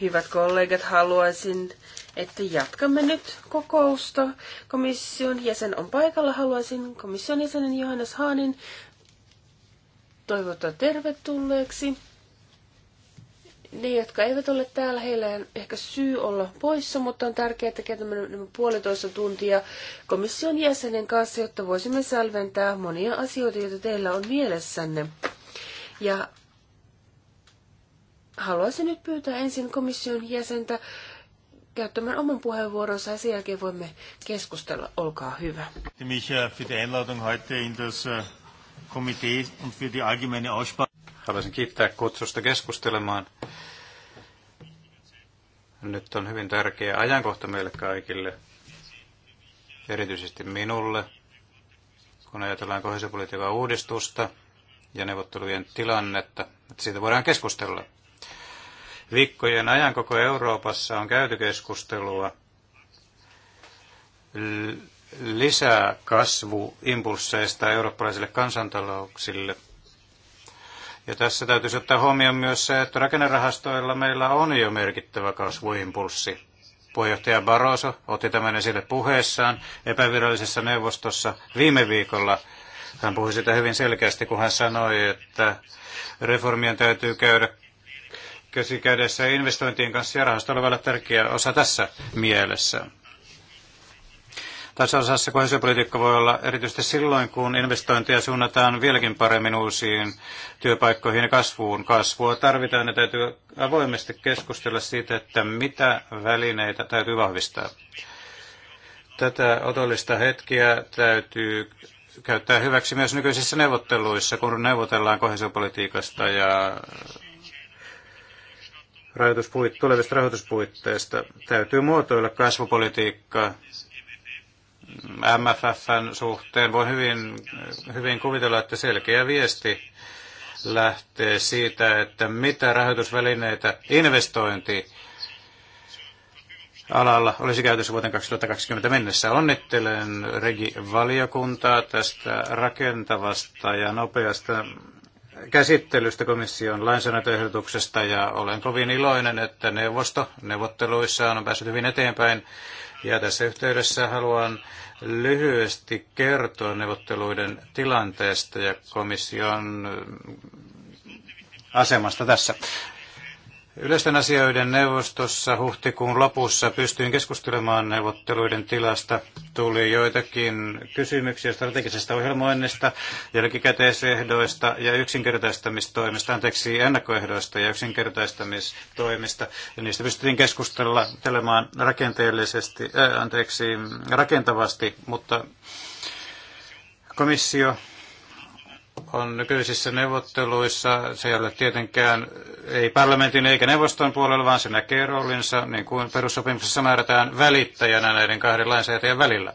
Hyvät kollegat, haluaisin, että jatkamme nyt kokousta. Komission jäsen on paikalla. Haluaisin komission jäsenen Johannes Haanin toivottaa tervetulleeksi. Ne, jotka eivät ole täällä, heillä on ehkä syy olla poissa, mutta on tärkeää, että käytämme nämä puolitoista tuntia komission jäsenen kanssa, jotta voisimme selventää monia asioita, joita teillä on mielessänne. Ja haluaisin nyt pyytää ensin komission jäsentä käyttämään oman puheenvuoronsa ja sen jälkeen voimme keskustella. Olkaa hyvä. Haluaisin kiittää kutsusta keskustelemaan. Nyt on hyvin tärkeä ajankohta meille kaikille, erityisesti minulle, kun ajatellaan kohesiopolitiikan uudistusta ja neuvottelujen tilannetta, että siitä voidaan keskustella. Viikkojen ajan koko Euroopassa on käyty keskustelua lisää kasvuimpulseista eurooppalaisille kansantalouksille. Ja tässä täytyisi ottaa huomioon myös se, että rakennerahastoilla meillä on jo merkittävä kasvuimpulssi. Puheenjohtaja Barroso otti tämän esille puheessaan epävirallisessa neuvostossa viime viikolla. Hän puhui sitä hyvin selkeästi, kun hän sanoi, että reformien täytyy käydä kädessä investointien kanssa ja rahasto vielä tärkeä osa tässä mielessä. Tässä osassa kohesiopolitiikka voi olla erityisesti silloin, kun investointeja suunnataan vieläkin paremmin uusiin työpaikkoihin ja kasvuun. Kasvua tarvitaan ja täytyy avoimesti keskustella siitä, että mitä välineitä täytyy vahvistaa. Tätä otollista hetkiä täytyy käyttää hyväksi myös nykyisissä neuvotteluissa, kun neuvotellaan kohesiopolitiikasta ja tulevista rahoituspuitteista. Täytyy muotoilla kasvupolitiikkaa MFFn suhteen. Voi hyvin, hyvin kuvitella, että selkeä viesti lähtee siitä, että mitä rahoitusvälineitä investointi alalla olisi käytössä vuoteen 2020 mennessä. Onnittelen regivaliokuntaa tästä rakentavasta ja nopeasta käsittelystä komission lainsäädäntöehdotuksesta ja olen kovin iloinen, että neuvosto neuvotteluissa on päässyt hyvin eteenpäin. Ja tässä yhteydessä haluan lyhyesti kertoa neuvotteluiden tilanteesta ja komission asemasta tässä. Yleisten asioiden neuvostossa huhtikuun lopussa pystyin keskustelemaan neuvotteluiden tilasta. Tuli joitakin kysymyksiä strategisesta ohjelmoinnista, jälkikäteisehdoista ja yksinkertaistamistoimista, anteeksi ennakkoehdoista ja yksinkertaistamistoimista. Ja niistä pystyttiin keskustelemaan rakenteellisesti, äh, anteeksi, rakentavasti, mutta komissio on nykyisissä neuvotteluissa. Se ei ole tietenkään ei parlamentin eikä neuvoston puolella, vaan se näkee roolinsa, niin kuin perussopimuksessa määrätään välittäjänä näiden kahden lainsäätäjän välillä.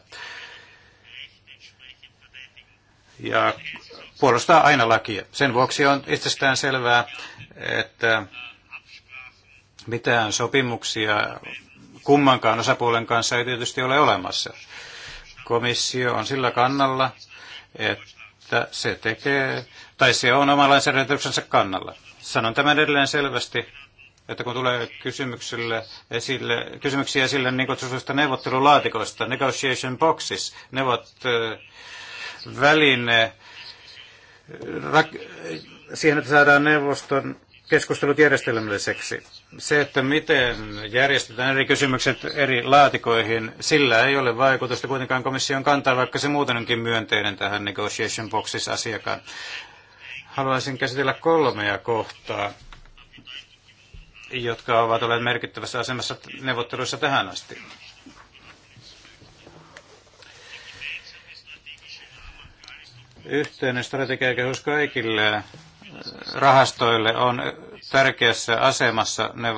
Ja puolustaa aina lakia. Sen vuoksi on itsestään selvää, että mitään sopimuksia kummankaan osapuolen kanssa ei tietysti ole olemassa. Komissio on sillä kannalla, että että se tekee, tai se on oman lainsäädäntönsä kannalla. Sanon tämän edelleen selvästi, että kun tulee kysymyksille esille, kysymyksiä esille niin kutsusta neuvottelulaatikoista, negotiation boxes, ne ovat äh, väline rak- siihen, että saadaan neuvoston keskustelut järjestelmälliseksi. Se, että miten järjestetään eri kysymykset eri laatikoihin, sillä ei ole vaikutusta kuitenkaan komission kantaa, vaikka se muuten onkin myönteinen tähän negotiation boxissa asiakkaan. Haluaisin käsitellä kolmea kohtaa, jotka ovat olleet merkittävässä asemassa neuvotteluissa tähän asti. Yhteinen strategiakehys kaikille rahastoille on tärkeässä asemassa ne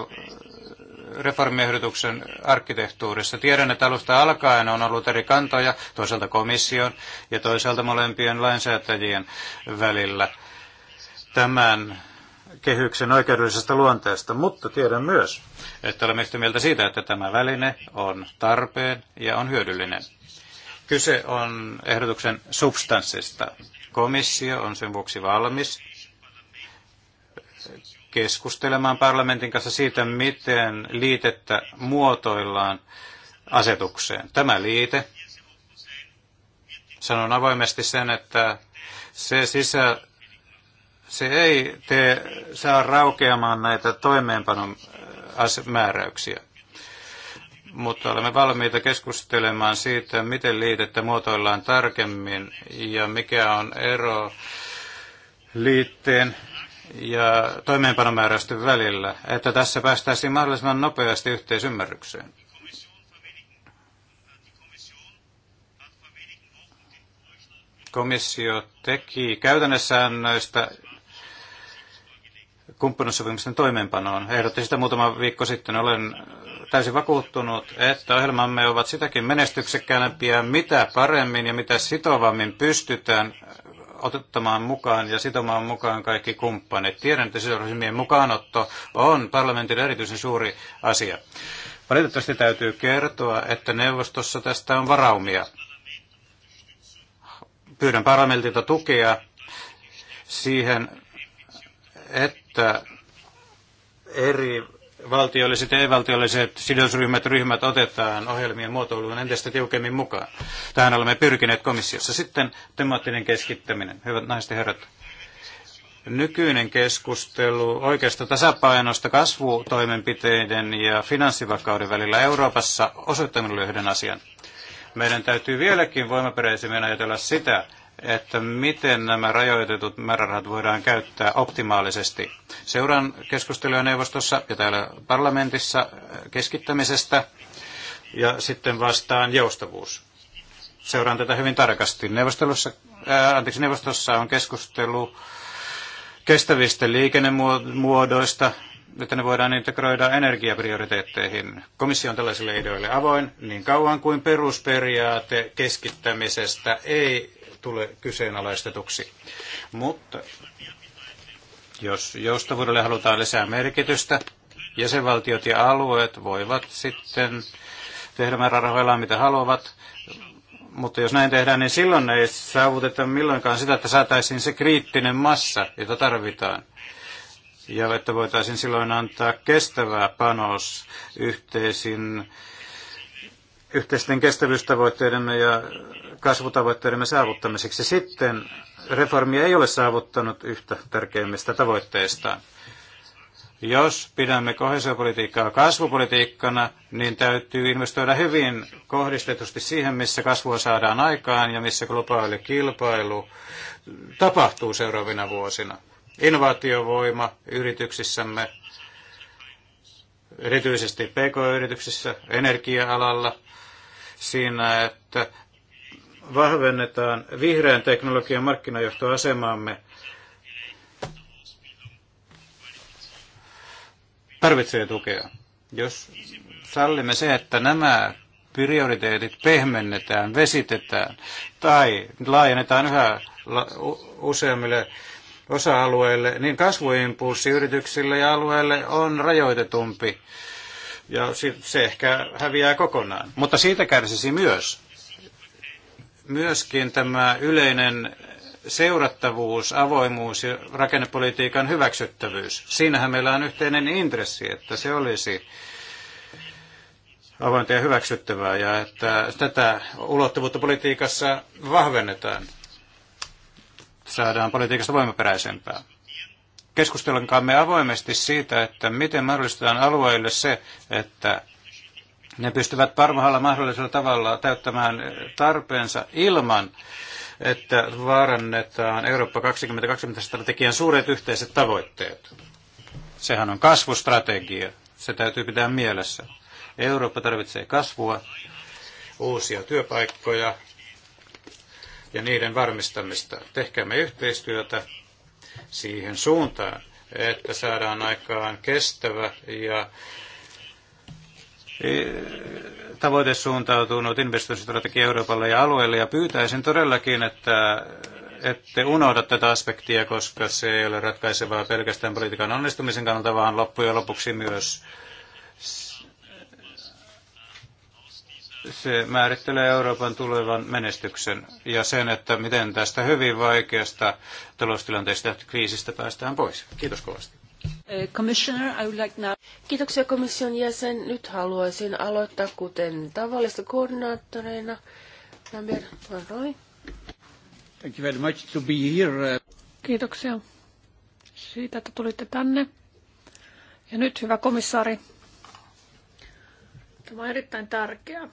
reformiehdotuksen arkkitehtuurissa. Tiedän, että alusta alkaen on ollut eri kantoja, toisaalta komission ja toisaalta molempien lainsäätäjien välillä tämän kehyksen oikeudellisesta luonteesta, mutta tiedän myös, että olemme yhtä mieltä siitä, että tämä väline on tarpeen ja on hyödyllinen. Kyse on ehdotuksen substanssista. Komissio on sen vuoksi valmis keskustelemaan parlamentin kanssa siitä, miten liitettä muotoillaan asetukseen. Tämä liite, sanon avoimesti sen, että se sisä, se ei tee, saa raukeamaan näitä toimeenpanon äh, määräyksiä. Mutta olemme valmiita keskustelemaan siitä, miten liitettä muotoillaan tarkemmin ja mikä on ero liitteen ja toimeenpanomääräysten välillä, että tässä päästäisiin mahdollisimman nopeasti yhteisymmärrykseen. Komissio teki käytännössäännöistä kumppanussopimusten toimeenpanoon. Ehdotti sitä muutama viikko sitten. Olen täysin vakuuttunut, että ohjelmamme ovat sitäkin menestyksekkäämpiä, mitä paremmin ja mitä sitovammin pystytään ottamaan mukaan ja sitomaan mukaan kaikki kumppanit. Tiedän, että sidosryhmien mukaanotto on parlamentin erityisen suuri asia. Valitettavasti täytyy kertoa, että neuvostossa tästä on varaumia. Pyydän parlamentilta tukea siihen, että eri valtiolliset ja ei-valtiolliset sidosryhmät ryhmät otetaan ohjelmien muotoiluun entistä tiukemmin mukaan. Tähän olemme pyrkineet komissiossa. Sitten temaattinen keskittäminen. Hyvät naiset ja herrat, nykyinen keskustelu oikeasta tasapainosta kasvutoimenpiteiden ja finanssivakauden välillä Euroopassa osoittaa yhden asian. Meidän täytyy vieläkin voimaperäisemmin ajatella sitä, että miten nämä rajoitetut määrärahat voidaan käyttää optimaalisesti. Seuraan keskustelua neuvostossa ja täällä parlamentissa keskittämisestä ja sitten vastaan joustavuus. Seuraan tätä hyvin tarkasti. Neuvostelussa, ää, anteeksi, neuvostossa on keskustelu kestävistä liikennemuodoista, että ne voidaan integroida energiaprioriteetteihin. Komissio on tällaisille ideoille avoin niin kauan kuin perusperiaate keskittämisestä ei tule kyseenalaistetuksi. Mutta jos joustavuudelle halutaan lisää merkitystä, jäsenvaltiot ja alueet voivat sitten tehdä määrärahoillaan mitä haluavat, mutta jos näin tehdään, niin silloin ei saavuteta milloinkaan sitä, että saataisiin se kriittinen massa, jota tarvitaan. Ja että voitaisiin silloin antaa kestävää panos yhteisin, yhteisten kestävyystavoitteidemme ja kasvutavoitteidemme saavuttamiseksi. Sitten reformi ei ole saavuttanut yhtä tärkeimmistä tavoitteistaan. Jos pidämme kohesiopolitiikkaa kasvupolitiikkana, niin täytyy investoida hyvin kohdistetusti siihen, missä kasvua saadaan aikaan ja missä globaali kilpailu tapahtuu seuraavina vuosina. Innovaatiovoima yrityksissämme, erityisesti pk-yrityksissä, energia-alalla, siinä, että vahvennetaan vihreän teknologian markkinajohtoasemaamme, tarvitsee tukea. Jos sallimme se, että nämä prioriteetit pehmennetään, vesitetään tai laajennetaan yhä useammille osa-alueille, niin kasvuimpulssi yrityksille ja alueille on rajoitetumpi ja se ehkä häviää kokonaan. Mutta siitä kärsisi myös myöskin tämä yleinen seurattavuus, avoimuus ja rakennepolitiikan hyväksyttävyys. Siinähän meillä on yhteinen intressi, että se olisi avointa ja hyväksyttävää ja että tätä ulottuvuutta politiikassa vahvennetaan. Saadaan politiikasta voimaperäisempää. Keskustelkaamme avoimesti siitä, että miten mahdollistetaan alueille se, että ne pystyvät parhaalla mahdollisella tavalla täyttämään tarpeensa ilman, että vaarannetaan Eurooppa 2020-strategian suuret yhteiset tavoitteet. Sehän on kasvustrategia. Se täytyy pitää mielessä. Eurooppa tarvitsee kasvua, uusia työpaikkoja ja niiden varmistamista. Tehkäämme yhteistyötä siihen suuntaan, että saadaan aikaan kestävä ja tavoite suuntautunut investointistrategia Euroopalle ja alueelle ja pyytäisin todellakin, että ette unohda tätä aspektia, koska se ei ole ratkaisevaa pelkästään politiikan onnistumisen kannalta, vaan loppujen lopuksi myös se määrittelee Euroopan tulevan menestyksen ja sen, että miten tästä hyvin vaikeasta taloustilanteesta ja kriisistä päästään pois. Kiitos kovasti. Uh, Commissioner, I would like now... Kiitoksia komission jäsen. Nyt haluaisin aloittaa kuten tavallista koordinaattoreina. Lambert Roy. Thank you very much to be here. Uh, Kiitoksia siitä, että tulitte tänne. Ja nyt, hyvä komissaari, tämä on erittäin tärkeää.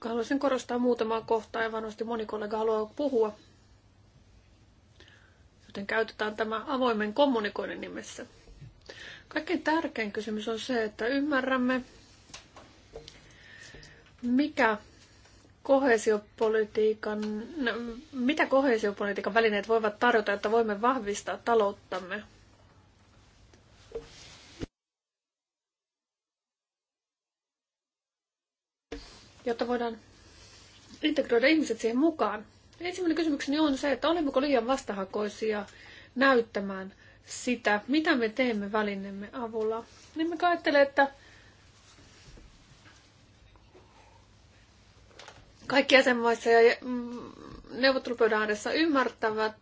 Haluaisin korostaa muutamaa kohtaa ja varmasti moni kollega haluaa puhua. Joten käytetään tämä avoimen kommunikoinnin nimessä. Kaikkein tärkein kysymys on se, että ymmärrämme, mikä kohesiopolitiikan, no, mitä kohesiopolitiikan välineet voivat tarjota, että voimme vahvistaa talouttamme? Jotta voidaan integroida ihmiset siihen mukaan. Ensimmäinen kysymykseni on se, että olemmeko liian vastahakoisia näyttämään – sitä, mitä me teemme välinemme avulla, niin me ajattelen, että kaikki jäsenmaissa ja mm, neuvottelupöydän edessä ymmärtävät,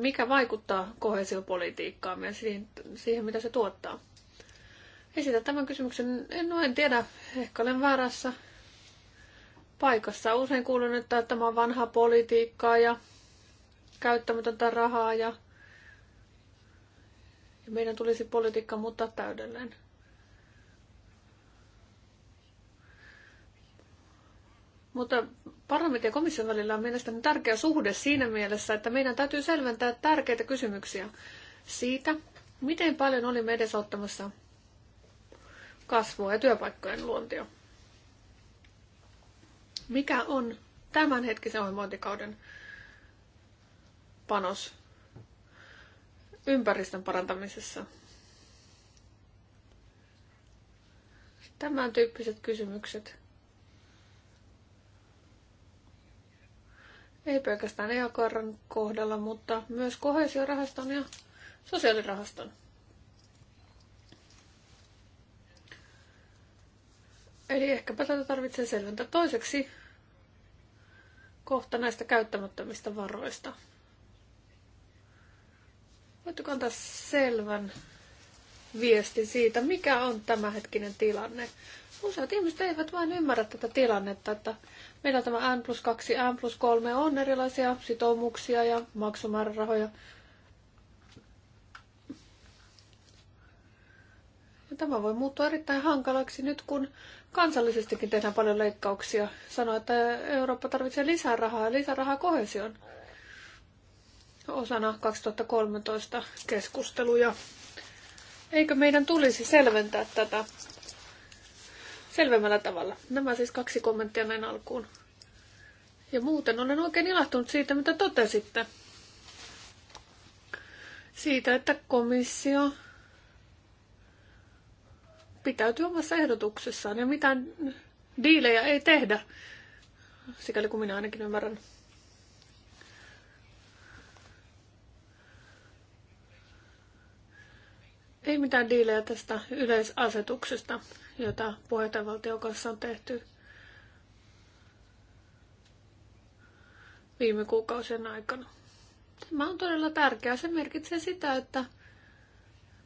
mikä vaikuttaa kohesiopolitiikkaan ja siihen, mitä se tuottaa. Esitän tämän kysymyksen. En, no, en tiedä, ehkä olen väärässä paikassa. Usein kuulen, että tämä on vanhaa politiikkaa ja käyttämätöntä rahaa ja meidän tulisi politiikka muuttaa täydelleen. Mutta parlamentin ja komission välillä on mielestäni tärkeä suhde siinä mielessä, että meidän täytyy selventää tärkeitä kysymyksiä siitä, miten paljon olimme edesauttamassa kasvua ja työpaikkojen luontia. Mikä on tämänhetkisen ohjelmointikauden panos ympäristön parantamisessa. Tämän tyyppiset kysymykset. Ei pelkästään EAKRn kohdalla, mutta myös kohesiorahaston ja sosiaalirahaston. Eli ehkäpä tätä tarvitsee selventää toiseksi kohta näistä käyttämättömistä varoista. Voitteko antaa selvän viesti siitä, mikä on tämänhetkinen tilanne? Useat ihmiset eivät vain ymmärrä tätä tilannetta, että meillä tämä N plus 2, N plus 3 on erilaisia sitoumuksia ja maksumäärärahoja. Ja tämä voi muuttua erittäin hankalaksi nyt, kun kansallisestikin tehdään paljon leikkauksia. Sanoa, että Eurooppa tarvitsee lisää rahaa ja lisää rahaa kohesioon osana 2013 keskusteluja. Eikö meidän tulisi selventää tätä selvemmällä tavalla? Nämä siis kaksi kommenttia näin alkuun. Ja muuten olen oikein ilahtunut siitä, mitä totesitte. Siitä, että komissio pitäytyy omassa ehdotuksessaan ja mitään diilejä ei tehdä, sikäli kuin minä ainakin ymmärrän. Ei mitään diilejä tästä yleisasetuksesta, jota puheenjohtajavaltion kanssa on tehty viime kuukausien aikana. Tämä on todella tärkeää. Se merkitsee sitä, että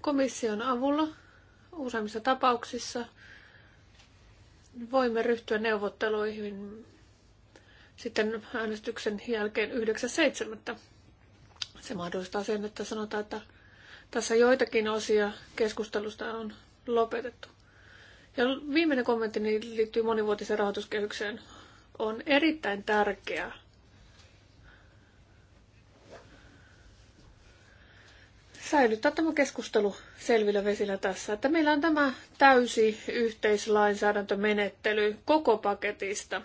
komission avulla useimmissa tapauksissa voimme ryhtyä neuvotteluihin sitten äänestyksen jälkeen 9.7. Se mahdollistaa sen, että sanotaan, että tässä joitakin osia keskustelusta on lopetettu. Ja viimeinen kommentti liittyy monivuotiseen rahoituskehykseen. On erittäin tärkeää, säilyttää tämä keskustelu selvillä vesillä tässä, että meillä on tämä täysi yhteislainsäädäntömenettely koko paketista.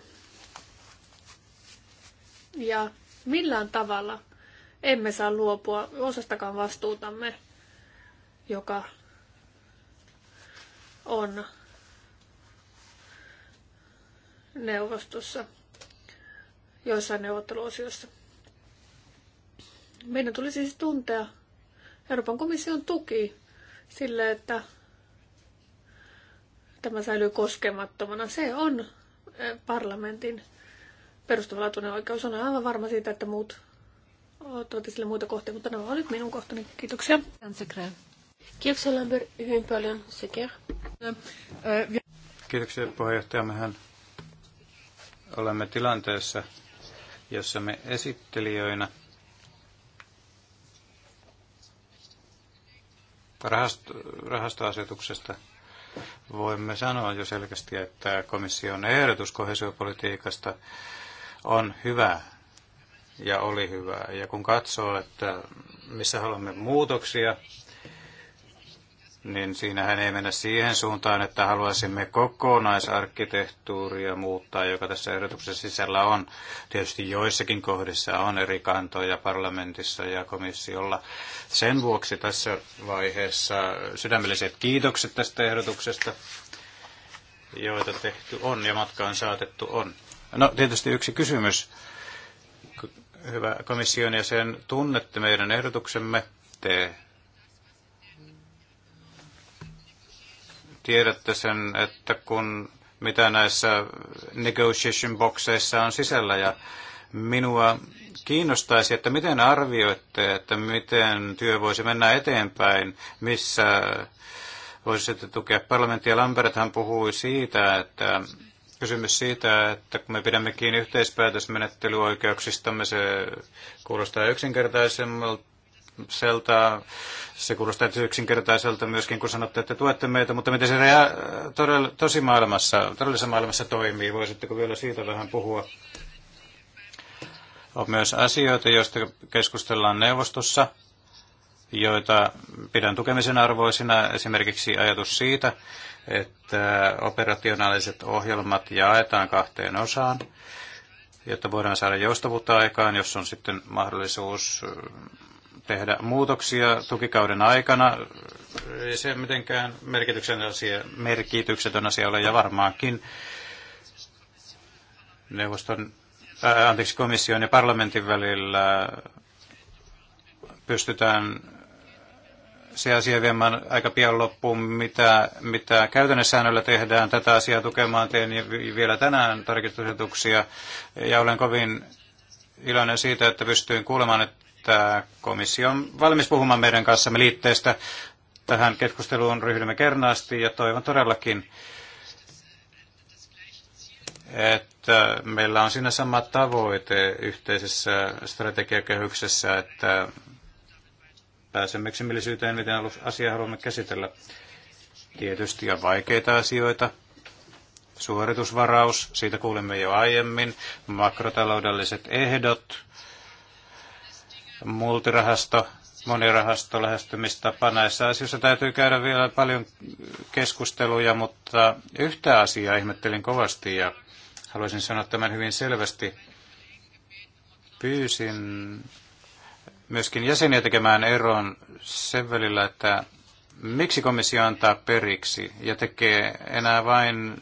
Ja millään tavalla emme saa luopua osastakaan vastuutamme joka on neuvostossa joissain neuvotteluosioissa. Meidän tulisi siis tuntea Euroopan komission tuki sille, että tämä säilyy koskemattomana. Se on eh, parlamentin perustavanlaatuinen oikeus. Olen aivan varma siitä, että muut ottavat sille muita kohtia, mutta nämä olivat minun kohtani. Kiitoksia. Ansikre. Kiitoksia Lambert hyvin paljon sekä. Kiitoksia puheenjohtaja. Mehän olemme tilanteessa, jossa me esittelijöinä rahastoasetuksesta voimme sanoa jo selkeästi, että komission ehdotus kohesiopolitiikasta on hyvä ja oli hyvä. Ja kun katsoo, että missä haluamme muutoksia, niin siinähän ei mennä siihen suuntaan, että haluaisimme kokonaisarkkitehtuuria muuttaa, joka tässä ehdotuksen sisällä on. Tietysti joissakin kohdissa on eri kantoja parlamentissa ja komissiolla. Sen vuoksi tässä vaiheessa sydämelliset kiitokset tästä ehdotuksesta, joita tehty on ja matkaan saatettu on. No tietysti yksi kysymys. Hyvä komission sen tunnette meidän ehdotuksemme, te Tiedätte sen, että kun mitä näissä negotiation boxeissa on sisällä ja minua kiinnostaisi, että miten arvioitte, että miten työ voisi mennä eteenpäin, missä voisitte tukea parlamenttia. Lamberthan puhui siitä, että kysymys siitä, että kun me pidämme kiinni yhteispäätösmenettelyoikeuksistamme, se kuulostaa yksinkertaisemmalta yksinkertaiselta. Se kuulostaa yksinkertaiselta myöskin, kun sanotte, että tuette meitä, mutta miten se rea- todell- tosi maailmassa, todellisessa maailmassa toimii? Voisitteko vielä siitä vähän puhua? On myös asioita, joista keskustellaan neuvostossa, joita pidän tukemisen arvoisina. Esimerkiksi ajatus siitä, että operationaaliset ohjelmat jaetaan kahteen osaan jotta voidaan saada joustavuutta aikaan, jos on sitten mahdollisuus tehdä muutoksia tukikauden aikana. Ei se mitenkään merkityksen asia, merkityksetön asia ole ja varmaankin neuvoston, ää, anteeksi, komission ja parlamentin välillä pystytään se asia viemään aika pian loppuun, mitä, mitä säännöllä tehdään. Tätä asiaa tukemaan teen vielä tänään tarkistusetuksia ja olen kovin iloinen siitä, että pystyin kuulemaan, että että komissio on valmis puhumaan meidän kanssamme liitteestä. Tähän keskusteluun ryhdymme kernaasti ja toivon todellakin, että meillä on siinä sama tavoite yhteisessä strategiakehyksessä, että pääsemme yksimielisyyteen, miten asiaa haluamme käsitellä. Tietysti ja vaikeita asioita. Suoritusvaraus, siitä kuulimme jo aiemmin. Makrotaloudelliset ehdot, multirahasto, monirahasto lähestymistapa. Näissä asioissa täytyy käydä vielä paljon keskusteluja, mutta yhtä asiaa ihmettelin kovasti ja haluaisin sanoa tämän hyvin selvästi. Pyysin myöskin jäseniä tekemään eron sen välillä, että miksi komissio antaa periksi ja tekee enää vain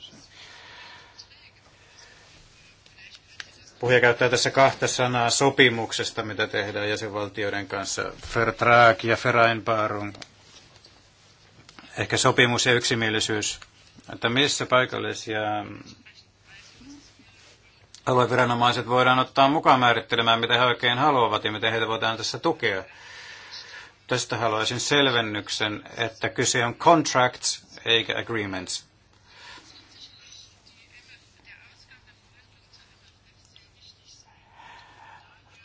Puhuja käyttää tässä kahta sanaa sopimuksesta, mitä tehdään jäsenvaltioiden kanssa. Vertrag ja Vereinbarung. Ehkä sopimus ja yksimielisyys. Että missä paikallisia mm, alueviranomaiset voidaan ottaa mukaan määrittelemään, mitä he oikein haluavat ja miten heitä voidaan tässä tukea. Tästä haluaisin selvennyksen, että kyse on contracts eikä agreements.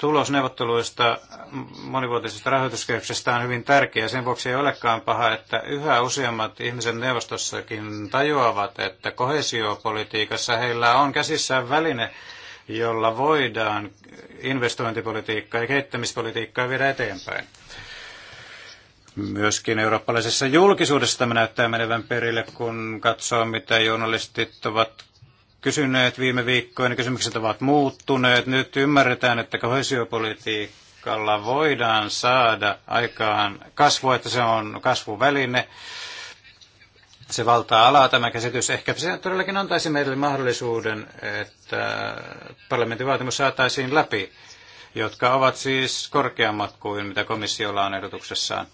tulosneuvotteluista monivuotisesta rahoituskehyksestä on hyvin tärkeä. Sen vuoksi ei olekaan paha, että yhä useammat ihmiset neuvostossakin tajuavat, että kohesiopolitiikassa heillä on käsissään väline, jolla voidaan investointipolitiikkaa ja kehittämispolitiikkaa viedä eteenpäin. Myöskin eurooppalaisessa julkisuudessa tämä näyttää menevän perille, kun katsoo, mitä journalistit ovat kysyneet viime viikkoina. Niin kysymykset ovat muuttuneet. Nyt ymmärretään, että kohesiopolitiikalla voidaan saada aikaan kasvua, että se on kasvuväline. Se valtaa alaa tämä käsitys. Ehkä se todellakin antaisi meille mahdollisuuden, että parlamentin vaatimus saataisiin läpi, jotka ovat siis korkeammat kuin mitä komissiolla on ehdotuksessaan.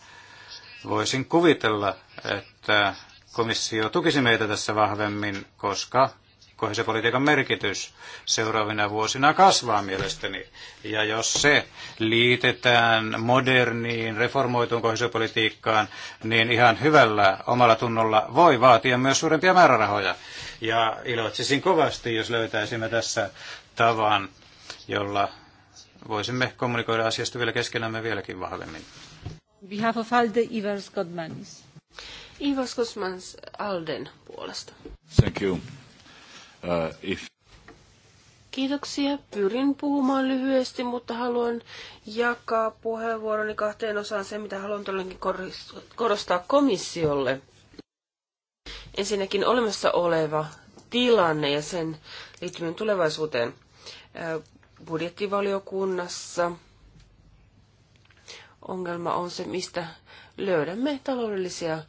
Voisin kuvitella, että komissio tukisi meitä tässä vahvemmin, koska kohesiopolitiikan merkitys seuraavina vuosina kasvaa mielestäni. Ja jos se liitetään moderniin, reformoituun kohesiopolitiikkaan, niin ihan hyvällä omalla tunnolla voi vaatia myös suurempia määrärahoja. Ja iloitsisin kovasti, jos löytäisimme tässä tavan, jolla voisimme kommunikoida asiasta vielä keskenämme vieläkin vahvemmin. Ivar of Godmanis. Godmanis Alden puolesta. Thank you. Uh, if... Kiitoksia. Pyrin puhumaan lyhyesti, mutta haluan jakaa puheenvuoroni kahteen osaan se, mitä haluan todellakin korostaa komissiolle. Ensinnäkin olemassa oleva tilanne ja sen liittyminen tulevaisuuteen budjettivaliokunnassa. Ongelma on se, mistä löydämme taloudellisia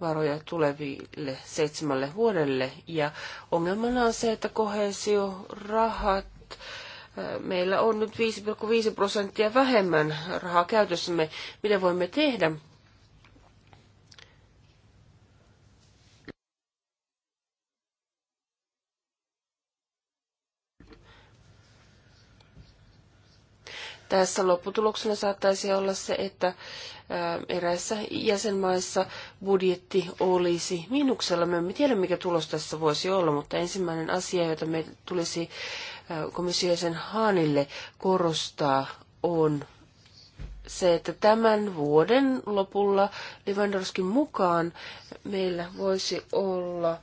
varoja tuleville seitsemälle vuodelle. Ja ongelmana on se, että kohesiorahat, meillä on nyt 5,5 prosenttia vähemmän rahaa käytössämme. Mitä voimme tehdä? Tässä lopputuloksena saattaisi olla se, että eräissä jäsenmaissa budjetti olisi minuksella. Me emme tiedä, mikä tulos tässä voisi olla, mutta ensimmäinen asia, jota me tulisi komission Haanille korostaa, on se, että tämän vuoden lopulla Lewandowskin mukaan meillä voisi olla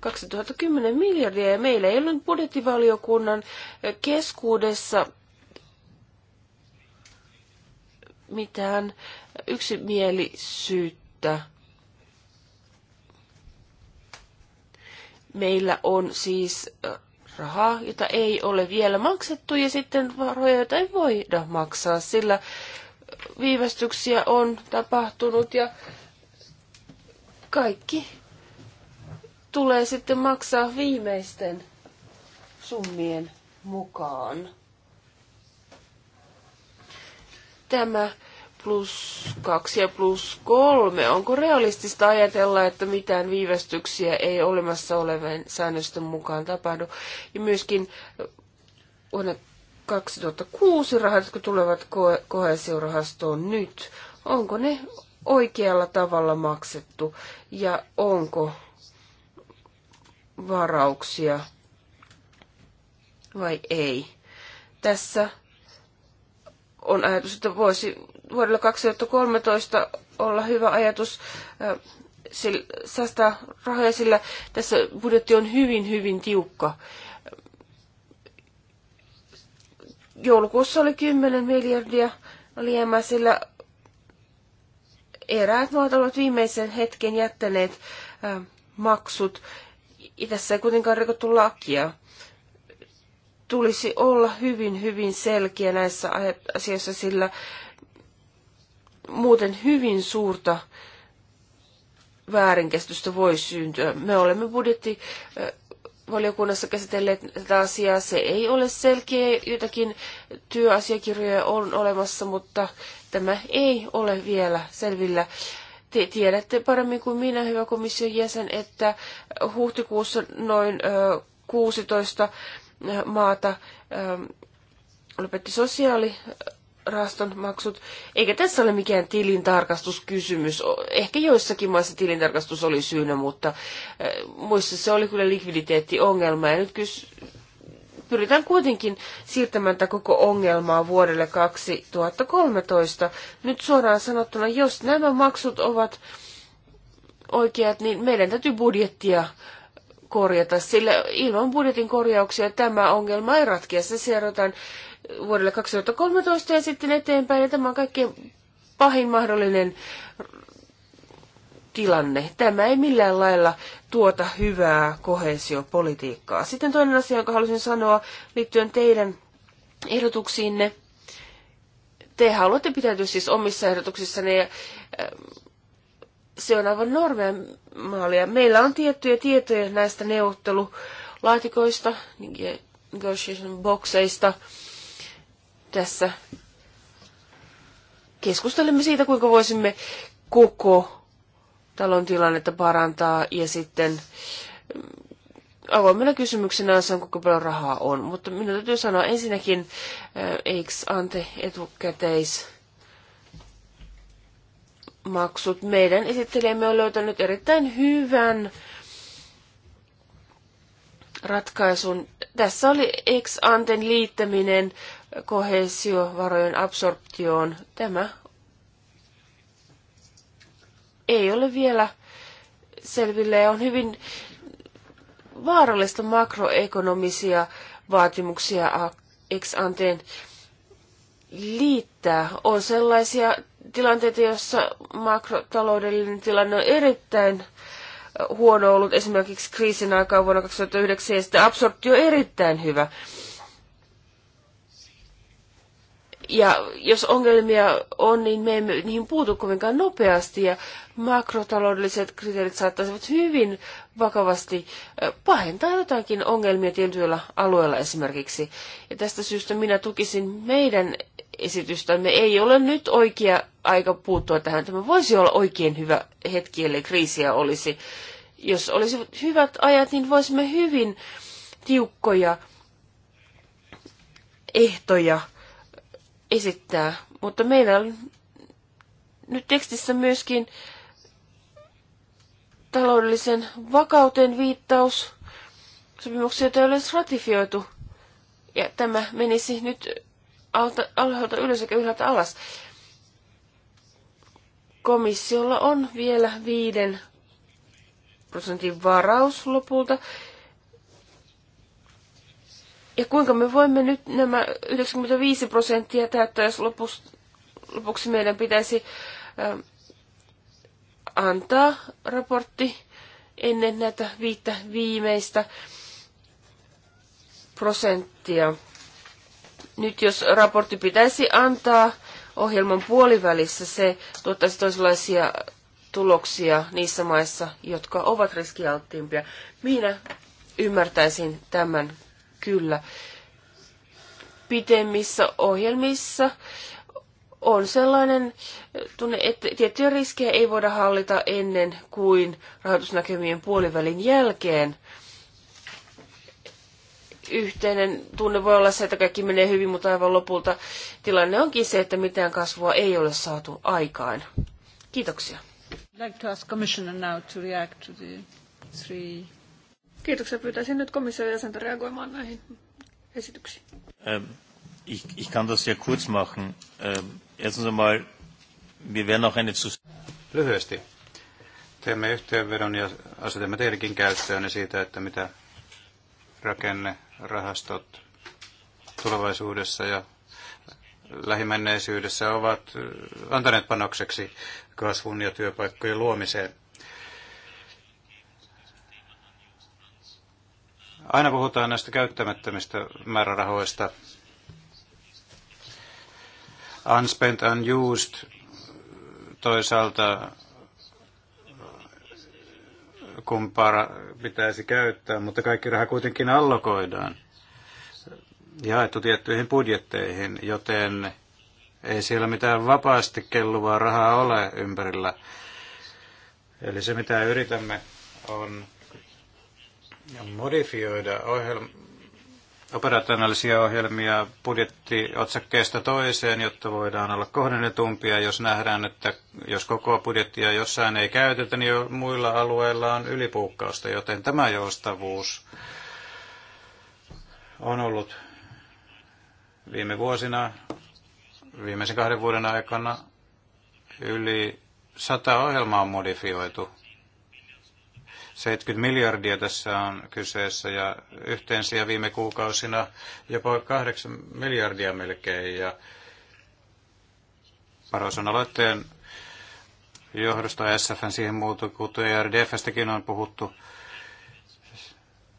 2010 miljardia ja meillä ei ole nyt budjettivaliokunnan eh, keskuudessa mitään yksimielisyyttä. Meillä on siis eh, rahaa, jota ei ole vielä maksettu ja sitten varoja, joita ei voida maksaa, sillä eh, viivästyksiä on tapahtunut ja kaikki tulee sitten maksaa viimeisten summien mukaan. Tämä plus kaksi ja plus kolme. Onko realistista ajatella, että mitään viivästyksiä ei olemassa olevien säännösten mukaan tapahdu? Ja myöskin eh, vuonna 2006 rahat, jotka tulevat koheesiorahastoon nyt, onko ne oikealla tavalla maksettu ja onko varauksia vai ei. Tässä on ajatus, että voisi vuodelle 2013 olla hyvä ajatus säästää rahoja, sillä tässä budjetti on hyvin, hyvin tiukka. Joulukuussa oli 10 miljardia alijäämää, sillä eräät maat ovat viimeisen hetken jättäneet maksut tässä ei kuitenkaan rikottu lakia. Tulisi olla hyvin, hyvin selkeä näissä asioissa, sillä muuten hyvin suurta väärinkestystä voi syntyä. Me olemme budjetti valiokunnassa käsitelleet tätä asiaa. Se ei ole selkeä, jotakin työasiakirjoja on olemassa, mutta tämä ei ole vielä selvillä. Te tiedätte paremmin kuin minä, hyvä komission jäsen, että huhtikuussa noin 16 maata lopetti sosiaalirahaston maksut. Eikä tässä ole mikään tilintarkastuskysymys. Ehkä joissakin maissa tilintarkastus oli syynä, mutta muissa se oli kyllä likviditeettiongelma. Ja nyt pyritään kuitenkin siirtämään tätä koko ongelmaa vuodelle 2013. Nyt suoraan sanottuna, jos nämä maksut ovat oikeat, niin meidän täytyy budjettia korjata, sillä ilman budjetin korjauksia tämä ongelma ei ratkea. Se seurataan vuodelle 2013 ja sitten eteenpäin, ja tämä on kaikkein pahin mahdollinen tilanne. Tämä ei millään lailla tuota hyvää kohesiopolitiikkaa. Sitten toinen asia, jonka halusin sanoa liittyen teidän ehdotuksiinne. Te haluatte pitäytyä siis omissa ehdotuksissanne ja äh, se on aivan normaalia. Meillä on tiettyjä tietoja näistä neuvottelulaatikoista, negotiation boxeista tässä. Keskustelemme siitä, kuinka voisimme koko talon tilannetta parantaa ja sitten mm, avoimena kysymyksenä on, kuinka paljon rahaa on. Mutta minun täytyy sanoa ensinnäkin, eh, eiks ante etukäteis maksut. Meidän esittelijämme on löytänyt erittäin hyvän ratkaisun. Tässä oli ex anten liittäminen kohesiovarojen absorptioon. Tämä ei ole vielä selville ja on hyvin vaarallista makroekonomisia vaatimuksia ex anteen liittää. On sellaisia tilanteita, joissa makrotaloudellinen tilanne on erittäin huono ollut esimerkiksi kriisin aikaa vuonna 2009 ja sitten absorptio erittäin hyvä. Ja jos ongelmia on, niin me emme niihin puutu kovinkaan nopeasti ja makrotaloudelliset kriteerit saattaisivat hyvin vakavasti pahentaa jotakin ongelmia tietyillä alueilla esimerkiksi. Ja tästä syystä minä tukisin meidän esitystämme. Ei ole nyt oikea aika puuttua tähän. Tämä voisi olla oikein hyvä hetki, ellei kriisiä olisi. Jos olisi hyvät ajat, niin voisimme hyvin tiukkoja ehtoja esittää. Mutta meillä on nyt tekstissä myöskin taloudellisen vakauteen viittaus. Sopimuksia ei ole ratifioitu. Ja tämä menisi nyt alta, alhaalta ylös sekä ylhäältä alas. Komissiolla on vielä viiden prosentin varaus lopulta ja kuinka me voimme nyt nämä 95 prosenttia täyttää, jos lopuksi, lopuksi meidän pitäisi äh, antaa raportti ennen näitä viittä viimeistä prosenttia. Nyt jos raportti pitäisi antaa ohjelman puolivälissä, se tuottaisi toisenlaisia tuloksia niissä maissa, jotka ovat riskialttiimpia. Minä ymmärtäisin tämän kyllä pitemmissä ohjelmissa on sellainen eh, tunne, että tiettyjä riskejä ei voida hallita ennen kuin rahoitusnäkemien puolivälin jälkeen. Yhteinen tunne voi olla se, että kaikki menee hyvin, mutta aivan lopulta tilanne onkin se, että mitään kasvua ei ole saatu aikaan. Kiitoksia. I'd like to ask Commissioner now to react to the three Kiitoksia. Pyytäisin nyt komission jäsentä reagoimaan näihin esityksiin. Ähm, ich, ich kann das sehr kurz machen. Ähm, erstens einmal, wir werden auch eine Lyhyesti. Teemme yhteenvedon ja asetamme teidänkin käyttöön siitä, että mitä rakenne, rahastot, tulevaisuudessa ja lähimenneisyydessä ovat äh, antaneet panokseksi kasvun ja työpaikkojen luomiseen. Aina puhutaan näistä käyttämättömistä määrärahoista. Unspent, unused, toisaalta kumpaa pitäisi käyttää, mutta kaikki raha kuitenkin allokoidaan jaettu tiettyihin budjetteihin, joten ei siellä mitään vapaasti kelluvaa rahaa ole ympärillä. Eli se, mitä yritämme, on ja modifioida ohjelma, operationaalisia ohjelmia budjettiotsakkeesta toiseen, jotta voidaan olla kohdennetumpia, jos nähdään, että jos koko budjettia jossain ei käytetä, niin jo muilla alueilla on ylipuukkausta, joten tämä joustavuus on ollut viime vuosina, viimeisen kahden vuoden aikana yli sata ohjelmaa on modifioitu 70 miljardia tässä on kyseessä ja yhteensä viime kuukausina jopa 8 miljardia melkein. Ja Paroson aloitteen johdosta SFN siihen muutu, kuten e RDFstäkin on puhuttu.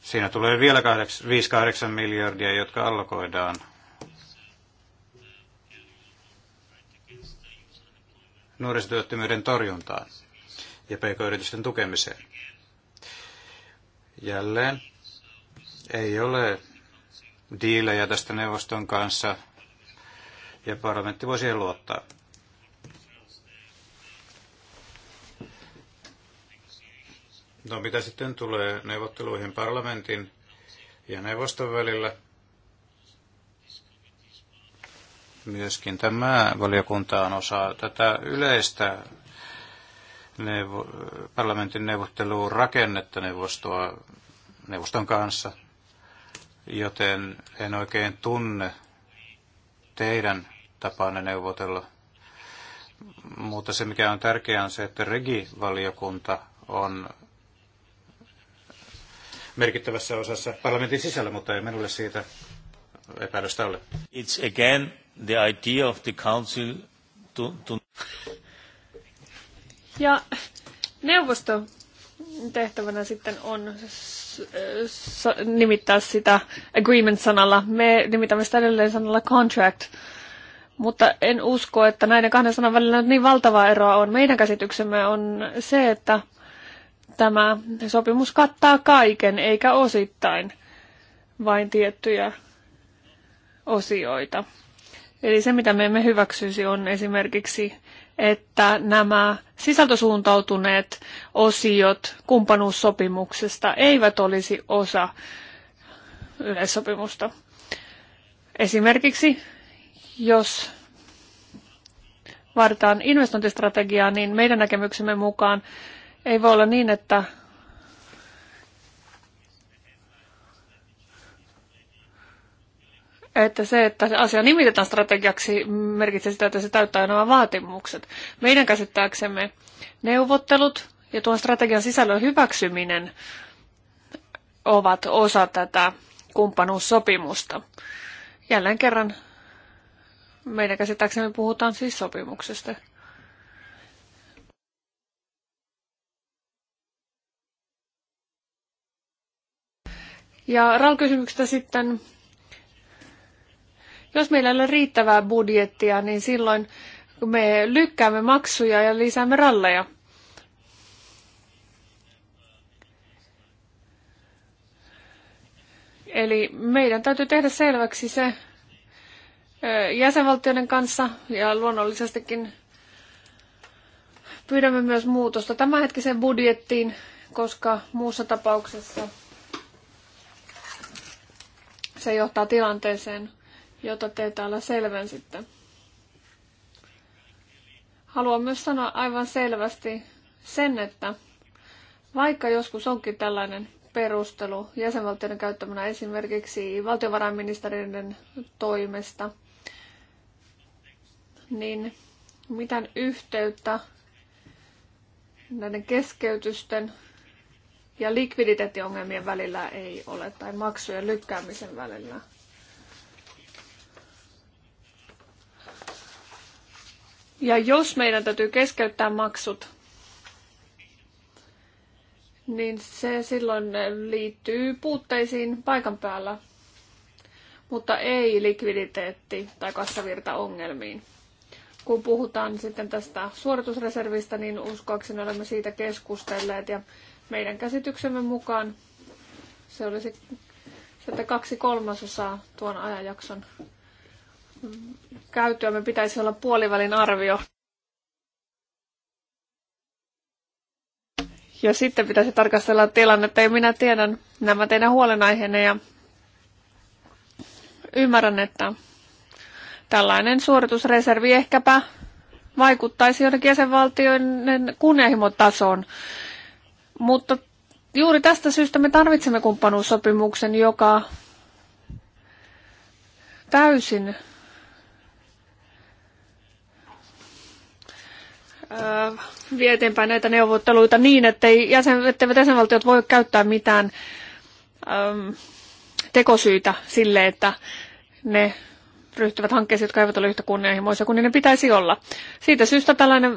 Siinä tulee vielä 5-8 miljardia, jotka allokoidaan nuorisotyöttömyyden torjuntaan ja pk-yritysten tukemiseen. Jälleen ei ole diilejä tästä neuvoston kanssa ja parlamentti voi siihen luottaa. No mitä sitten tulee neuvotteluihin parlamentin ja neuvoston välillä? Myöskin tämä valiokunta on osa tätä yleistä neuvo, parlamentin neuvotteluun rakennetta neuvostoa, neuvoston kanssa, joten en oikein tunne teidän tapanne neuvotella. Mutta se, mikä on tärkeää, on se, että regivaliokunta on merkittävässä osassa parlamentin sisällä, mutta ei minulle siitä epäilystä ole. It's again the idea of the council to, to... Ja neuvosto tehtävänä sitten on nimittää sitä agreement-sanalla. Me nimitämme sitä edelleen sanalla contract. Mutta en usko, että näiden kahden sanan välillä niin valtavaa eroa on. Meidän käsityksemme on se, että tämä sopimus kattaa kaiken, eikä osittain vain tiettyjä osioita. Eli se, mitä me emme hyväksyisi, on esimerkiksi että nämä sisältösuuntautuneet osiot kumppanuussopimuksesta eivät olisi osa yleissopimusta. Esimerkiksi jos vaaditaan investointistrategiaa, niin meidän näkemyksemme mukaan ei voi olla niin, että että se, että se asia nimitetään strategiaksi, merkitsee sitä, että se täyttää nämä vaatimukset. Meidän käsittääksemme neuvottelut ja tuon strategian sisällön hyväksyminen ovat osa tätä kumppanuussopimusta. Jälleen kerran meidän käsittääksemme puhutaan siis sopimuksesta. Ja RAL-kysymyksestä sitten jos meillä ei ole riittävää budjettia, niin silloin me lykkäämme maksuja ja lisäämme ralleja. Eli meidän täytyy tehdä selväksi se jäsenvaltioiden kanssa ja luonnollisestikin pyydämme myös muutosta tämänhetkiseen budjettiin, koska muussa tapauksessa se johtaa tilanteeseen, jota te täällä selvensitte. Haluan myös sanoa aivan selvästi sen, että vaikka joskus onkin tällainen perustelu jäsenvaltioiden käyttämänä esimerkiksi valtiovarainministeriöiden toimesta, niin mitään yhteyttä näiden keskeytysten ja likviditeettiongelmien välillä ei ole tai maksujen lykkäämisen välillä Ja jos meidän täytyy keskeyttää maksut, niin se silloin liittyy puutteisiin paikan päällä, mutta ei likviditeetti- tai kassavirtaongelmiin. Kun puhutaan sitten tästä suoritusreservistä, niin uskoakseni olemme siitä keskustelleet ja meidän käsityksemme mukaan se olisi sitten kaksi kolmasosaa tuon ajanjakson me pitäisi olla puolivälin arvio. Ja sitten pitäisi tarkastella tilannetta, ja minä tiedän nämä teidän huolenaiheenne, ja ymmärrän, että tällainen suoritusreservi ehkäpä vaikuttaisi jonnekin jäsenvaltioiden kunnianhimotasoon. Mutta juuri tästä syystä me tarvitsemme kumppanuussopimuksen, joka täysin Äh, vie eteenpäin näitä neuvotteluita niin, ettei jäsen, etteivät jäsenvaltiot voi käyttää mitään äm, tekosyitä sille, että ne ryhtyvät hankkeisiin, jotka eivät ole yhtä kunnianhimoisia kuin ne pitäisi olla. Siitä syystä tällainen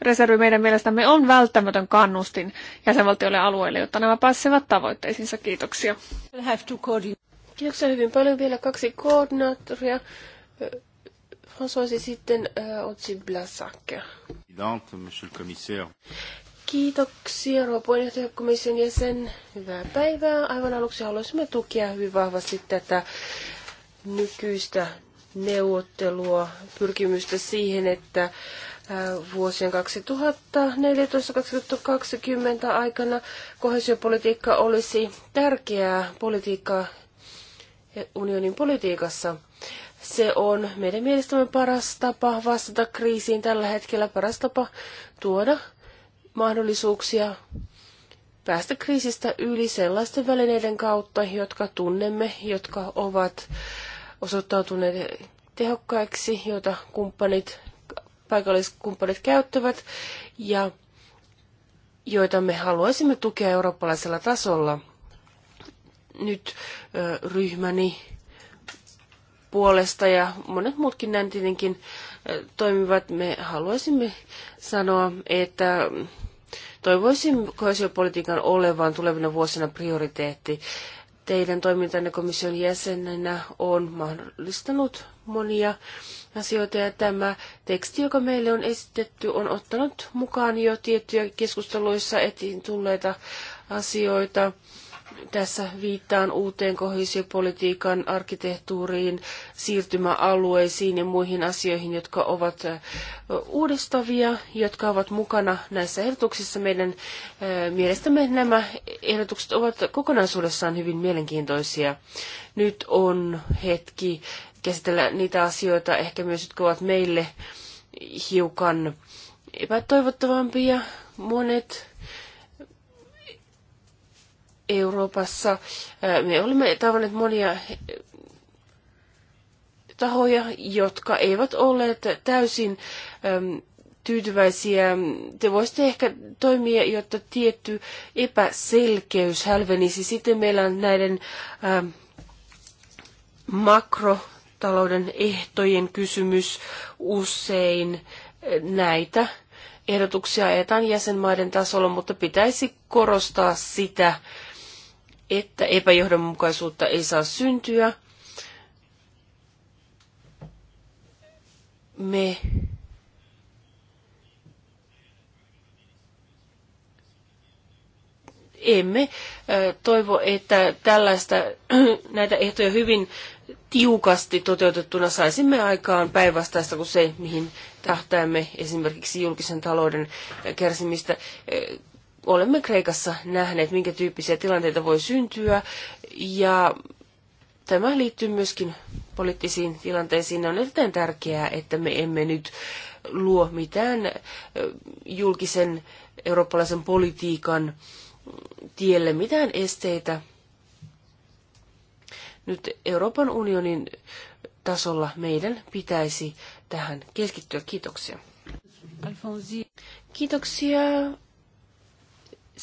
reservi meidän mielestämme on välttämätön kannustin jäsenvaltioille ja alueille, jotta nämä pääsevät tavoitteisiinsa. Kiitoksia. Kiitoksia hyvin paljon. Vielä kaksi koordinaattoria. François sitten äh, Otsi Blasakke. Kiitoksia, rouva puheenjohtaja komission jäsen. Hyvää päivää. Aivan aluksi haluaisimme tukea hyvin vahvasti tätä nykyistä neuvottelua, pyrkimystä siihen, että äh, vuosien 2014-2020 aikana kohesiopolitiikka olisi tärkeää politiikkaa unionin politiikassa. Se on meidän mielestämme paras tapa vastata kriisiin tällä hetkellä, paras tapa tuoda mahdollisuuksia päästä kriisistä yli sellaisten välineiden kautta, jotka tunnemme, jotka ovat osoittautuneet tehokkaiksi, joita kumppanit, paikalliskumppanit käyttävät ja joita me haluaisimme tukea eurooppalaisella tasolla. Nyt ryhmäni puolesta ja monet muutkin näin tietenkin toimivat. Me haluaisimme sanoa, että toivoisin koesiopolitiikan olevan tulevina vuosina prioriteetti. Teidän toimintanne komission jäsenenä on mahdollistanut monia asioita ja tämä teksti, joka meille on esitetty, on ottanut mukaan jo tiettyjä keskusteluissa etiin tulleita asioita. Tässä viittaan uuteen kohesiopolitiikan arkkitehtuuriin, siirtymäalueisiin ja muihin asioihin, jotka ovat uudistavia, jotka ovat mukana näissä ehdotuksissa. Meidän mielestämme nämä ehdotukset ovat kokonaisuudessaan hyvin mielenkiintoisia. Nyt on hetki käsitellä niitä asioita, ehkä myös jotka ovat meille hiukan epätoivottavampia. Monet Euroopassa. Me olemme tavanneet monia tahoja, jotka eivät olleet täysin tyytyväisiä. Te voisitte ehkä toimia, jotta tietty epäselkeys hälvenisi. Sitten meillä on näiden makrotalouden ehtojen kysymys usein näitä ehdotuksia ajetaan jäsenmaiden tasolla, mutta pitäisi korostaa sitä, että epäjohdonmukaisuutta ei saa syntyä. Me emme toivo, että tällaista, [CLEARS THROAT] näitä ehtoja hyvin tiukasti toteutettuna saisimme aikaan päinvastaista kuin se, mihin tähtäämme esimerkiksi julkisen talouden kärsimistä olemme Kreikassa nähneet, minkä tyyppisiä tilanteita voi syntyä. Ja tämä liittyy myöskin poliittisiin tilanteisiin. On erittäin tärkeää, että me emme nyt luo mitään julkisen eurooppalaisen politiikan tielle mitään esteitä. Nyt Euroopan unionin tasolla meidän pitäisi tähän keskittyä. Kiitoksia. Alfonsi. Kiitoksia.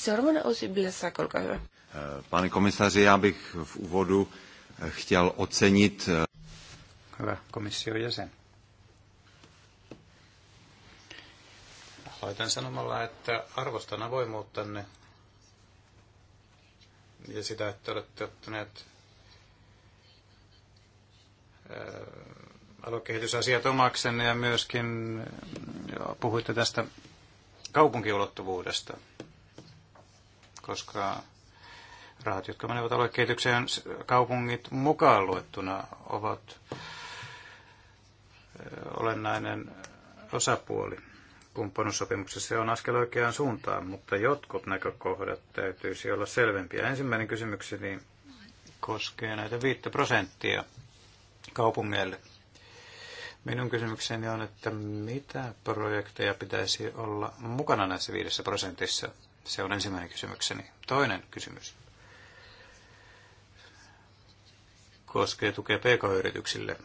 Seuraavana Osi Blesak, hyvä. Eh, Pane komissaari, já bych v úvodu eh, chtěl ocenit... Eh, hyvä komission jäsen. Aloitan sanomalla, että arvostan avoimuuttanne ja sitä, että olette ottaneet aluekehitysasiat omaksenne ja myöskin puhuitte tästä kaupunkiulottuvuudesta – koska rahat, jotka menevät aluekehitykseen, kaupungit mukaan luettuna, ovat olennainen osapuoli kumppanuussopimuksessa. Se on askel oikeaan suuntaan, mutta jotkut näkökohdat täytyisi olla selvempiä. Ensimmäinen kysymykseni koskee näitä 5 prosenttia kaupungeille. Minun kysymykseni on, että mitä projekteja pitäisi olla mukana näissä viidessä prosentissa? Se on ensimmäinen kysymykseni. Toinen kysymys koskee tukea pk-yrityksille.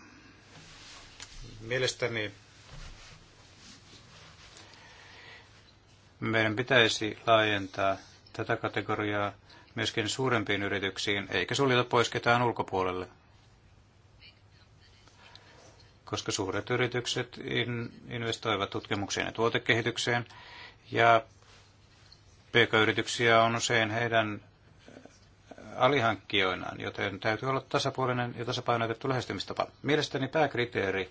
Mielestäni meidän pitäisi laajentaa tätä kategoriaa myöskin suurempiin yrityksiin, eikä suljeta pois ketään ulkopuolelle. Koska suuret yritykset investoivat tutkimukseen ja tuotekehitykseen, ja PK-yrityksiä on usein heidän äh, alihankkijoinaan, joten täytyy olla tasapuolinen ja tasapainotettu lähestymistapa. Mielestäni pääkriteeri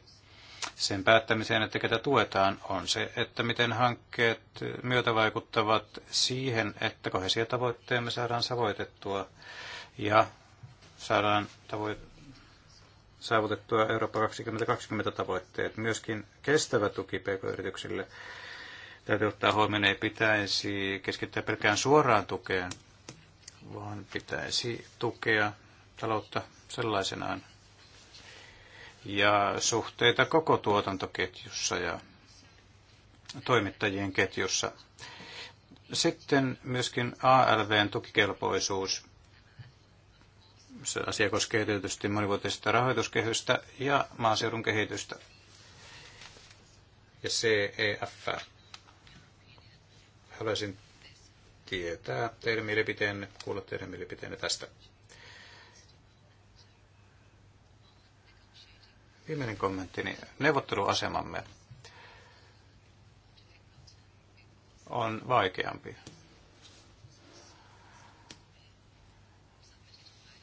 sen päättämiseen, että ketä tuetaan, on se, että miten hankkeet myötävaikuttavat siihen, että tavoitteemme saadaan savoitettua ja saadaan tavoitteet saavutettua Eurooppa 2020 tavoitteet. Myöskin kestävä tuki pk-yrityksille täytyy ottaa huomioon, ei pitäisi keskittyä pelkään suoraan tukeen, vaan pitäisi tukea taloutta sellaisenaan ja suhteita koko tuotantoketjussa ja toimittajien ketjussa. Sitten myöskin ALVn tukikelpoisuus. Se asia koskee tietysti monivuotista rahoituskehystä ja maaseudun kehitystä ja CEF. Haluaisin tietää teidän mielipiteenne, kuulla teidän mielipiteenne tästä. Viimeinen kommentti, niin neuvotteluasemamme on vaikeampi.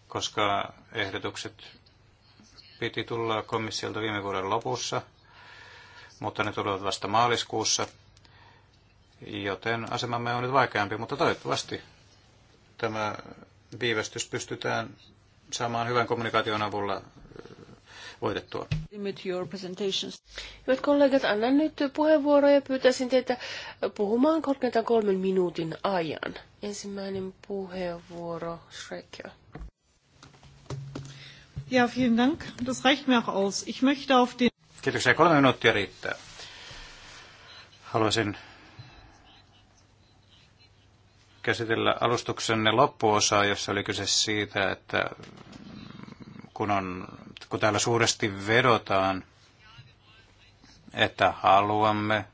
Koska ehdotukset piti tulla komissiolta viime vuoden lopussa, mutta ne tulevat vasta maaliskuussa – joten asemamme on nyt vaikeampi, mutta toivottavasti tämä viivästys pystytään saamaan hyvän kommunikaation avulla äh, voitettua. Hyvät kollegat, annan nyt puheenvuoroja ja pyytäisin teitä puhumaan korkeintaan kolmen minuutin ajan. Ensimmäinen puheenvuoro, Schrecker. Ja, vielen Dank. Das reicht mir auch aus. Ich möchte auf den... Kiitoksia. Kolme minuuttia riittää. Haluaisin käsitellä alustuksenne loppuosaa, jossa oli kyse siitä, että kun, on, kun täällä suuresti vedotaan, että haluamme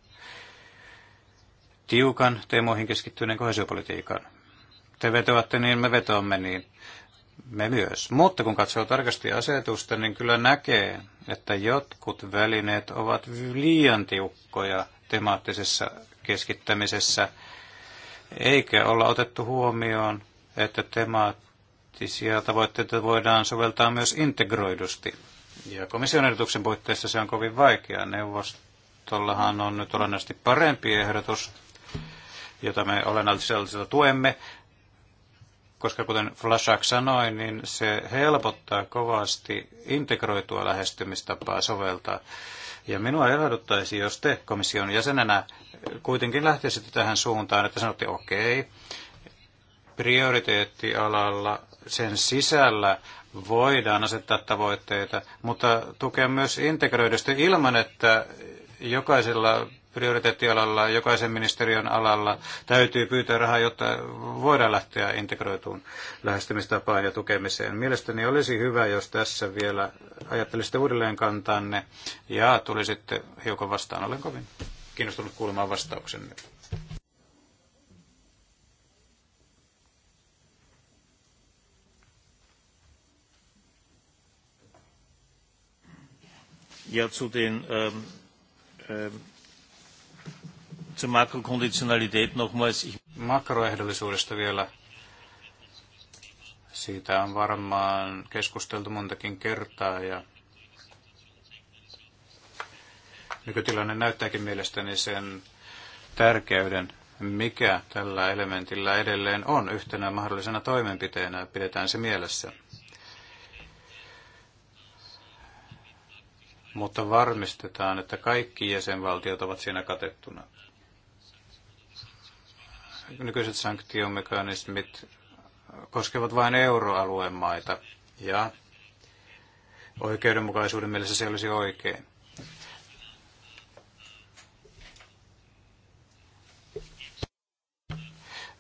tiukan teemoihin keskittyneen kohesiopolitiikan. Te vetoatte niin, me vetoamme niin. Me myös. Mutta kun katsoo tarkasti asetusta, niin kyllä näkee, että jotkut välineet ovat liian tiukkoja temaattisessa keskittämisessä eikä olla otettu huomioon, että temaattisia tavoitteita voidaan soveltaa myös integroidusti. Ja komission ehdotuksen puitteissa se on kovin vaikeaa. Neuvostollahan on nyt olennaisesti parempi ehdotus, jota me olennaiselta tuemme, koska kuten Flashak sanoi, niin se helpottaa kovasti integroitua lähestymistapaa soveltaa ja minua ilahduttaisi, jos te komission jäsenenä kuitenkin lähtisitte tähän suuntaan, että sanotte, okei, okay, prioriteettialalla sen sisällä voidaan asettaa tavoitteita, mutta tukea myös integroidusti ilman, että jokaisella prioriteettialalla, jokaisen ministeriön alalla täytyy pyytää rahaa, jotta voidaan lähteä integroituun lähestymistapaan ja tukemiseen. Mielestäni olisi hyvä, jos tässä vielä ajattelisitte uudelleen kantanne ja tulisitte hiukan vastaan. Olen kovin kiinnostunut kuulemaan vastauksenne. Ja zu den ähm, ähm, zur Makrokonditionalität nochmals. Ich... Makroehdollisuudesta vielä. Siitä on varmaan keskusteltu montakin kertaa ja nykytilanne näyttääkin mielestäni sen tärkeyden, mikä tällä elementillä edelleen on yhtenä mahdollisena toimenpiteenä. Pidetään se mielessä. mutta varmistetaan, että kaikki jäsenvaltiot ovat siinä katettuna nykyiset sanktiomekanismit koskevat vain euroalueen maita ja oikeudenmukaisuuden mielessä se olisi oikein.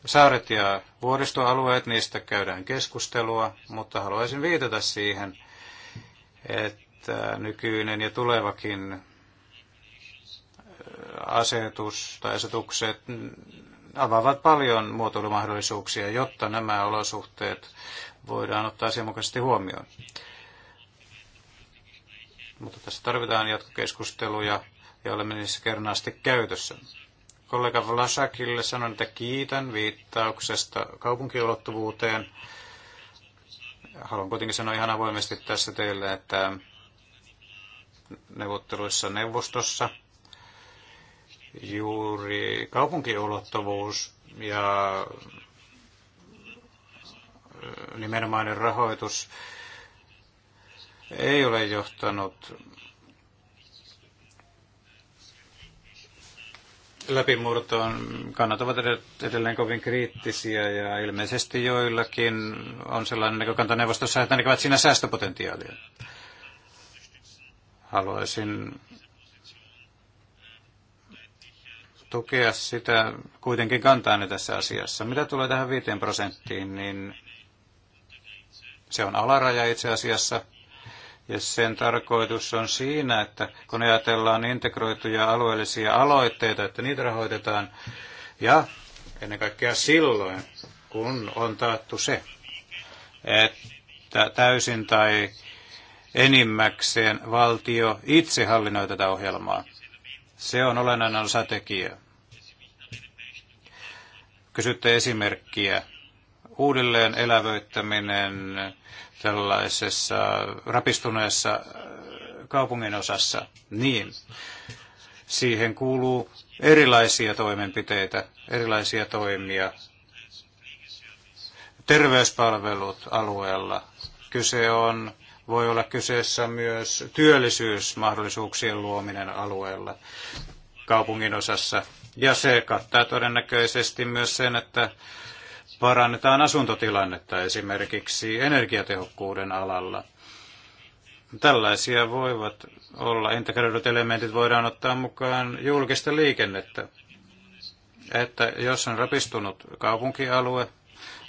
Saaret ja vuoristoalueet, niistä käydään keskustelua, mutta haluaisin viitata siihen, että nykyinen ja tulevakin asetus tai asetukset avaavat paljon muotoilumahdollisuuksia, jotta nämä olosuhteet voidaan ottaa asianmukaisesti huomioon. Mutta tässä tarvitaan jatkokeskusteluja ja olemme niissä asti käytössä. Kollega Vlasakille sanon, että kiitän viittauksesta kaupunkiulottuvuuteen. Haluan kuitenkin sanoa ihan avoimesti tässä teille, että neuvotteluissa neuvostossa – juuri kaupunkiulottuvuus ja nimenomainen rahoitus ei ole johtanut läpimurtoon. Kannat ovat edelleen kovin kriittisiä ja ilmeisesti joillakin on sellainen näkökanta neuvostossa, että näkevät siinä säästöpotentiaalia. Haluaisin tukea sitä kuitenkin kantaani tässä asiassa. Mitä tulee tähän 5 prosenttiin, niin se on alaraja itse asiassa. Ja sen tarkoitus on siinä, että kun ajatellaan integroituja alueellisia aloitteita, että niitä rahoitetaan. Ja ennen kaikkea silloin, kun on taattu se, että täysin tai enimmäkseen valtio itse hallinnoi tätä ohjelmaa. Se on olennainen tekijä. Kysytte esimerkkiä. Uudelleen elävöittäminen tällaisessa rapistuneessa äh, kaupungin osassa. Niin. Siihen kuuluu erilaisia toimenpiteitä, erilaisia toimia. Terveyspalvelut alueella. Kyse on voi olla kyseessä myös työllisyysmahdollisuuksien luominen alueella kaupungin osassa. Ja se kattaa todennäköisesti myös sen, että parannetaan asuntotilannetta esimerkiksi energiatehokkuuden alalla. Tällaisia voivat olla. Integroidut elementit voidaan ottaa mukaan julkista liikennettä. Että jos on rapistunut kaupunkialue,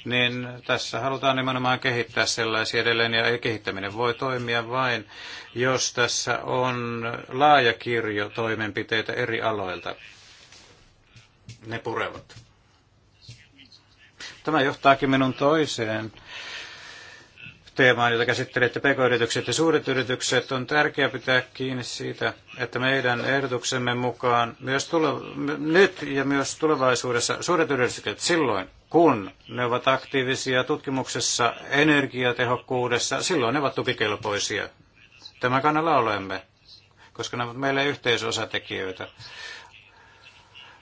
niin tässä halutaan nimenomaan kehittää sellaisia edelleen, ja kehittäminen voi toimia vain, jos tässä on laaja kirjo toimenpiteitä eri aloilta. Ne purevat. Tämä johtaakin minun toiseen teemaan, jota käsittelette pk-yritykset ja suuret yritykset, on tärkeää pitää kiinni siitä, että meidän ehdotuksemme mukaan myös tule, nyt ja myös tulevaisuudessa suuret yritykset silloin, kun ne ovat aktiivisia tutkimuksessa energiatehokkuudessa, silloin ne ovat tukikelpoisia. Tämän kannalla olemme, koska ne ovat meille yhteisosatekijöitä.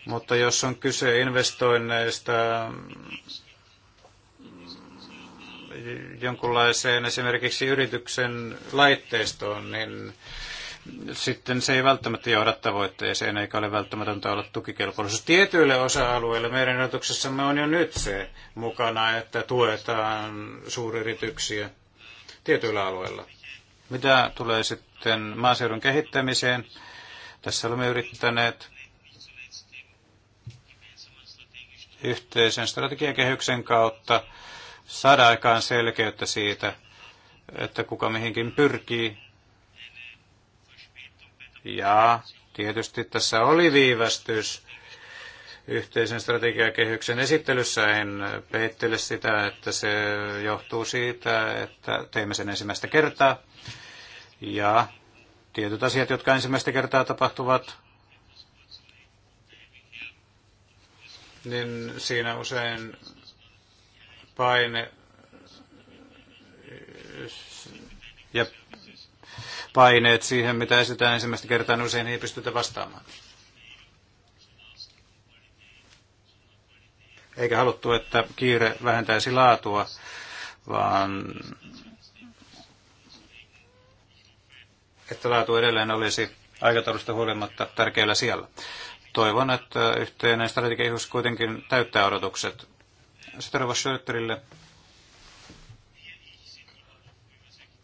Mutta jos on kyse investoinneista jonkunlaiseen esimerkiksi yrityksen laitteistoon, niin sitten se ei välttämättä johda tavoitteeseen eikä ole välttämätöntä olla tukikelpoisuus. Tietyille osa-alueille meidän ehdotuksessamme on jo nyt se mukana, että tuetaan suuryrityksiä tietyillä alueilla. Mitä tulee sitten maaseudun kehittämiseen? Tässä olemme yrittäneet yhteisen strategiakehyksen kautta saada aikaan selkeyttä siitä, että kuka mihinkin pyrkii ja tietysti tässä oli viivästys yhteisen strategiakehyksen esittelyssä. En peittele sitä, että se johtuu siitä, että teimme sen ensimmäistä kertaa. Ja tietyt asiat, jotka ensimmäistä kertaa tapahtuvat, niin siinä usein paine ja paineet siihen, mitä esitetään ensimmäistä kertaa, niin usein ei pystytä vastaamaan. Eikä haluttu, että kiire vähentäisi laatua, vaan että laatu edelleen olisi aikataulusta huolimatta tärkeällä siellä. Toivon, että yhteinen strategiakehys kuitenkin täyttää odotukset. Sitten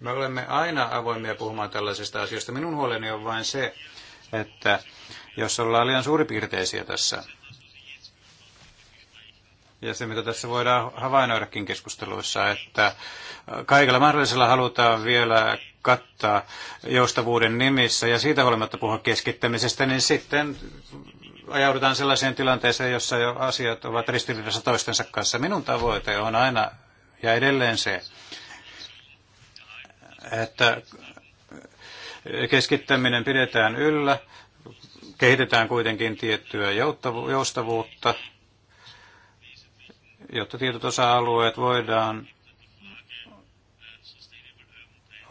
Me olemme aina avoimia puhumaan tällaisista asioista. Minun huoleni on vain se, että jos ollaan liian suuripiirteisiä tässä, ja se, mitä tässä voidaan havainnoidakin keskusteluissa, että kaikilla mahdollisilla halutaan vielä kattaa joustavuuden nimissä ja siitä huolimatta puhua keskittämisestä, niin sitten ajaudutaan sellaiseen tilanteeseen, jossa jo asiat ovat ristiriidassa toistensa kanssa. Minun tavoite on aina ja edelleen se, että keskittäminen pidetään yllä, kehitetään kuitenkin tiettyä joustavuutta, jotta tietyt osa-alueet voidaan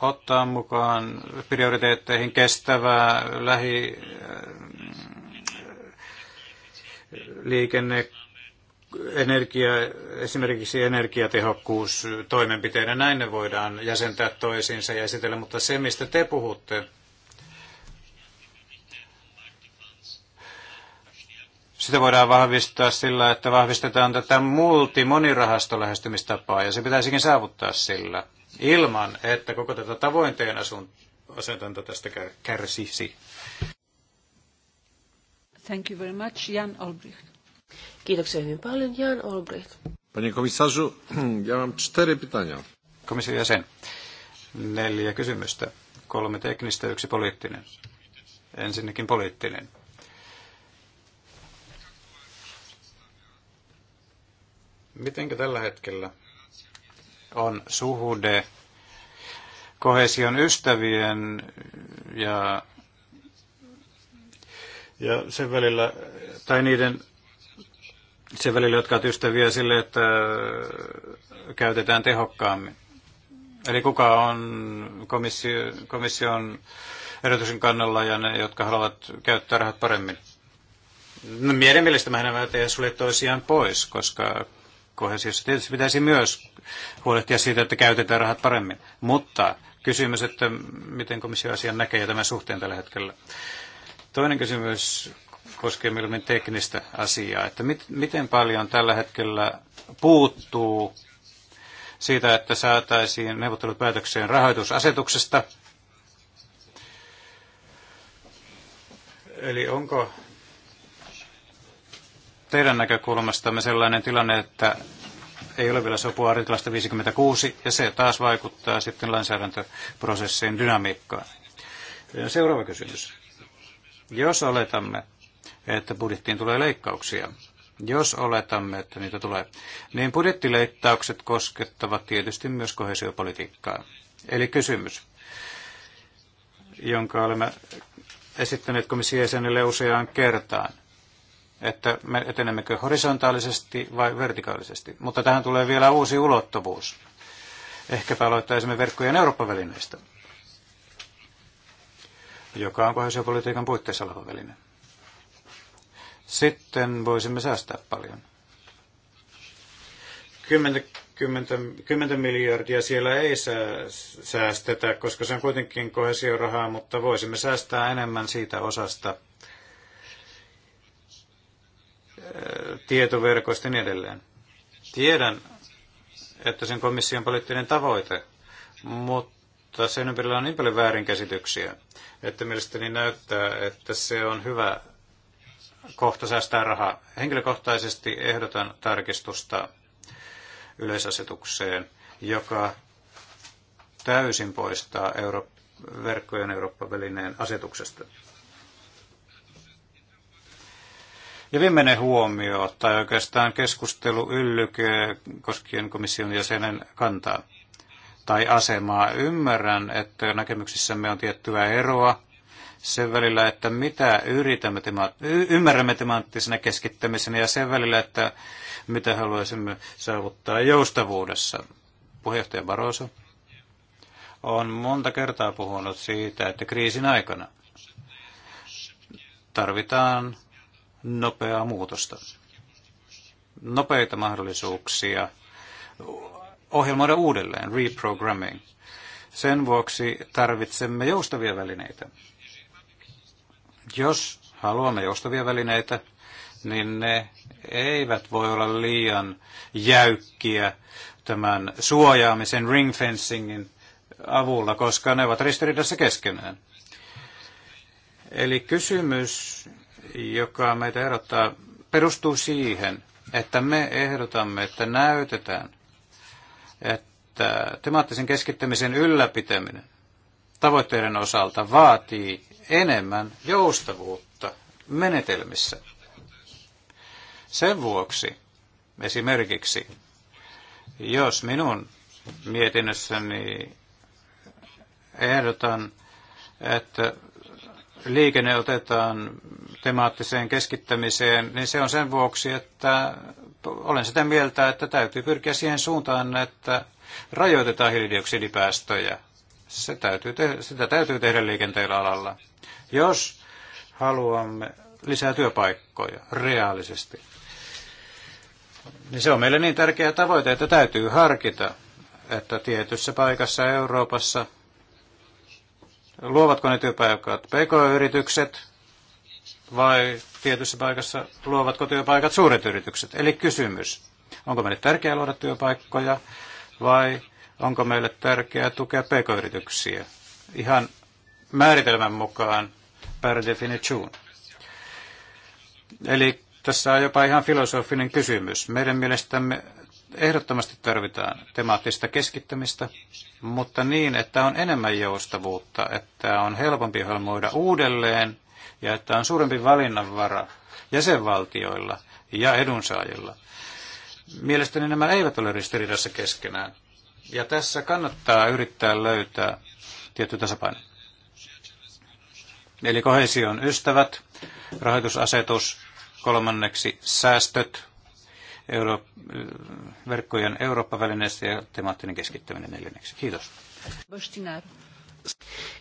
ottaa mukaan prioriteetteihin kestävää lähi liikenne, energia, esimerkiksi energiatehokkuustoimenpiteinä, näin ne voidaan jäsentää toisiinsa ja esitellä, mutta se, mistä te puhutte, sitä voidaan vahvistaa sillä, että vahvistetaan tätä multimonirahastolähestymistapaa, ja se pitäisikin saavuttaa sillä, ilman että koko tätä tavointeen asun, asetanta tästä kärsisi. Thank you very much, Jan Olbricht. Kiitoksia hyvin paljon, Jan Olbricht. Panie komisarzu, [CLEARS THROAT] ja mam cztery pytania. Komission jäsen, neljä kysymystä. Kolme teknistä ja yksi poliittinen. Ensinnäkin poliittinen. Mitenkä tällä hetkellä on suhde kohesion ystävien ja, ja sen välillä, tai niiden se välillä, jotka ovat ystäviä sille, että käytetään tehokkaammin. Eli kuka on komissio, komission erotuksen kannalla ja ne, jotka haluavat käyttää rahat paremmin? No, meidän mielestämme nämä eivät sulle toisiaan pois, koska kohesiossa tietysti pitäisi myös huolehtia siitä, että käytetään rahat paremmin. Mutta kysymys, että miten komissio asian näkee ja tämän suhteen tällä hetkellä. Toinen kysymys koskee mieluummin teknistä asiaa, että mit, miten paljon tällä hetkellä puuttuu siitä, että saataisiin neuvottelupäätökseen päätökseen rahoitusasetuksesta. Eli onko teidän näkökulmastamme sellainen tilanne, että ei ole vielä sopua artiklasta 56, ja se taas vaikuttaa sitten lainsäädäntöprosessin dynamiikkaan. Seuraava kysymys. Jos oletamme, että budjettiin tulee leikkauksia. Jos oletamme, että niitä tulee, niin budjettileikkaukset koskettavat tietysti myös kohesiopolitiikkaa. Eli kysymys, jonka olemme esittäneet komission jäsenille useaan kertaan, että me etenemmekö horisontaalisesti vai vertikaalisesti. Mutta tähän tulee vielä uusi ulottuvuus. Ehkäpä aloittaisimme verkkojen Eurooppa-välineistä, joka on kohesiopolitiikan puitteissa oleva väline. Sitten voisimme säästää paljon. 10, 10, 10 miljardia siellä ei säästetä, koska se on kuitenkin kohesiorahaa, mutta voisimme säästää enemmän siitä osasta tietoverkoista ja niin edelleen. Tiedän, että sen komission poliittinen tavoite, mutta sen ympärillä on niin paljon väärinkäsityksiä, että mielestäni näyttää, että se on hyvä kohta säästää rahaa. Henkilökohtaisesti ehdotan tarkistusta yleisasetukseen, joka täysin poistaa Euro- verkkojen Eurooppa-välineen asetuksesta. Ja viimeinen huomio, tai oikeastaan keskustelu yllykö koskien komission jäsenen kantaa tai asemaa. Ymmärrän, että näkemyksissämme on tiettyä eroa, sen välillä, että mitä yritämme tema- y- ymmärrämme temaattisena keskittämisenä ja sen välillä, että mitä haluaisimme saavuttaa joustavuudessa. Puheenjohtaja Barroso on monta kertaa puhunut siitä, että kriisin aikana tarvitaan nopeaa muutosta, nopeita mahdollisuuksia ohjelmoida uudelleen, reprogramming. Sen vuoksi tarvitsemme joustavia välineitä jos haluamme joustavia välineitä, niin ne eivät voi olla liian jäykkiä tämän suojaamisen ring fencingin avulla, koska ne ovat ristiriidassa keskenään. Eli kysymys, joka meitä erottaa, perustuu siihen, että me ehdotamme, että näytetään, että temaattisen keskittämisen ylläpitäminen tavoitteiden osalta vaatii enemmän joustavuutta menetelmissä. Sen vuoksi esimerkiksi, jos minun mietinnössäni ehdotan, että liikenne otetaan temaattiseen keskittämiseen, niin se on sen vuoksi, että olen sitä mieltä, että täytyy pyrkiä siihen suuntaan, että rajoitetaan hiilidioksidipäästöjä. Se täytyy te- sitä täytyy tehdä liikenteen alalla. Jos haluamme lisää työpaikkoja reaalisesti, niin se on meille niin tärkeä tavoite, että täytyy harkita, että tietyssä paikassa Euroopassa luovatko ne työpaikat pk-yritykset vai tietyssä paikassa luovatko työpaikat suuret yritykset. Eli kysymys, onko meille tärkeää luoda työpaikkoja vai onko meille tärkeää tukea pk-yrityksiä ihan määritelmän mukaan per definition. Eli tässä on jopa ihan filosofinen kysymys. Meidän mielestämme ehdottomasti tarvitaan temaattista keskittämistä, mutta niin, että on enemmän joustavuutta, että on helpompi hölmoida uudelleen ja että on suurempi valinnanvara jäsenvaltioilla ja edunsaajilla. Mielestäni nämä eivät ole ristiriidassa keskenään. Ja tässä kannattaa yrittää löytää tietty tasapaino. Eli kohesion ystävät, rahoitusasetus, kolmanneksi säästöt, euro, verkkojen Eurooppa-välineestä ja temaattinen keskittäminen neljänneksi. Kiitos. Bostinaru.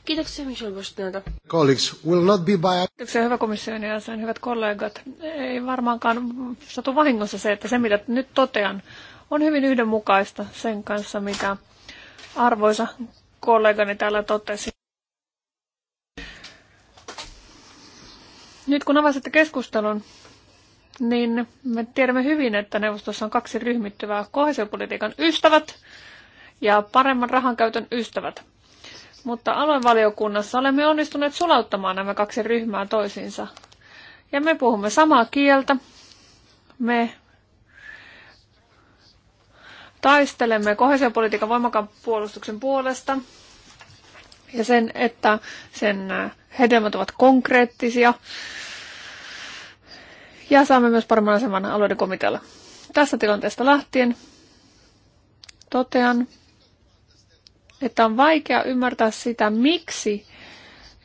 Kiitoksia Michel Bostinata. Colleagues will not be by... Kiitoksia hyvä ja sen hyvät kollegat. Ei varmaankaan satu vahingossa se, että se mitä nyt totean on hyvin yhdenmukaista sen kanssa, mitä arvoisa kollegani täällä totesi. Nyt kun avasitte keskustelun, niin me tiedämme hyvin, että neuvostossa on kaksi ryhmittyvää, kohesiopolitiikan ystävät ja paremman rahankäytön ystävät. Mutta aluevaliokunnassa olemme onnistuneet sulauttamaan nämä kaksi ryhmää toisiinsa. Ja me puhumme samaa kieltä. Me taistelemme kohesiopolitiikan voimakkaan puolustuksen puolesta ja sen, että sen hedelmät ovat konkreettisia ja saamme myös paremman aseman alueiden komitealla. Tässä tilanteesta lähtien totean, että on vaikea ymmärtää sitä, miksi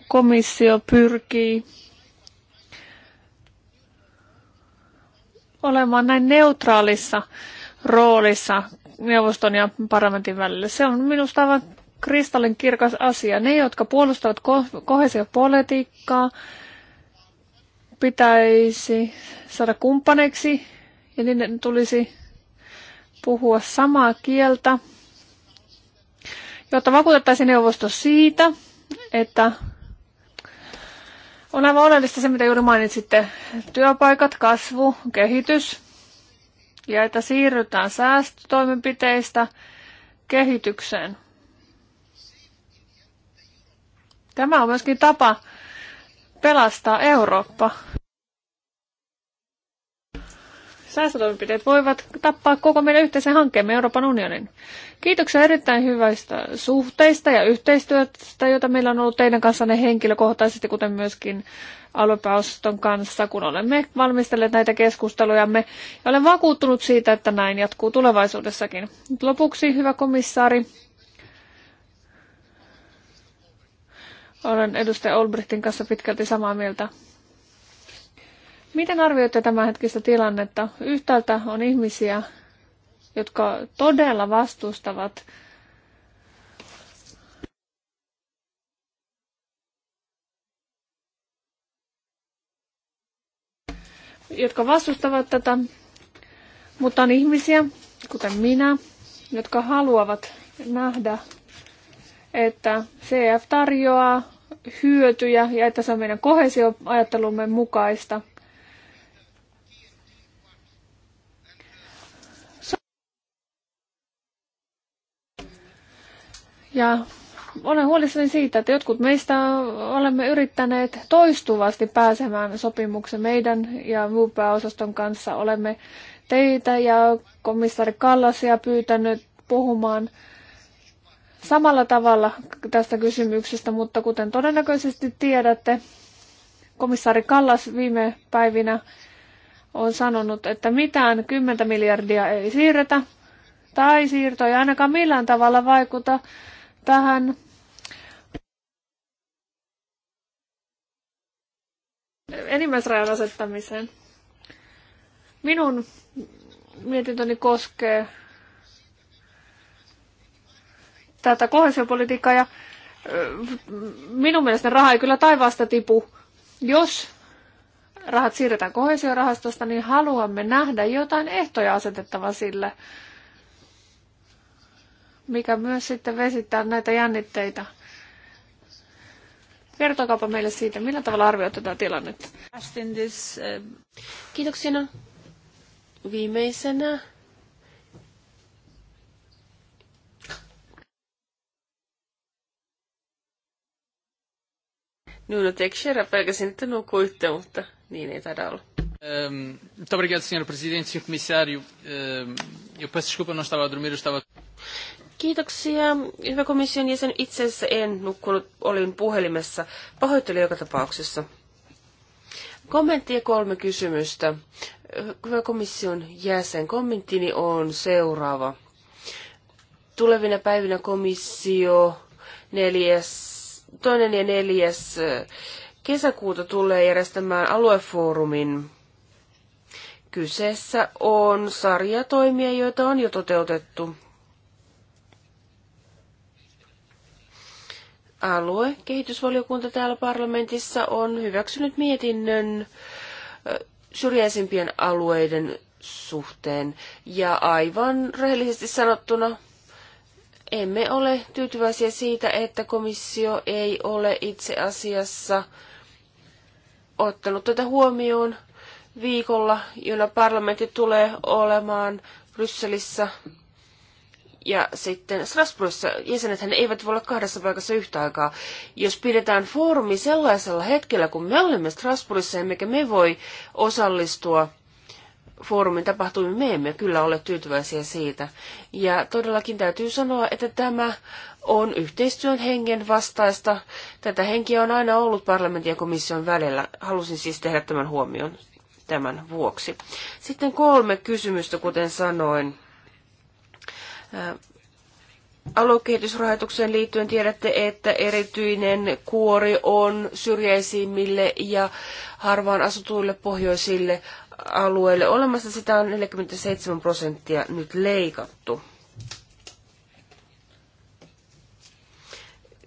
komissio pyrkii olemaan näin neutraalissa roolissa neuvoston ja parlamentin välillä. Se on minusta aivan kristallin kirkas asia. Ne, jotka puolustavat ko- kohesiopolitiikkaa, pitäisi saada kumppaneiksi ja niiden tulisi puhua samaa kieltä, jotta vakuutettaisiin neuvosto siitä, että on aivan oleellista se, mitä juuri mainitsitte, työpaikat, kasvu, kehitys, ja että siirrytään säästötoimenpiteistä kehitykseen. Tämä on myöskin tapa pelastaa Eurooppa. Säästötoimenpiteet voivat tappaa koko meidän yhteisen hankkeemme Euroopan unionin. Kiitoksia erittäin hyvistä suhteista ja yhteistyöstä, jota meillä on ollut teidän kanssanne henkilökohtaisesti, kuten myöskin aluepäosaston kanssa, kun olemme valmistelleet näitä keskustelujamme. Ja olen vakuuttunut siitä, että näin jatkuu tulevaisuudessakin. Lopuksi, hyvä komissaari, Olen edustaja Olbrichtin kanssa pitkälti samaa mieltä. Miten arvioitte tämänhetkistä tilannetta? Yhtäältä on ihmisiä, jotka todella vastustavat jotka vastustavat tätä, mutta on ihmisiä, kuten minä, jotka haluavat nähdä, että CF tarjoaa hyötyjä ja että se on meidän kohesioajattelumme mukaista. Ja olen huolissani siitä, että jotkut meistä olemme yrittäneet toistuvasti pääsemään sopimuksen meidän ja muun pääosaston kanssa. Olemme teitä ja komissaari Kallasia pyytänyt puhumaan samalla tavalla tästä kysymyksestä, mutta kuten todennäköisesti tiedätte, komissaari Kallas viime päivinä on sanonut, että mitään 10 miljardia ei siirretä tai siirto ei ainakaan millään tavalla vaikuta tähän enimmäisrajan asettamiseen. Minun mietintöni koskee tätä kohesiopolitiikkaa ja minun mielestäni raha ei kyllä taivaasta tipu. Jos rahat siirretään kohesiorahastosta, niin haluamme nähdä jotain ehtoja asetettava sille, mikä myös sitten vesittää näitä jännitteitä. Kertokaapa meille siitä, millä tavalla arvioit tätä tilannetta. Uh, Kiitoksena no, viimeisenä Nuno Teixeira, pelkäsin, että nukuitte, mutta nem niin ei taida olla. Ehm, muito obrigado, Sr. Presidente, Sr. Comissário. Ehm, eu peço desculpa, não estava a dormir, eu estava... Kiitoksia. Hyvä komission jäsen, itse asiassa en nukkunut, olin puhelimessa. Pahoittelen joka tapauksessa. Kommentti ja kolme kysymystä. Hyvä komission jäsen, kommenttini on seuraava. Tulevina päivinä komissio neljäs toinen ja neljäs kesäkuuta tulee järjestämään aluefoorumin. Kyseessä on sarja toimia, joita on jo toteutettu. Alue, kehitysvaliokunta täällä parlamentissa on hyväksynyt mietinnön syrjäisimpien alueiden suhteen. Ja aivan rehellisesti sanottuna emme ole tyytyväisiä siitä, että komissio ei ole itse asiassa ottanut tätä huomioon viikolla, jona parlamentti tulee olemaan Brysselissä ja sitten Strasbourgissa jäsenethän eivät voi olla kahdessa paikassa yhtä aikaa. Jos pidetään foorumi sellaisella hetkellä, kun me olemme Strasbourgissa, emmekä me voi osallistua foorumin tapahtumiin me emme kyllä ole tyytyväisiä siitä. Ja todellakin täytyy sanoa, että tämä on yhteistyön hengen vastaista. Tätä henkiä on aina ollut parlamentin ja komission välillä. Halusin siis tehdä tämän huomion tämän vuoksi. Sitten kolme kysymystä, kuten sanoin. Aluekehitysrahoitukseen liittyen tiedätte, että erityinen kuori on syrjäisimmille ja harvaan asutuille pohjoisille alueelle olemassa. Sitä on 47 prosenttia nyt leikattu.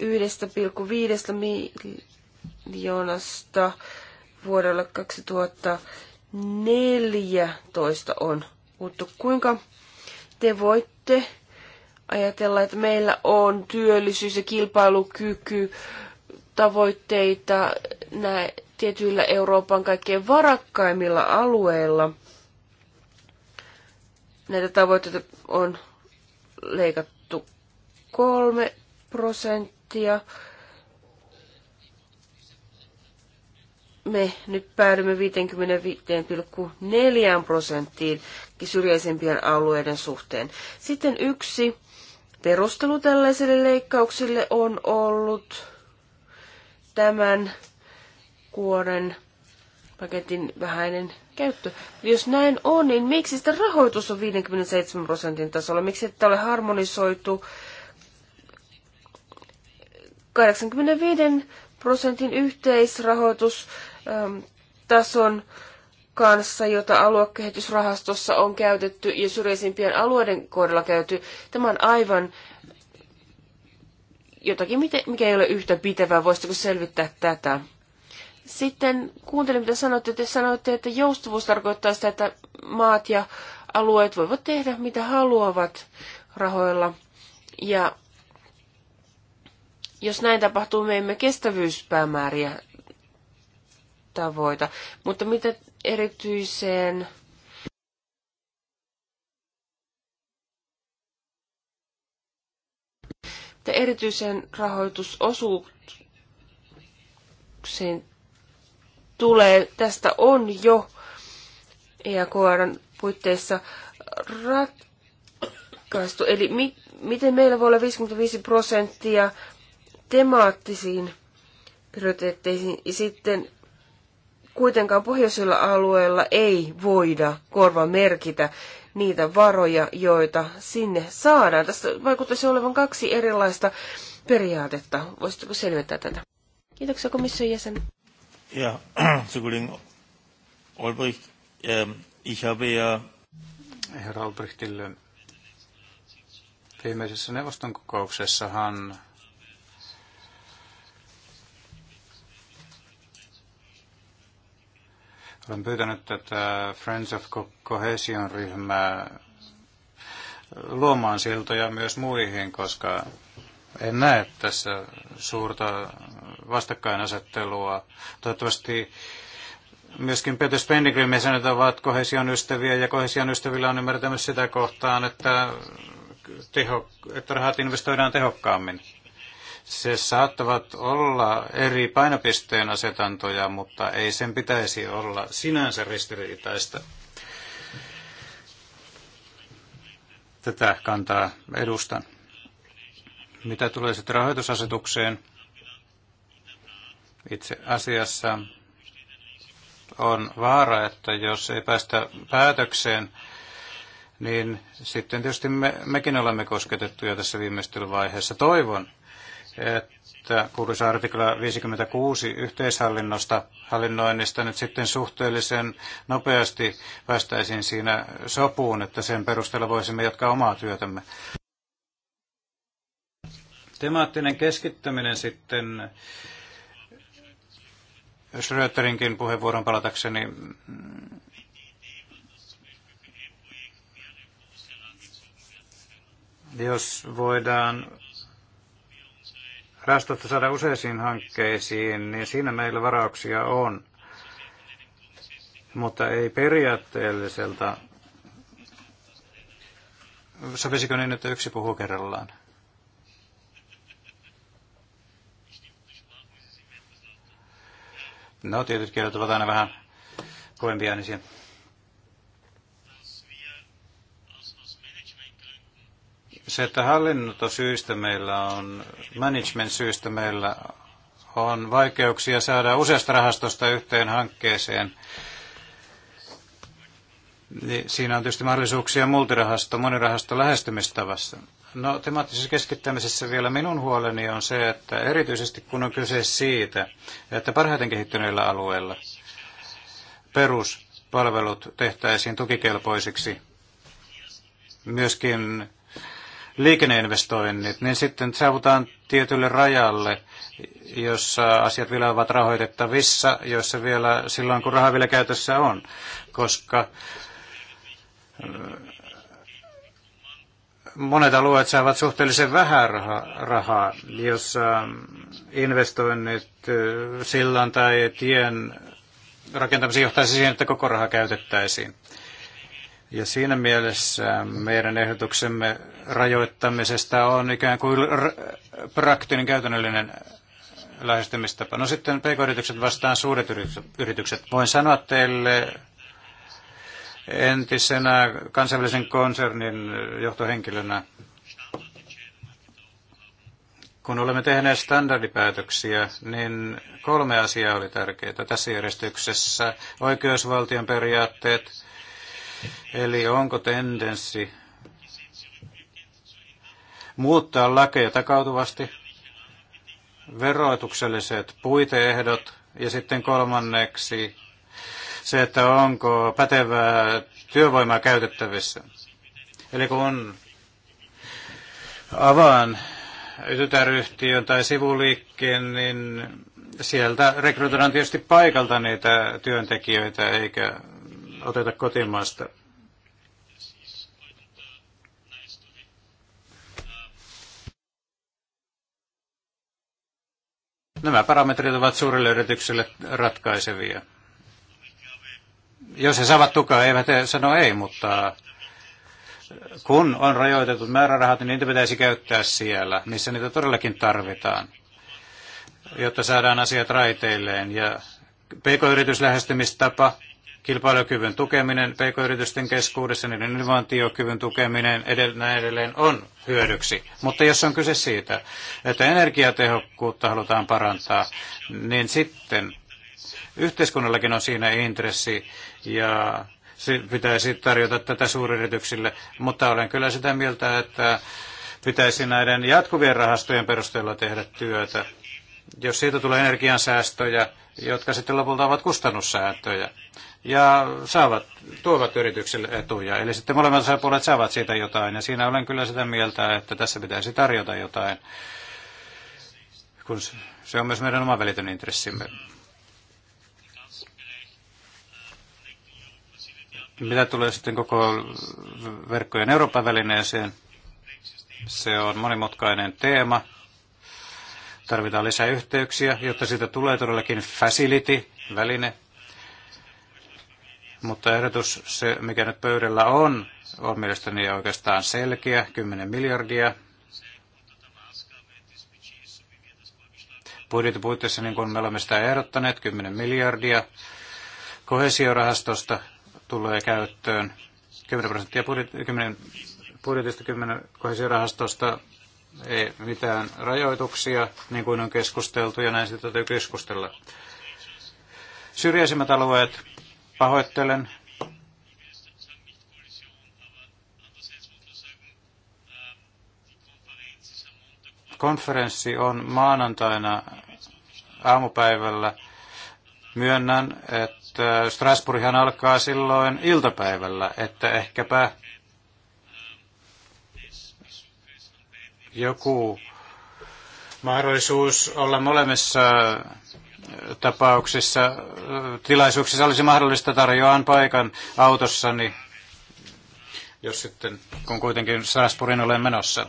1,5 miljoonasta vuodelle 2014 on puhuttu. Kuinka te voitte ajatella, että meillä on työllisyys ja kilpailukyky tavoitteita näin tietyillä Euroopan kaikkein varakkaimmilla alueilla näitä tavoitteita on leikattu kolme prosenttia. Me nyt päädymme 55,4 prosenttiin syrjäisempien alueiden suhteen. Sitten yksi perustelu tällaiselle leikkauksille on ollut tämän kuoren paketin vähäinen käyttö. Jos näin on, niin miksi sitä rahoitus on 57 prosentin tasolla? Miksi että ole harmonisoitu 85 prosentin yhteisrahoitustason ähm, kanssa, jota aluekehitysrahastossa on käytetty ja syrjäisimpien alueiden kohdalla käyty. Tämä on aivan jotakin, mikä ei ole yhtä pitävää. Voisitko selvittää tätä? Sitten kuuntelin, mitä sanoitte. Te sanoitte, että joustavuus tarkoittaa sitä, että maat ja alueet voivat tehdä, mitä haluavat rahoilla. Ja jos näin tapahtuu, me emme kestävyyspäämääriä tavoita. Mutta mitä erityiseen mitä erityiseen rahoitusosuuksiin tulee, tästä on jo EAKRn puitteissa ratkaistu. Eli mi, miten meillä voi olla 55 prosenttia temaattisiin prioriteetteihin ja sitten kuitenkaan pohjoisilla alueilla ei voida korva merkitä niitä varoja, joita sinne saadaan. Tässä vaikuttaisi olevan kaksi erilaista periaatetta. Voisitko selventää tätä? Kiitoksia komission jäsen. Ja, zu [CLEARS THROAT] Kollegen Olbricht, ähm, ich habe ja... Herra Olbrichtille, viimeisessä neuvoston kokouksessahan olen pyytänyt tätä Friends of Cohesion ryhmää luomaan siltoja myös muihin, koska en näe tässä suurta vastakkainasettelua. Toivottavasti myöskin Peter Spendingrin jäsenet ovat kohesion ystäviä ja kohesion ystävillä on ymmärtämys sitä kohtaan, että, teho, että rahat investoidaan tehokkaammin. Se saattavat olla eri painopisteen asetantoja, mutta ei sen pitäisi olla sinänsä ristiriitaista. Tätä kantaa edustan. Mitä tulee sitten rahoitusasetukseen, itse asiassa on vaara, että jos ei päästä päätökseen, niin sitten tietysti me, mekin olemme kosketettuja tässä viimeistelyvaiheessa. Toivon, että kuuluisa artikla 56 yhteishallinnosta, hallinnoinnista nyt sitten suhteellisen nopeasti päästäisiin siinä sopuun, että sen perusteella voisimme jatkaa omaa työtämme. Temaattinen keskittäminen sitten Schröterinkin puheenvuoron palatakseni jos voidaan rastot saada useisiin hankkeisiin, niin siinä meillä varauksia on, mutta ei periaatteelliselta. Sopisiko niin, että yksi puhuu kerrallaan? No, tietyt kielet ovat aina vähän kovempia äänisiä. Niin Se, että hallinnotosyistä meillä on, management-syistä meillä on vaikeuksia saada useasta rahastosta yhteen hankkeeseen. Niin siinä on tietysti mahdollisuuksia multirahasto, monirahasto lähestymistavassa. No temaattisessa keskittämisessä vielä minun huoleni on se, että erityisesti kun on kyse siitä, että parhaiten kehittyneillä alueilla peruspalvelut tehtäisiin tukikelpoisiksi, myöskin liikenneinvestoinnit, niin sitten saavutaan tietylle rajalle, jossa asiat vielä ovat rahoitettavissa, joissa vielä silloin kun raha vielä käytössä on, koska monet alueet saavat suhteellisen vähän rahaa, jossa ähm, investoinnit äh, sillan tai tien rakentamisen johtaisi siihen, että koko raha käytettäisiin. Ja siinä mielessä meidän ehdotuksemme rajoittamisesta on ikään kuin praktinen käytännöllinen lähestymistapa. No sitten pk-yritykset vastaan suuret yritykset. Voin sanoa teille entisenä kansainvälisen konsernin johtohenkilönä, kun olemme tehneet standardipäätöksiä, niin kolme asiaa oli tärkeää tässä järjestyksessä. Oikeusvaltion periaatteet, eli onko tendenssi muuttaa lakeja takautuvasti, verotukselliset puiteehdot ja sitten kolmanneksi se, että onko pätevää työvoimaa käytettävissä. Eli kun avaan tytäryhtiön tai sivuliikkeen, niin sieltä rekrytoidaan tietysti paikalta niitä työntekijöitä eikä oteta kotimaasta. Nämä parametrit ovat suurille yrityksille ratkaisevia. Jos he saavat tukea, eivät he sano ei, mutta kun on rajoitetut määrärahat, niin niitä pitäisi käyttää siellä, missä niitä todellakin tarvitaan, jotta saadaan asiat raiteilleen. Ja PK-yrityslähestymistapa, kilpailukyvyn tukeminen PK-yritysten keskuudessa, niiden innovaatiokyvyn tukeminen edelleen, edelleen on hyödyksi. Mutta jos on kyse siitä, että energiatehokkuutta halutaan parantaa, niin sitten Yhteiskunnallakin on siinä intressi ja se pitäisi tarjota tätä suuryrityksille, mutta olen kyllä sitä mieltä, että pitäisi näiden jatkuvien rahastojen perusteella tehdä työtä. Jos siitä tulee energiansäästöjä, jotka sitten lopulta ovat kustannussääntöjä ja saavat, tuovat yrityksille etuja. Eli sitten molemmat osapuolet saavat siitä jotain ja siinä olen kyllä sitä mieltä, että tässä pitäisi tarjota jotain, kun se on myös meidän oma välitön intressimme. Mitä tulee sitten koko verkkojen Euroopan välineeseen, se on monimutkainen teema. Tarvitaan lisää yhteyksiä, jotta siitä tulee todellakin facility, väline. Mutta ehdotus, se mikä nyt pöydällä on, on mielestäni oikeastaan selkeä, 10 miljardia. Budjettipuitteissa, niin kuin me olemme sitä ehdottaneet, 10 miljardia kohesiorahastosta tulee käyttöön. 10 prosenttia 10 budjetista, 10 kohesiorahastosta ei mitään rajoituksia, niin kuin on keskusteltu, ja näin sitä täytyy keskustella. Syrjäisimmät alueet, pahoittelen, konferenssi on maanantaina aamupäivällä. Myönnän, että että Strasbourghan alkaa silloin iltapäivällä, että ehkäpä joku mahdollisuus olla molemmissa tapauksissa, tilaisuuksissa olisi mahdollista tarjoaan paikan autossani, jos sitten, kun kuitenkin Strasbourgin olen menossa.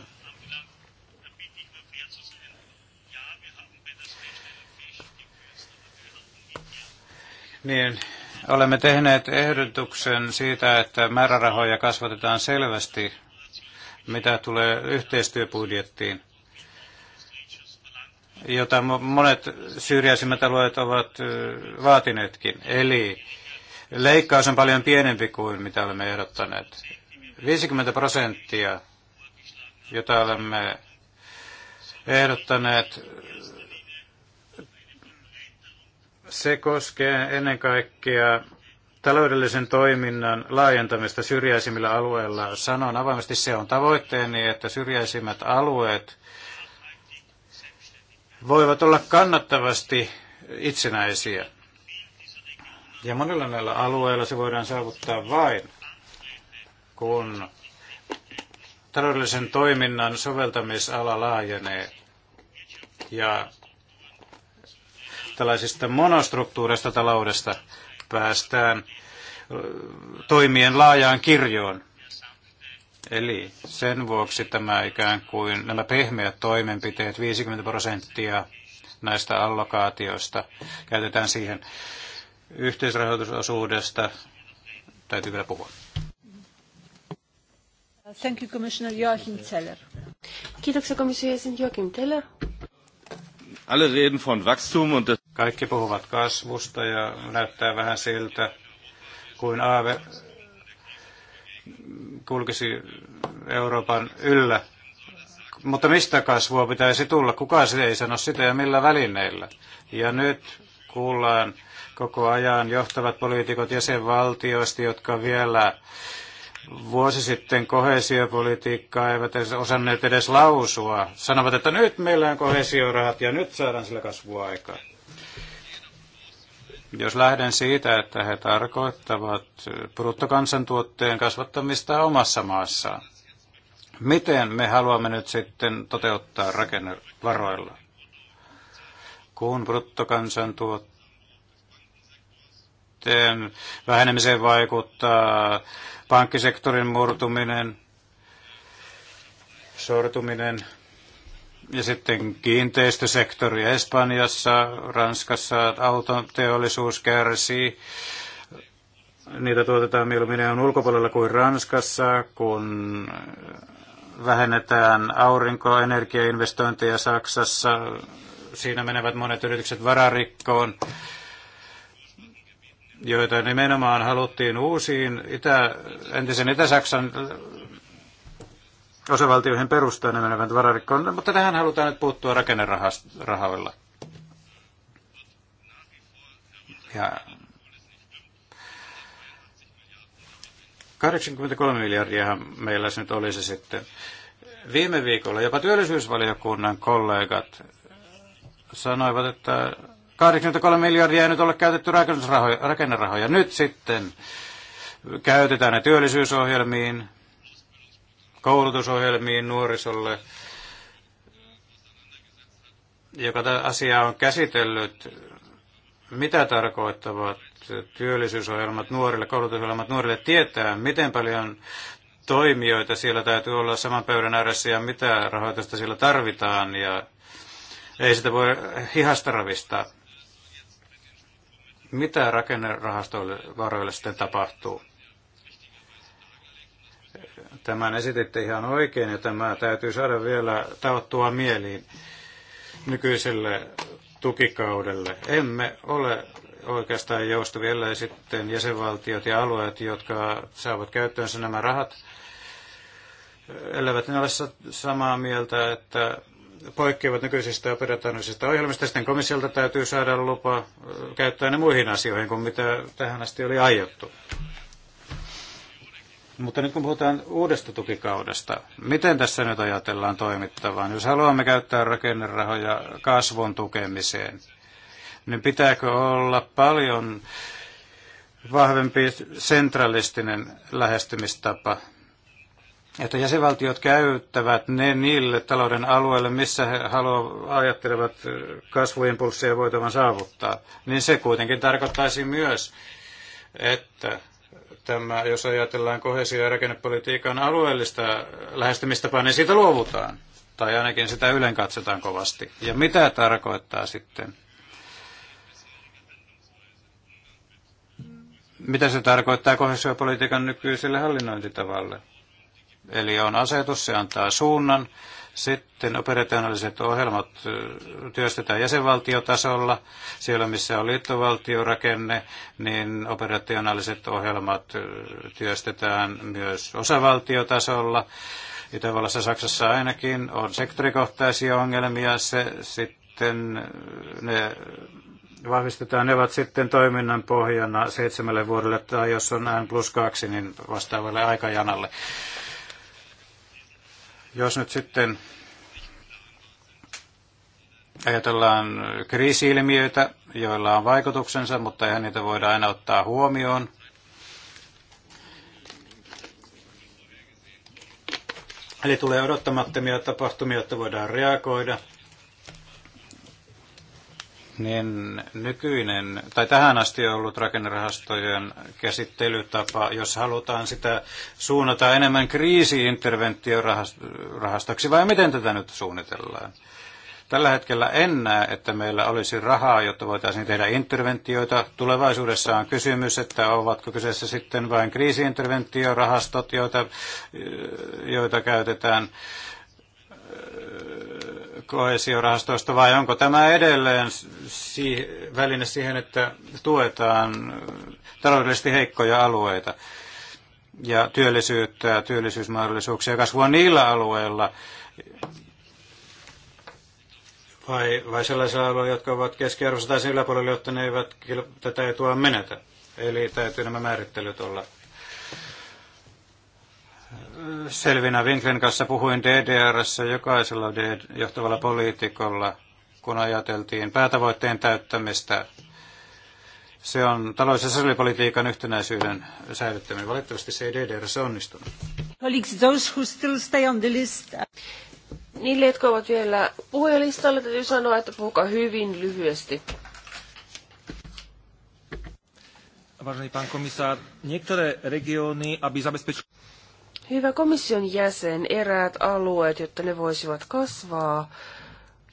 niin olemme tehneet ehdotuksen siitä, että määrärahoja kasvatetaan selvästi, mitä tulee yhteistyöbudjettiin, jota monet syrjäisimmät alueet ovat vaatineetkin. Eli leikkaus on paljon pienempi kuin mitä olemme ehdottaneet. 50 prosenttia, jota olemme ehdottaneet, se koskee ennen kaikkea taloudellisen toiminnan laajentamista syrjäisimmillä alueilla. Sanon avoimesti, se on tavoitteeni, että syrjäisimmät alueet voivat olla kannattavasti itsenäisiä. Ja monilla näillä alueilla se voidaan saavuttaa vain, kun taloudellisen toiminnan soveltamisala laajenee ja tällaisista monostruktuureista taloudesta päästään toimien laajaan kirjoon. Eli sen vuoksi tämä ikään kuin nämä pehmeät toimenpiteet, 50 prosenttia näistä allokaatioista käytetään siihen yhteisrahoitusosuudesta. Täytyy vielä puhua. Thank you, Commissioner Joachim Zeller. Kiitoksia komission jäsen Joachim Zeller. Alle reden von Wachstum und das kaikki puhuvat kasvusta ja näyttää vähän siltä, kuin aave kulkisi Euroopan yllä. Mutta mistä kasvua pitäisi tulla? Kuka se ei sano sitä ja millä välineillä? Ja nyt kuullaan koko ajan johtavat poliitikot jäsenvaltioista, jotka vielä vuosi sitten kohesiopolitiikkaa eivät edes osanneet edes lausua. Sanovat, että nyt meillä on kohesiorahat ja nyt saadaan sillä kasvua aikaan. Jos lähden siitä, että he tarkoittavat bruttokansantuotteen kasvattamista omassa maassaan, miten me haluamme nyt sitten toteuttaa rakennevaroilla? Kun bruttokansantuotteen vähenemiseen vaikuttaa pankkisektorin murtuminen, sortuminen, ja sitten kiinteistösektori Espanjassa, Ranskassa autoteollisuus kärsii. Niitä tuotetaan mieluummin on ulkopuolella kuin Ranskassa, kun vähennetään aurinkoenergiainvestointeja Saksassa. Siinä menevät monet yritykset vararikkoon joita nimenomaan haluttiin uusiin itä, entisen Itä-Saksan osavaltioihin perustaa ne menevät vararikkoon, mutta tähän halutaan nyt puuttua rakennerahoilla. Ja 83 miljardia meillä se nyt olisi sitten. Viime viikolla jopa työllisyysvaliokunnan kollegat sanoivat, että 83 miljardia ei nyt ole käytetty rakennerahoja. Nyt sitten käytetään ne työllisyysohjelmiin, koulutusohjelmiin nuorisolle, joka tätä asiaa on käsitellyt, mitä tarkoittavat työllisyysohjelmat nuorille, koulutusohjelmat nuorille, tietää, miten paljon toimijoita siellä täytyy olla saman pöydän ääressä ja mitä rahoitusta siellä tarvitaan ja ei sitä voi hihasta ravistaa. Mitä rakennerahastoille varoille sitten tapahtuu? Tämän esititte ihan oikein ja tämä täytyy saada vielä tauttua mieliin nykyiselle tukikaudelle. Emme ole oikeastaan joustavia, vielä sitten jäsenvaltiot ja alueet, jotka saavat käyttöönsä nämä rahat, elävät ne ole samaa mieltä, että poikkeavat nykyisistä operatiivisista ohjelmista. Sitten komissiolta täytyy saada lupa käyttää ne muihin asioihin kuin mitä tähän asti oli aiottu. Mutta nyt kun puhutaan uudesta tukikaudesta, miten tässä nyt ajatellaan toimittavan? Jos haluamme käyttää rakennerahoja kasvun tukemiseen, niin pitääkö olla paljon vahvempi sentralistinen lähestymistapa, että jäsenvaltiot käyttävät ne niille talouden alueille, missä he haluavat, ajattelevat kasvuimpulssia voitavan saavuttaa, niin se kuitenkin tarkoittaisi myös, että tämä, jos ajatellaan kohesio- ja rakennepolitiikan alueellista lähestymistapaa, niin siitä luovutaan. Tai ainakin sitä ylen katsotaan kovasti. Ja mitä tarkoittaa sitten? Mitä se tarkoittaa kohesiopolitiikan nykyiselle hallinnointitavalle? Eli on asetus, se antaa suunnan, sitten operationaaliset ohjelmat työstetään jäsenvaltiotasolla. Siellä, missä on liittovaltiorakenne, niin operationaaliset ohjelmat työstetään myös osavaltiotasolla. Itävallassa Saksassa ainakin on sektorikohtaisia ongelmia. Se sitten ne vahvistetaan, ne ovat sitten toiminnan pohjana seitsemälle vuodelle tai jos on N plus kaksi, niin vastaavalle aikajanalle. Jos nyt sitten ajatellaan kriisiilmiöitä, joilla on vaikutuksensa, mutta eihän niitä voida aina ottaa huomioon. Eli tulee odottamattomia tapahtumia, että voidaan reagoida niin nykyinen, tai tähän asti on ollut rakennerahastojen käsittelytapa, jos halutaan sitä suunnata enemmän kriisiinterventiorahastoksi, vai miten tätä nyt suunnitellaan? Tällä hetkellä en näe, että meillä olisi rahaa, jotta voitaisiin tehdä interventioita. Tulevaisuudessa on kysymys, että ovatko kyseessä sitten vain kriisiinterventiorahastot, joita, joita käytetään koesiorahastoista vai onko tämä edelleen si- väline siihen, että tuetaan taloudellisesti heikkoja alueita ja työllisyyttä, ja työllisyysmahdollisuuksia kasvua niillä alueilla vai, vai sellaisilla alueilla, jotka ovat keskiarvossa tai sen yläpuolella, jotta ne eivät tätä etua menetä. Eli täytyy nämä määrittelyt olla Selvinä Winklen kanssa puhuin DDRssä jokaisella johtavalla poliitikolla, kun ajateltiin päätavoitteen täyttämistä. Se on talous- ja sosiaalipolitiikan yhtenäisyyden säilyttäminen. Valitettavasti se ei DDRssä onnistunut. Niille, jotka ovat vielä puhujalistalla, täytyy sanoa, että puhukaa hyvin lyhyesti. Vážený pán komisár, niektoré regióny, aby zabezpečili... Hyvä komission jäsen, eräät alueet, jotta ne voisivat kasvaa,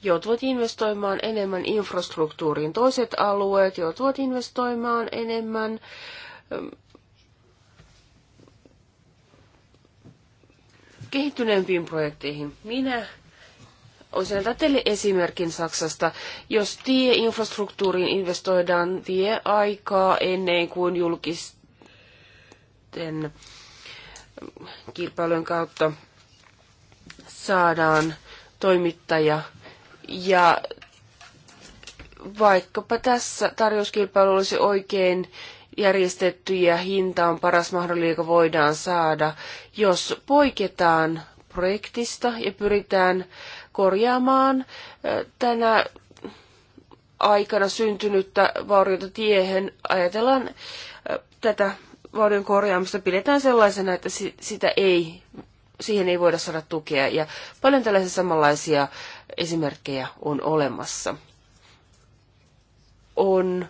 joutuvat investoimaan enemmän infrastruktuuriin. Toiset alueet joutuvat investoimaan enemmän ähm, kehittyneempiin projekteihin. Minä olisin antaa teille esimerkin Saksasta. Jos tieinfrastruktuuriin investoidaan tieaikaa ennen kuin julkisten kilpailun kautta saadaan toimittaja. Ja vaikkapa tässä tarjouskilpailu olisi oikein järjestetty ja hinta on paras mahdollinen, joka voidaan saada, jos poiketaan projektista ja pyritään korjaamaan tänä aikana syntynyttä vauriota tiehen. Ajatellaan tätä vaurion korjaamista pidetään sellaisena, että sitä ei, siihen ei voida saada tukea. Ja paljon tällaisia samanlaisia esimerkkejä on olemassa. On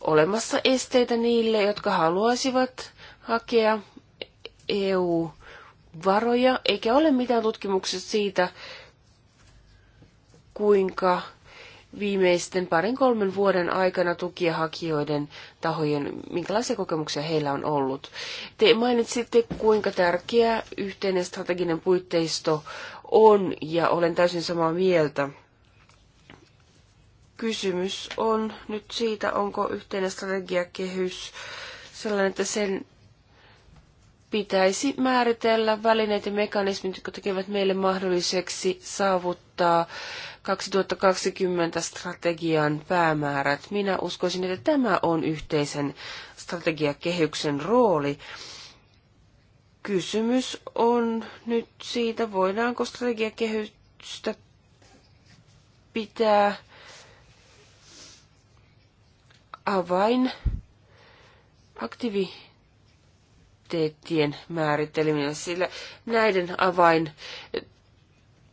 olemassa esteitä niille, jotka haluaisivat hakea EU-varoja, eikä ole mitään tutkimuksia siitä, kuinka viimeisten parin kolmen vuoden aikana tukihakijoiden tahojen, minkälaisia kokemuksia heillä on ollut. Te mainitsitte, kuinka tärkeä yhteinen strateginen puitteisto on, ja olen täysin samaa mieltä. Kysymys on nyt siitä, onko yhteinen strategiakehys sellainen, että sen pitäisi määritellä välineet ja mekanismit, jotka tekevät meille mahdolliseksi saavuttaa 2020 strategian päämäärät. Minä uskoisin, että tämä on yhteisen strategiakehyksen rooli. Kysymys on nyt siitä, voidaanko strategiakehystä pitää avain aktiviteettien määritteleminen, sillä näiden avain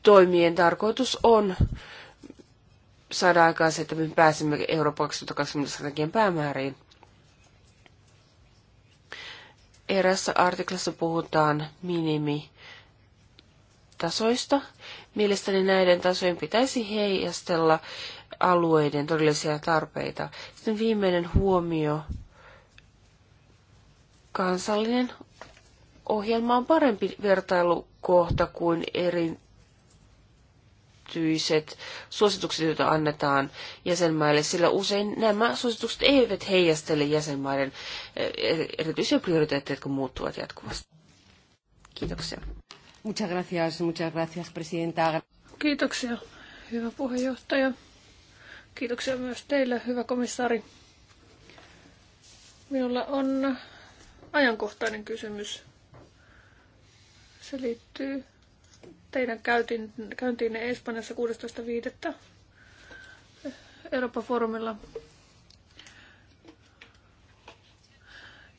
toimien tarkoitus on saada aikaan se, että me pääsemme Euroopan 2020 strategian päämääriin. Erässä artiklassa puhutaan minimi tasoista. Mielestäni näiden tasojen pitäisi heijastella alueiden todellisia tarpeita. Sitten viimeinen huomio. Kansallinen ohjelma on parempi vertailukohta kuin eri erityiset suositukset, joita annetaan jäsenmaille, sillä usein nämä suositukset eivät heijastele jäsenmaiden eh, erityisiä prioriteetteja, jotka muuttuvat jatkuvasti. Kiitoksia. Muchas gracias, muchas gracias, presidenta. Kiitoksia, hyvä puheenjohtaja. Kiitoksia myös teille, hyvä komissaari. Minulla on ajankohtainen kysymys. Se liittyy teidän käytin, käyntiinne Espanjassa 16.5. Euroopan foorumilla,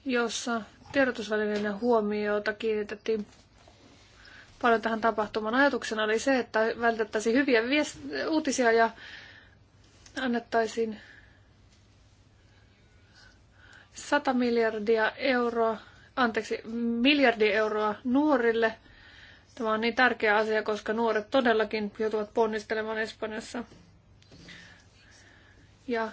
jossa tiedotusvälineiden huomiota kiinnitettiin paljon tähän tapahtuman ajatuksena oli se, että vältettäisiin hyviä viest- uutisia ja annettaisiin 100 miljardia euroa, anteeksi, miljardi euroa nuorille – Tämä on niin tärkeä asia, koska nuoret todellakin joutuvat ponnistelemaan Espanjassa. Ja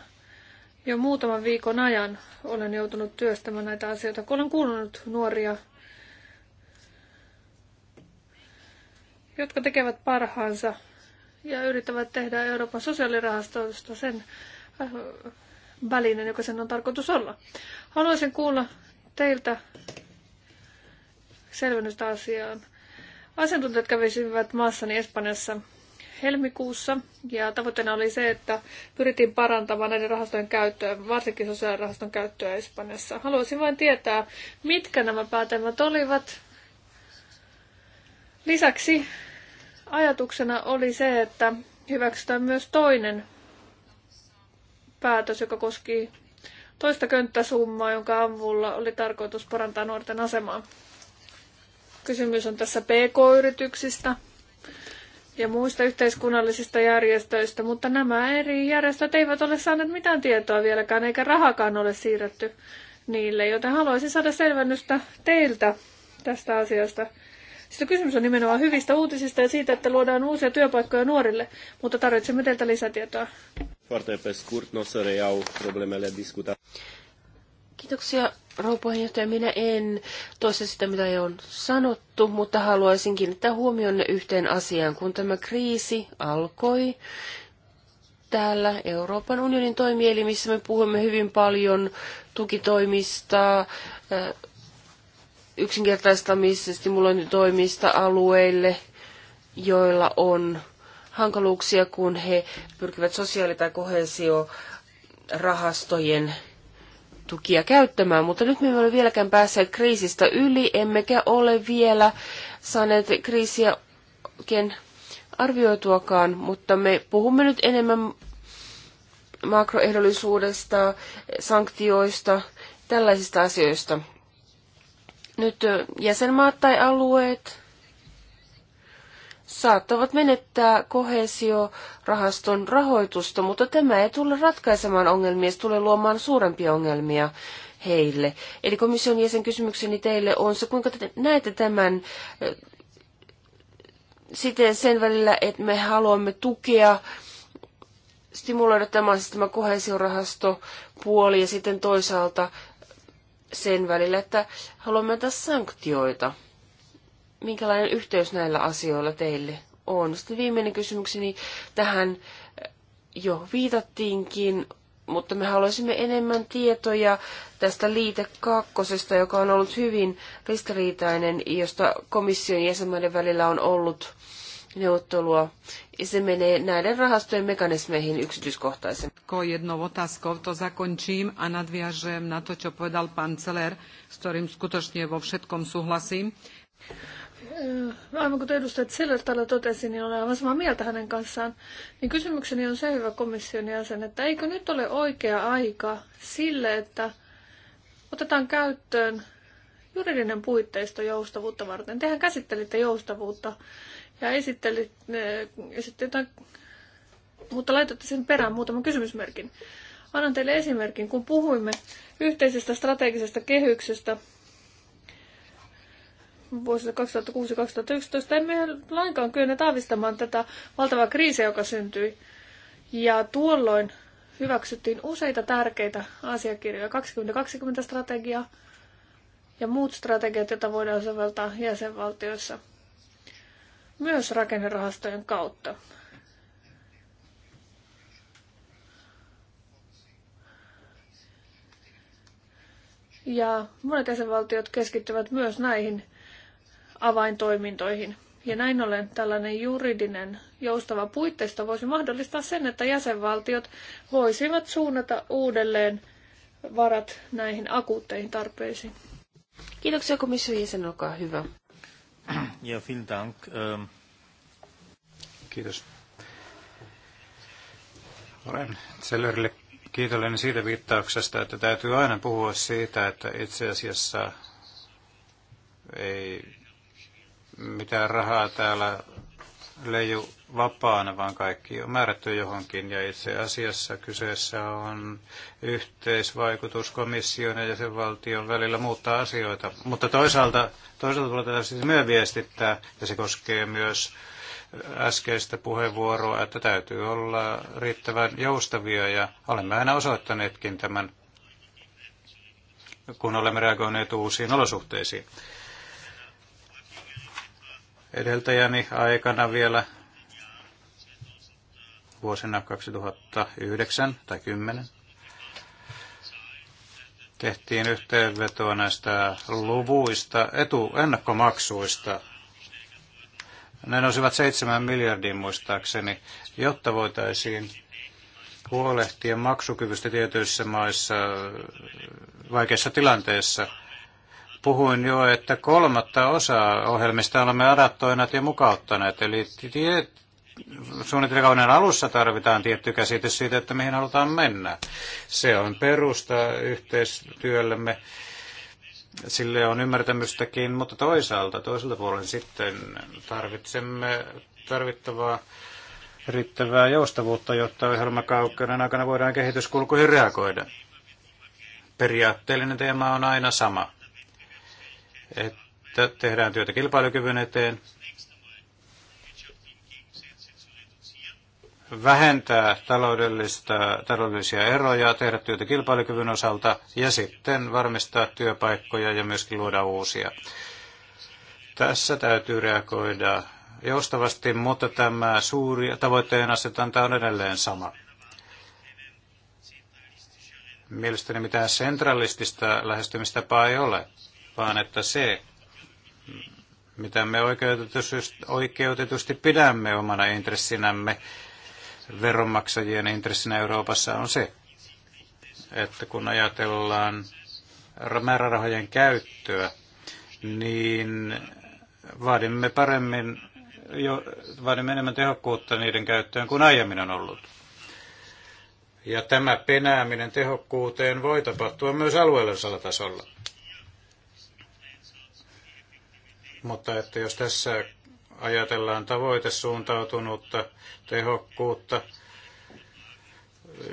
jo muutaman viikon ajan olen joutunut työstämään näitä asioita, kun olen kuunnellut nuoria, jotka tekevät parhaansa ja yrittävät tehdä Euroopan sosiaalirahastosta sen äh, välinen, joka sen on tarkoitus olla. Haluaisin kuulla teiltä selvennystä asiaan. Asiantuntijat kävisivät maassani Espanjassa helmikuussa ja tavoitteena oli se, että pyrittiin parantamaan näiden rahastojen käyttöä, varsinkin sosiaalirahaston käyttöä Espanjassa. Haluaisin vain tietää, mitkä nämä päätelmät olivat. Lisäksi ajatuksena oli se, että hyväksytään myös toinen päätös, joka koski toista könttäsummaa, jonka avulla oli tarkoitus parantaa nuorten asemaa. Kysymys on tässä PK-yrityksistä ja muista yhteiskunnallisista järjestöistä, mutta nämä eri järjestöt eivät ole saaneet mitään tietoa vieläkään, eikä rahakaan ole siirretty niille, joten haluaisin saada selvennystä teiltä tästä asiasta. Sitten siis kysymys on nimenomaan hyvistä uutisista ja siitä, että luodaan uusia työpaikkoja nuorille, mutta tarvitsemme teiltä lisätietoa. Kiitoksia rouva puheenjohtaja, minä en toista sitä, mitä jo on sanottu, mutta haluaisin kiinnittää huomionne yhteen asiaan. Kun tämä kriisi alkoi täällä Euroopan unionin toimielimissä, me puhumme hyvin paljon tukitoimista, äh, yksinkertaistamisesta, stimulointitoimista alueille, joilla on hankaluuksia, kun he pyrkivät sosiaali- tai kohesio rahastojen tukia käyttämään, mutta nyt me emme ole vieläkään päässeet kriisistä yli, emmekä ole vielä saaneet kriisiä ken arvioituakaan, mutta me puhumme nyt enemmän makroehdollisuudesta, sanktioista, tällaisista asioista. Nyt jäsenmaat tai alueet saattavat menettää kohesiorahaston rahoitusta, mutta tämä ei tule ratkaisemaan ongelmia, se tulee luomaan suurempia ongelmia heille. Eli komission jäsen kysymykseni teille on se, kuinka te näette tämän eh, siten sen välillä, että me haluamme tukea, stimuloida tämä, siis tämä kohesiorahastopuoli ja sitten toisaalta sen välillä, että haluamme antaa sanktioita minkälainen yhteys näillä asioilla teille on. Sitten viimeinen kysymykseni tähän jo viitattiinkin, mutta me haluaisimme enemmän tietoja tästä liite kakkosesta, joka on ollut hyvin ristiriitainen, josta komission jäsenmaiden välillä on ollut neuvottelua. Se menee näiden rahastojen mekanismeihin yksityiskohtaisen. Ko jedno to zakončím a nadviažem na to, čo povedal Celer, s ktorým skutočne vo všetkom súhlasím. Äh, aivan kuten edustajat Seller täällä totesi, niin olen aivan samaa mieltä hänen kanssaan, niin kysymykseni on se hyvä komission jäsen, että eikö nyt ole oikea aika sille, että otetaan käyttöön juridinen puitteisto joustavuutta varten. Tehän käsittelitte joustavuutta ja esittelitte, esitte jotain, mutta laitatte sen perään muutaman kysymysmerkin. Annan teille esimerkin. Kun puhuimme yhteisestä strategisesta kehyksestä, vuosina 2006-2011 emme lainkaan kyenneet aavistamaan tätä valtavaa kriisiä, joka syntyi. Ja tuolloin hyväksyttiin useita tärkeitä asiakirjoja, 2020-strategia ja muut strategiat, joita voidaan soveltaa jäsenvaltioissa, myös rakennerahastojen kautta. Ja monet jäsenvaltiot keskittyvät myös näihin avaintoimintoihin. Ja näin ollen tällainen juridinen joustava puitteisto voisi mahdollistaa sen, että jäsenvaltiot voisivat suunnata uudelleen varat näihin akuutteihin tarpeisiin. Kiitoksia komission jäsen, olkaa hyvä. Ja vielen dank. Ähm, Kiitos. Olen Zellerille kiitollinen siitä viittauksesta, että täytyy aina puhua siitä, että itse asiassa ei mitään rahaa täällä leiju vapaana, vaan kaikki on määrätty johonkin. Ja itse asiassa kyseessä on yhteisvaikutus komission ja sen valtion välillä muuttaa asioita. Mutta toisaalta, toisaalta tulee tätä siis myös viestittää, ja se koskee myös äskeistä puheenvuoroa, että täytyy olla riittävän joustavia, ja olemme aina osoittaneetkin tämän, kun olemme reagoineet uusiin olosuhteisiin edeltäjäni aikana vielä vuosina 2009 tai 10 tehtiin yhteenvetoa näistä luvuista, etu, ennakkomaksuista. Ne nousivat 7 miljardiin muistaakseni, jotta voitaisiin huolehtia maksukyvystä tietyissä maissa vaikeissa tilanteissa – puhuin jo, että kolmatta osaa ohjelmista olemme adaptoineet ja mukauttaneet. Eli tie, suunnitelmakauden alussa tarvitaan tietty käsitys siitä, että mihin halutaan mennä. Se on perusta yhteistyöllemme. Sille on ymmärtämystäkin, mutta toisaalta, toiselta puolen sitten tarvitsemme tarvittavaa riittävää joustavuutta, jotta ohjelmakaukkeuden aikana voidaan kehityskulkuihin reagoida. Periaatteellinen teema on aina sama että tehdään työtä kilpailukyvyn eteen, vähentää taloudellista, taloudellisia eroja, tehdä työtä kilpailukyvyn osalta ja sitten varmistaa työpaikkoja ja myöskin luoda uusia. Tässä täytyy reagoida joustavasti, mutta tämä suuri tavoitteen asetanta on edelleen sama. Mielestäni mitään sentralistista lähestymistapaa ei ole vaan että se, mitä me oikeutetusti pidämme omana intressinämme, veronmaksajien intressinä Euroopassa on se, että kun ajatellaan määrärahojen käyttöä, niin vaadimme paremmin, jo, vaadimme enemmän tehokkuutta niiden käyttöön kuin aiemmin on ollut. Ja tämä penääminen tehokkuuteen voi tapahtua myös alueellisella tasolla. Mutta että jos tässä ajatellaan tavoitesuuntautunutta tehokkuutta,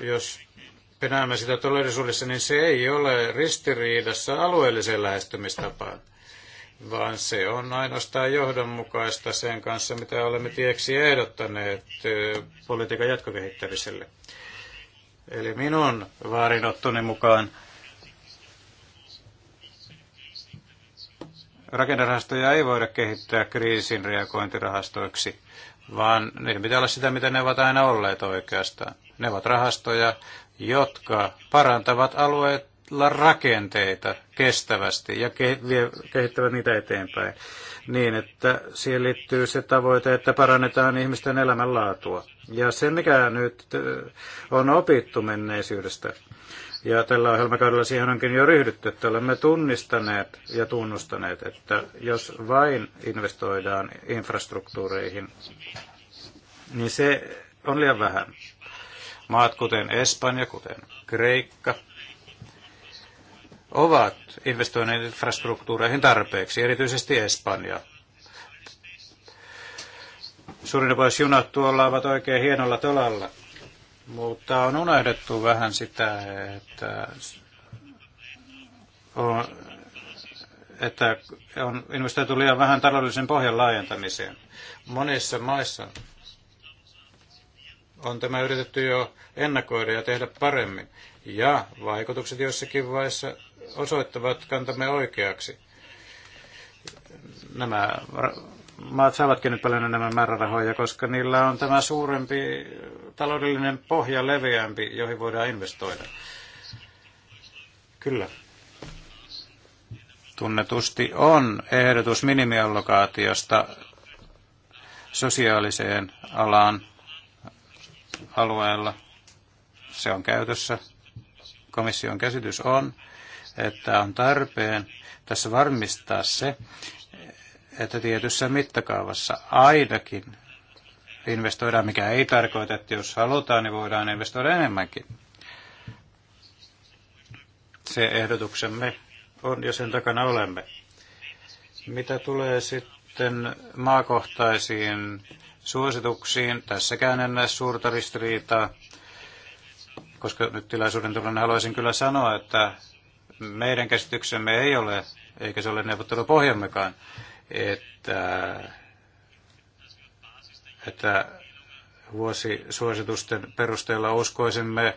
jos penäämme sitä todellisuudessa, niin se ei ole ristiriidassa alueelliseen lähestymistapaan, vaan se on ainoastaan johdonmukaista sen kanssa, mitä olemme tieksi ehdottaneet eh, politiikan jatkokehittämiselle. Eli minun vaarinottoni mukaan Rakennerahastoja ei voida kehittää kriisin reagointirahastoiksi, vaan niiden pitää olla sitä, mitä ne ovat aina olleet oikeastaan. Ne ovat rahastoja, jotka parantavat alueilla rakenteita kestävästi ja kehittävät niitä eteenpäin niin, että siihen liittyy se tavoite, että parannetaan ihmisten elämänlaatua. Ja se, mikä nyt on opittu menneisyydestä, ja tällä ohjelmakaudella siihen onkin jo ryhdytty, että olemme tunnistaneet ja tunnustaneet, että jos vain investoidaan infrastruktuureihin, niin se on liian vähän. Maat kuten Espanja, kuten Kreikka, ovat investoineet infrastruktuureihin tarpeeksi, erityisesti Espanja. Suurin osa junat tuolla ovat oikein hienolla tolalla mutta on unohdettu vähän sitä, että on, että on investoitu liian vähän taloudellisen pohjan laajentamiseen. Monissa maissa on tämä yritetty jo ennakoida ja tehdä paremmin. Ja vaikutukset jossakin vaiheessa osoittavat kantamme oikeaksi. Nämä maat saavatkin nyt paljon enemmän määrärahoja, koska niillä on tämä suurempi taloudellinen pohja leveämpi, joihin voidaan investoida. Kyllä. Tunnetusti on ehdotus minimiallokaatiosta sosiaaliseen alaan alueella. Se on käytössä. Komission käsitys on, että on tarpeen tässä varmistaa se, että tietyssä mittakaavassa ainakin investoidaan, mikä ei tarkoita, että jos halutaan, niin voidaan investoida enemmänkin. Se ehdotuksemme on ja sen takana olemme. Mitä tulee sitten maakohtaisiin suosituksiin, tässäkään en näe suurta ristiriitaa, koska nyt tilaisuuden tullen haluaisin kyllä sanoa, että meidän käsityksemme ei ole, eikä se ole neuvottelupohjammekaan. pohjammekaan että, että vuosisuositusten perusteella uskoisimme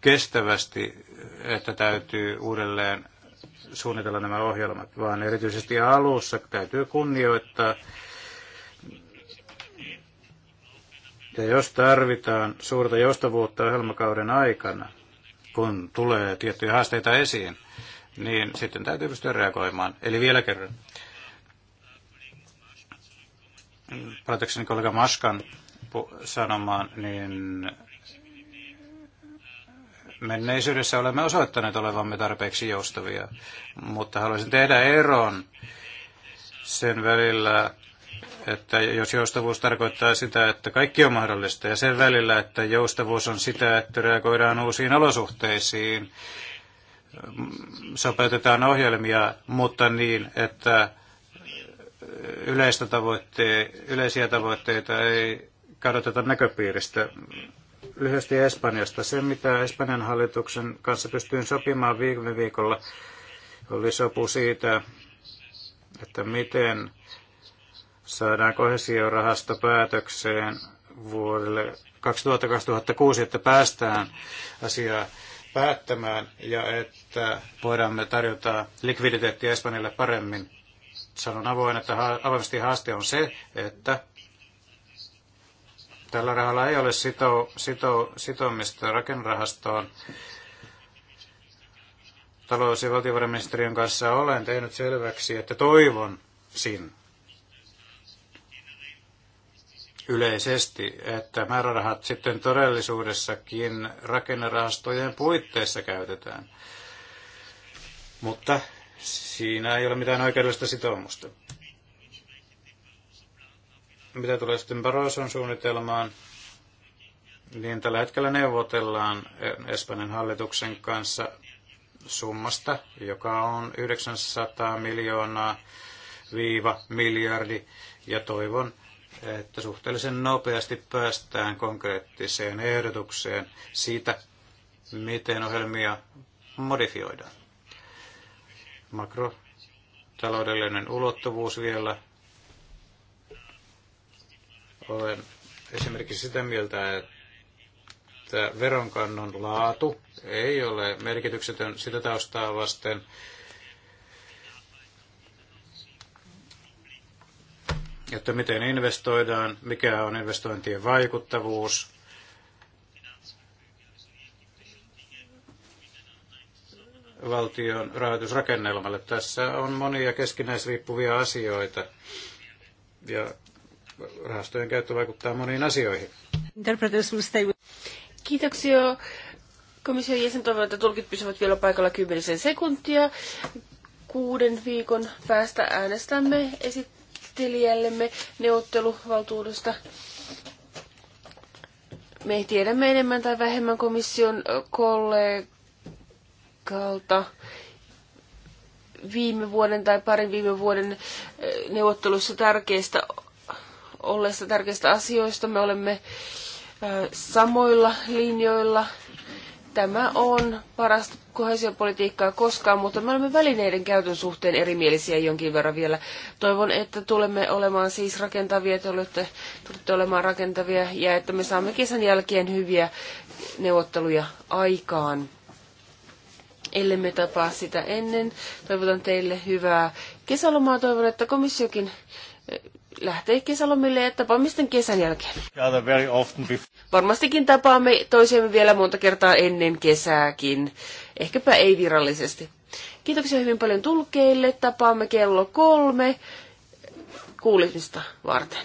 kestävästi, että täytyy uudelleen suunnitella nämä ohjelmat, vaan erityisesti alussa täytyy kunnioittaa. Ja jos tarvitaan suurta joustavuutta ohjelmakauden aikana, kun tulee tiettyjä haasteita esiin, niin sitten täytyy pystyä reagoimaan. Eli vielä kerran Palatakseni kollega Maskan sanomaan, niin menneisyydessä olemme osoittaneet olevamme tarpeeksi joustavia, mutta haluaisin tehdä eron sen välillä, että jos joustavuus tarkoittaa sitä, että kaikki on mahdollista, ja sen välillä, että joustavuus on sitä, että reagoidaan uusiin olosuhteisiin, sopeutetaan ohjelmia, mutta niin, että yleistä yleisiä tavoitteita ei kadoteta näköpiiristä. Lyhyesti Espanjasta. Se, mitä Espanjan hallituksen kanssa pystyin sopimaan viime viikolla, oli sopu siitä, että miten saadaan kohesiorahasto päätökseen vuodelle 2006 että päästään asiaa päättämään ja että voidaan tarjota likviditeettiä Espanjalle paremmin sanon avoin, että avoimesti haaste on se, että tällä rahalla ei ole sito, sito, sitomista rakennerahastoon. Talous- ja valtiovarainministeriön kanssa olen tehnyt selväksi, että toivon sin yleisesti, että määrärahat sitten todellisuudessakin rakennerahastojen puitteissa käytetään. Mutta Siinä ei ole mitään oikeudellista sitoumusta. Mitä tulee sitten Barroson suunnitelmaan, niin tällä hetkellä neuvotellaan Espanjan hallituksen kanssa summasta, joka on 900 miljoonaa viiva miljardi, ja toivon, että suhteellisen nopeasti päästään konkreettiseen ehdotukseen siitä, miten ohjelmia modifioidaan makrotaloudellinen ulottuvuus vielä. Olen esimerkiksi sitä mieltä, että veronkannon laatu ei ole merkityksetön sitä taustaa vasten, että miten investoidaan, mikä on investointien vaikuttavuus, valtion rahoitusrakennelmalle. Tässä on monia keskinäisriippuvia asioita ja rahastojen käyttö vaikuttaa moniin asioihin. Kiitoksia. Komission jäsen toivon, että tulkit pysyvät vielä paikalla 10 sekuntia. Kuuden viikon päästä äänestämme esittelijällemme neuvotteluvaltuudesta. Me tiedämme enemmän tai vähemmän komission kollegaa kalta viime vuoden tai parin viime vuoden eh, neuvottelussa tärkeistä olleista tärkeistä asioista. Me olemme eh, samoilla linjoilla. Tämä on parasta kohesiopolitiikkaa koskaan, mutta me olemme välineiden käytön suhteen erimielisiä jonkin verran vielä. Toivon, että tulemme olemaan siis rakentavia, että olette, tulette olemaan rakentavia ja että me saamme kesän jälkeen hyviä neuvotteluja aikaan ellemme tapaa sitä ennen. Toivotan teille hyvää kesälomaa. Toivon, että komissiokin eh, lähtee kesälomille ja tapaamisten kesän jälkeen. Varmastikin tapaamme toisiamme vielä monta kertaa ennen kesääkin. Ehkäpä ei virallisesti. Kiitoksia hyvin paljon tulkeille. Tapaamme kello kolme kuulemista varten.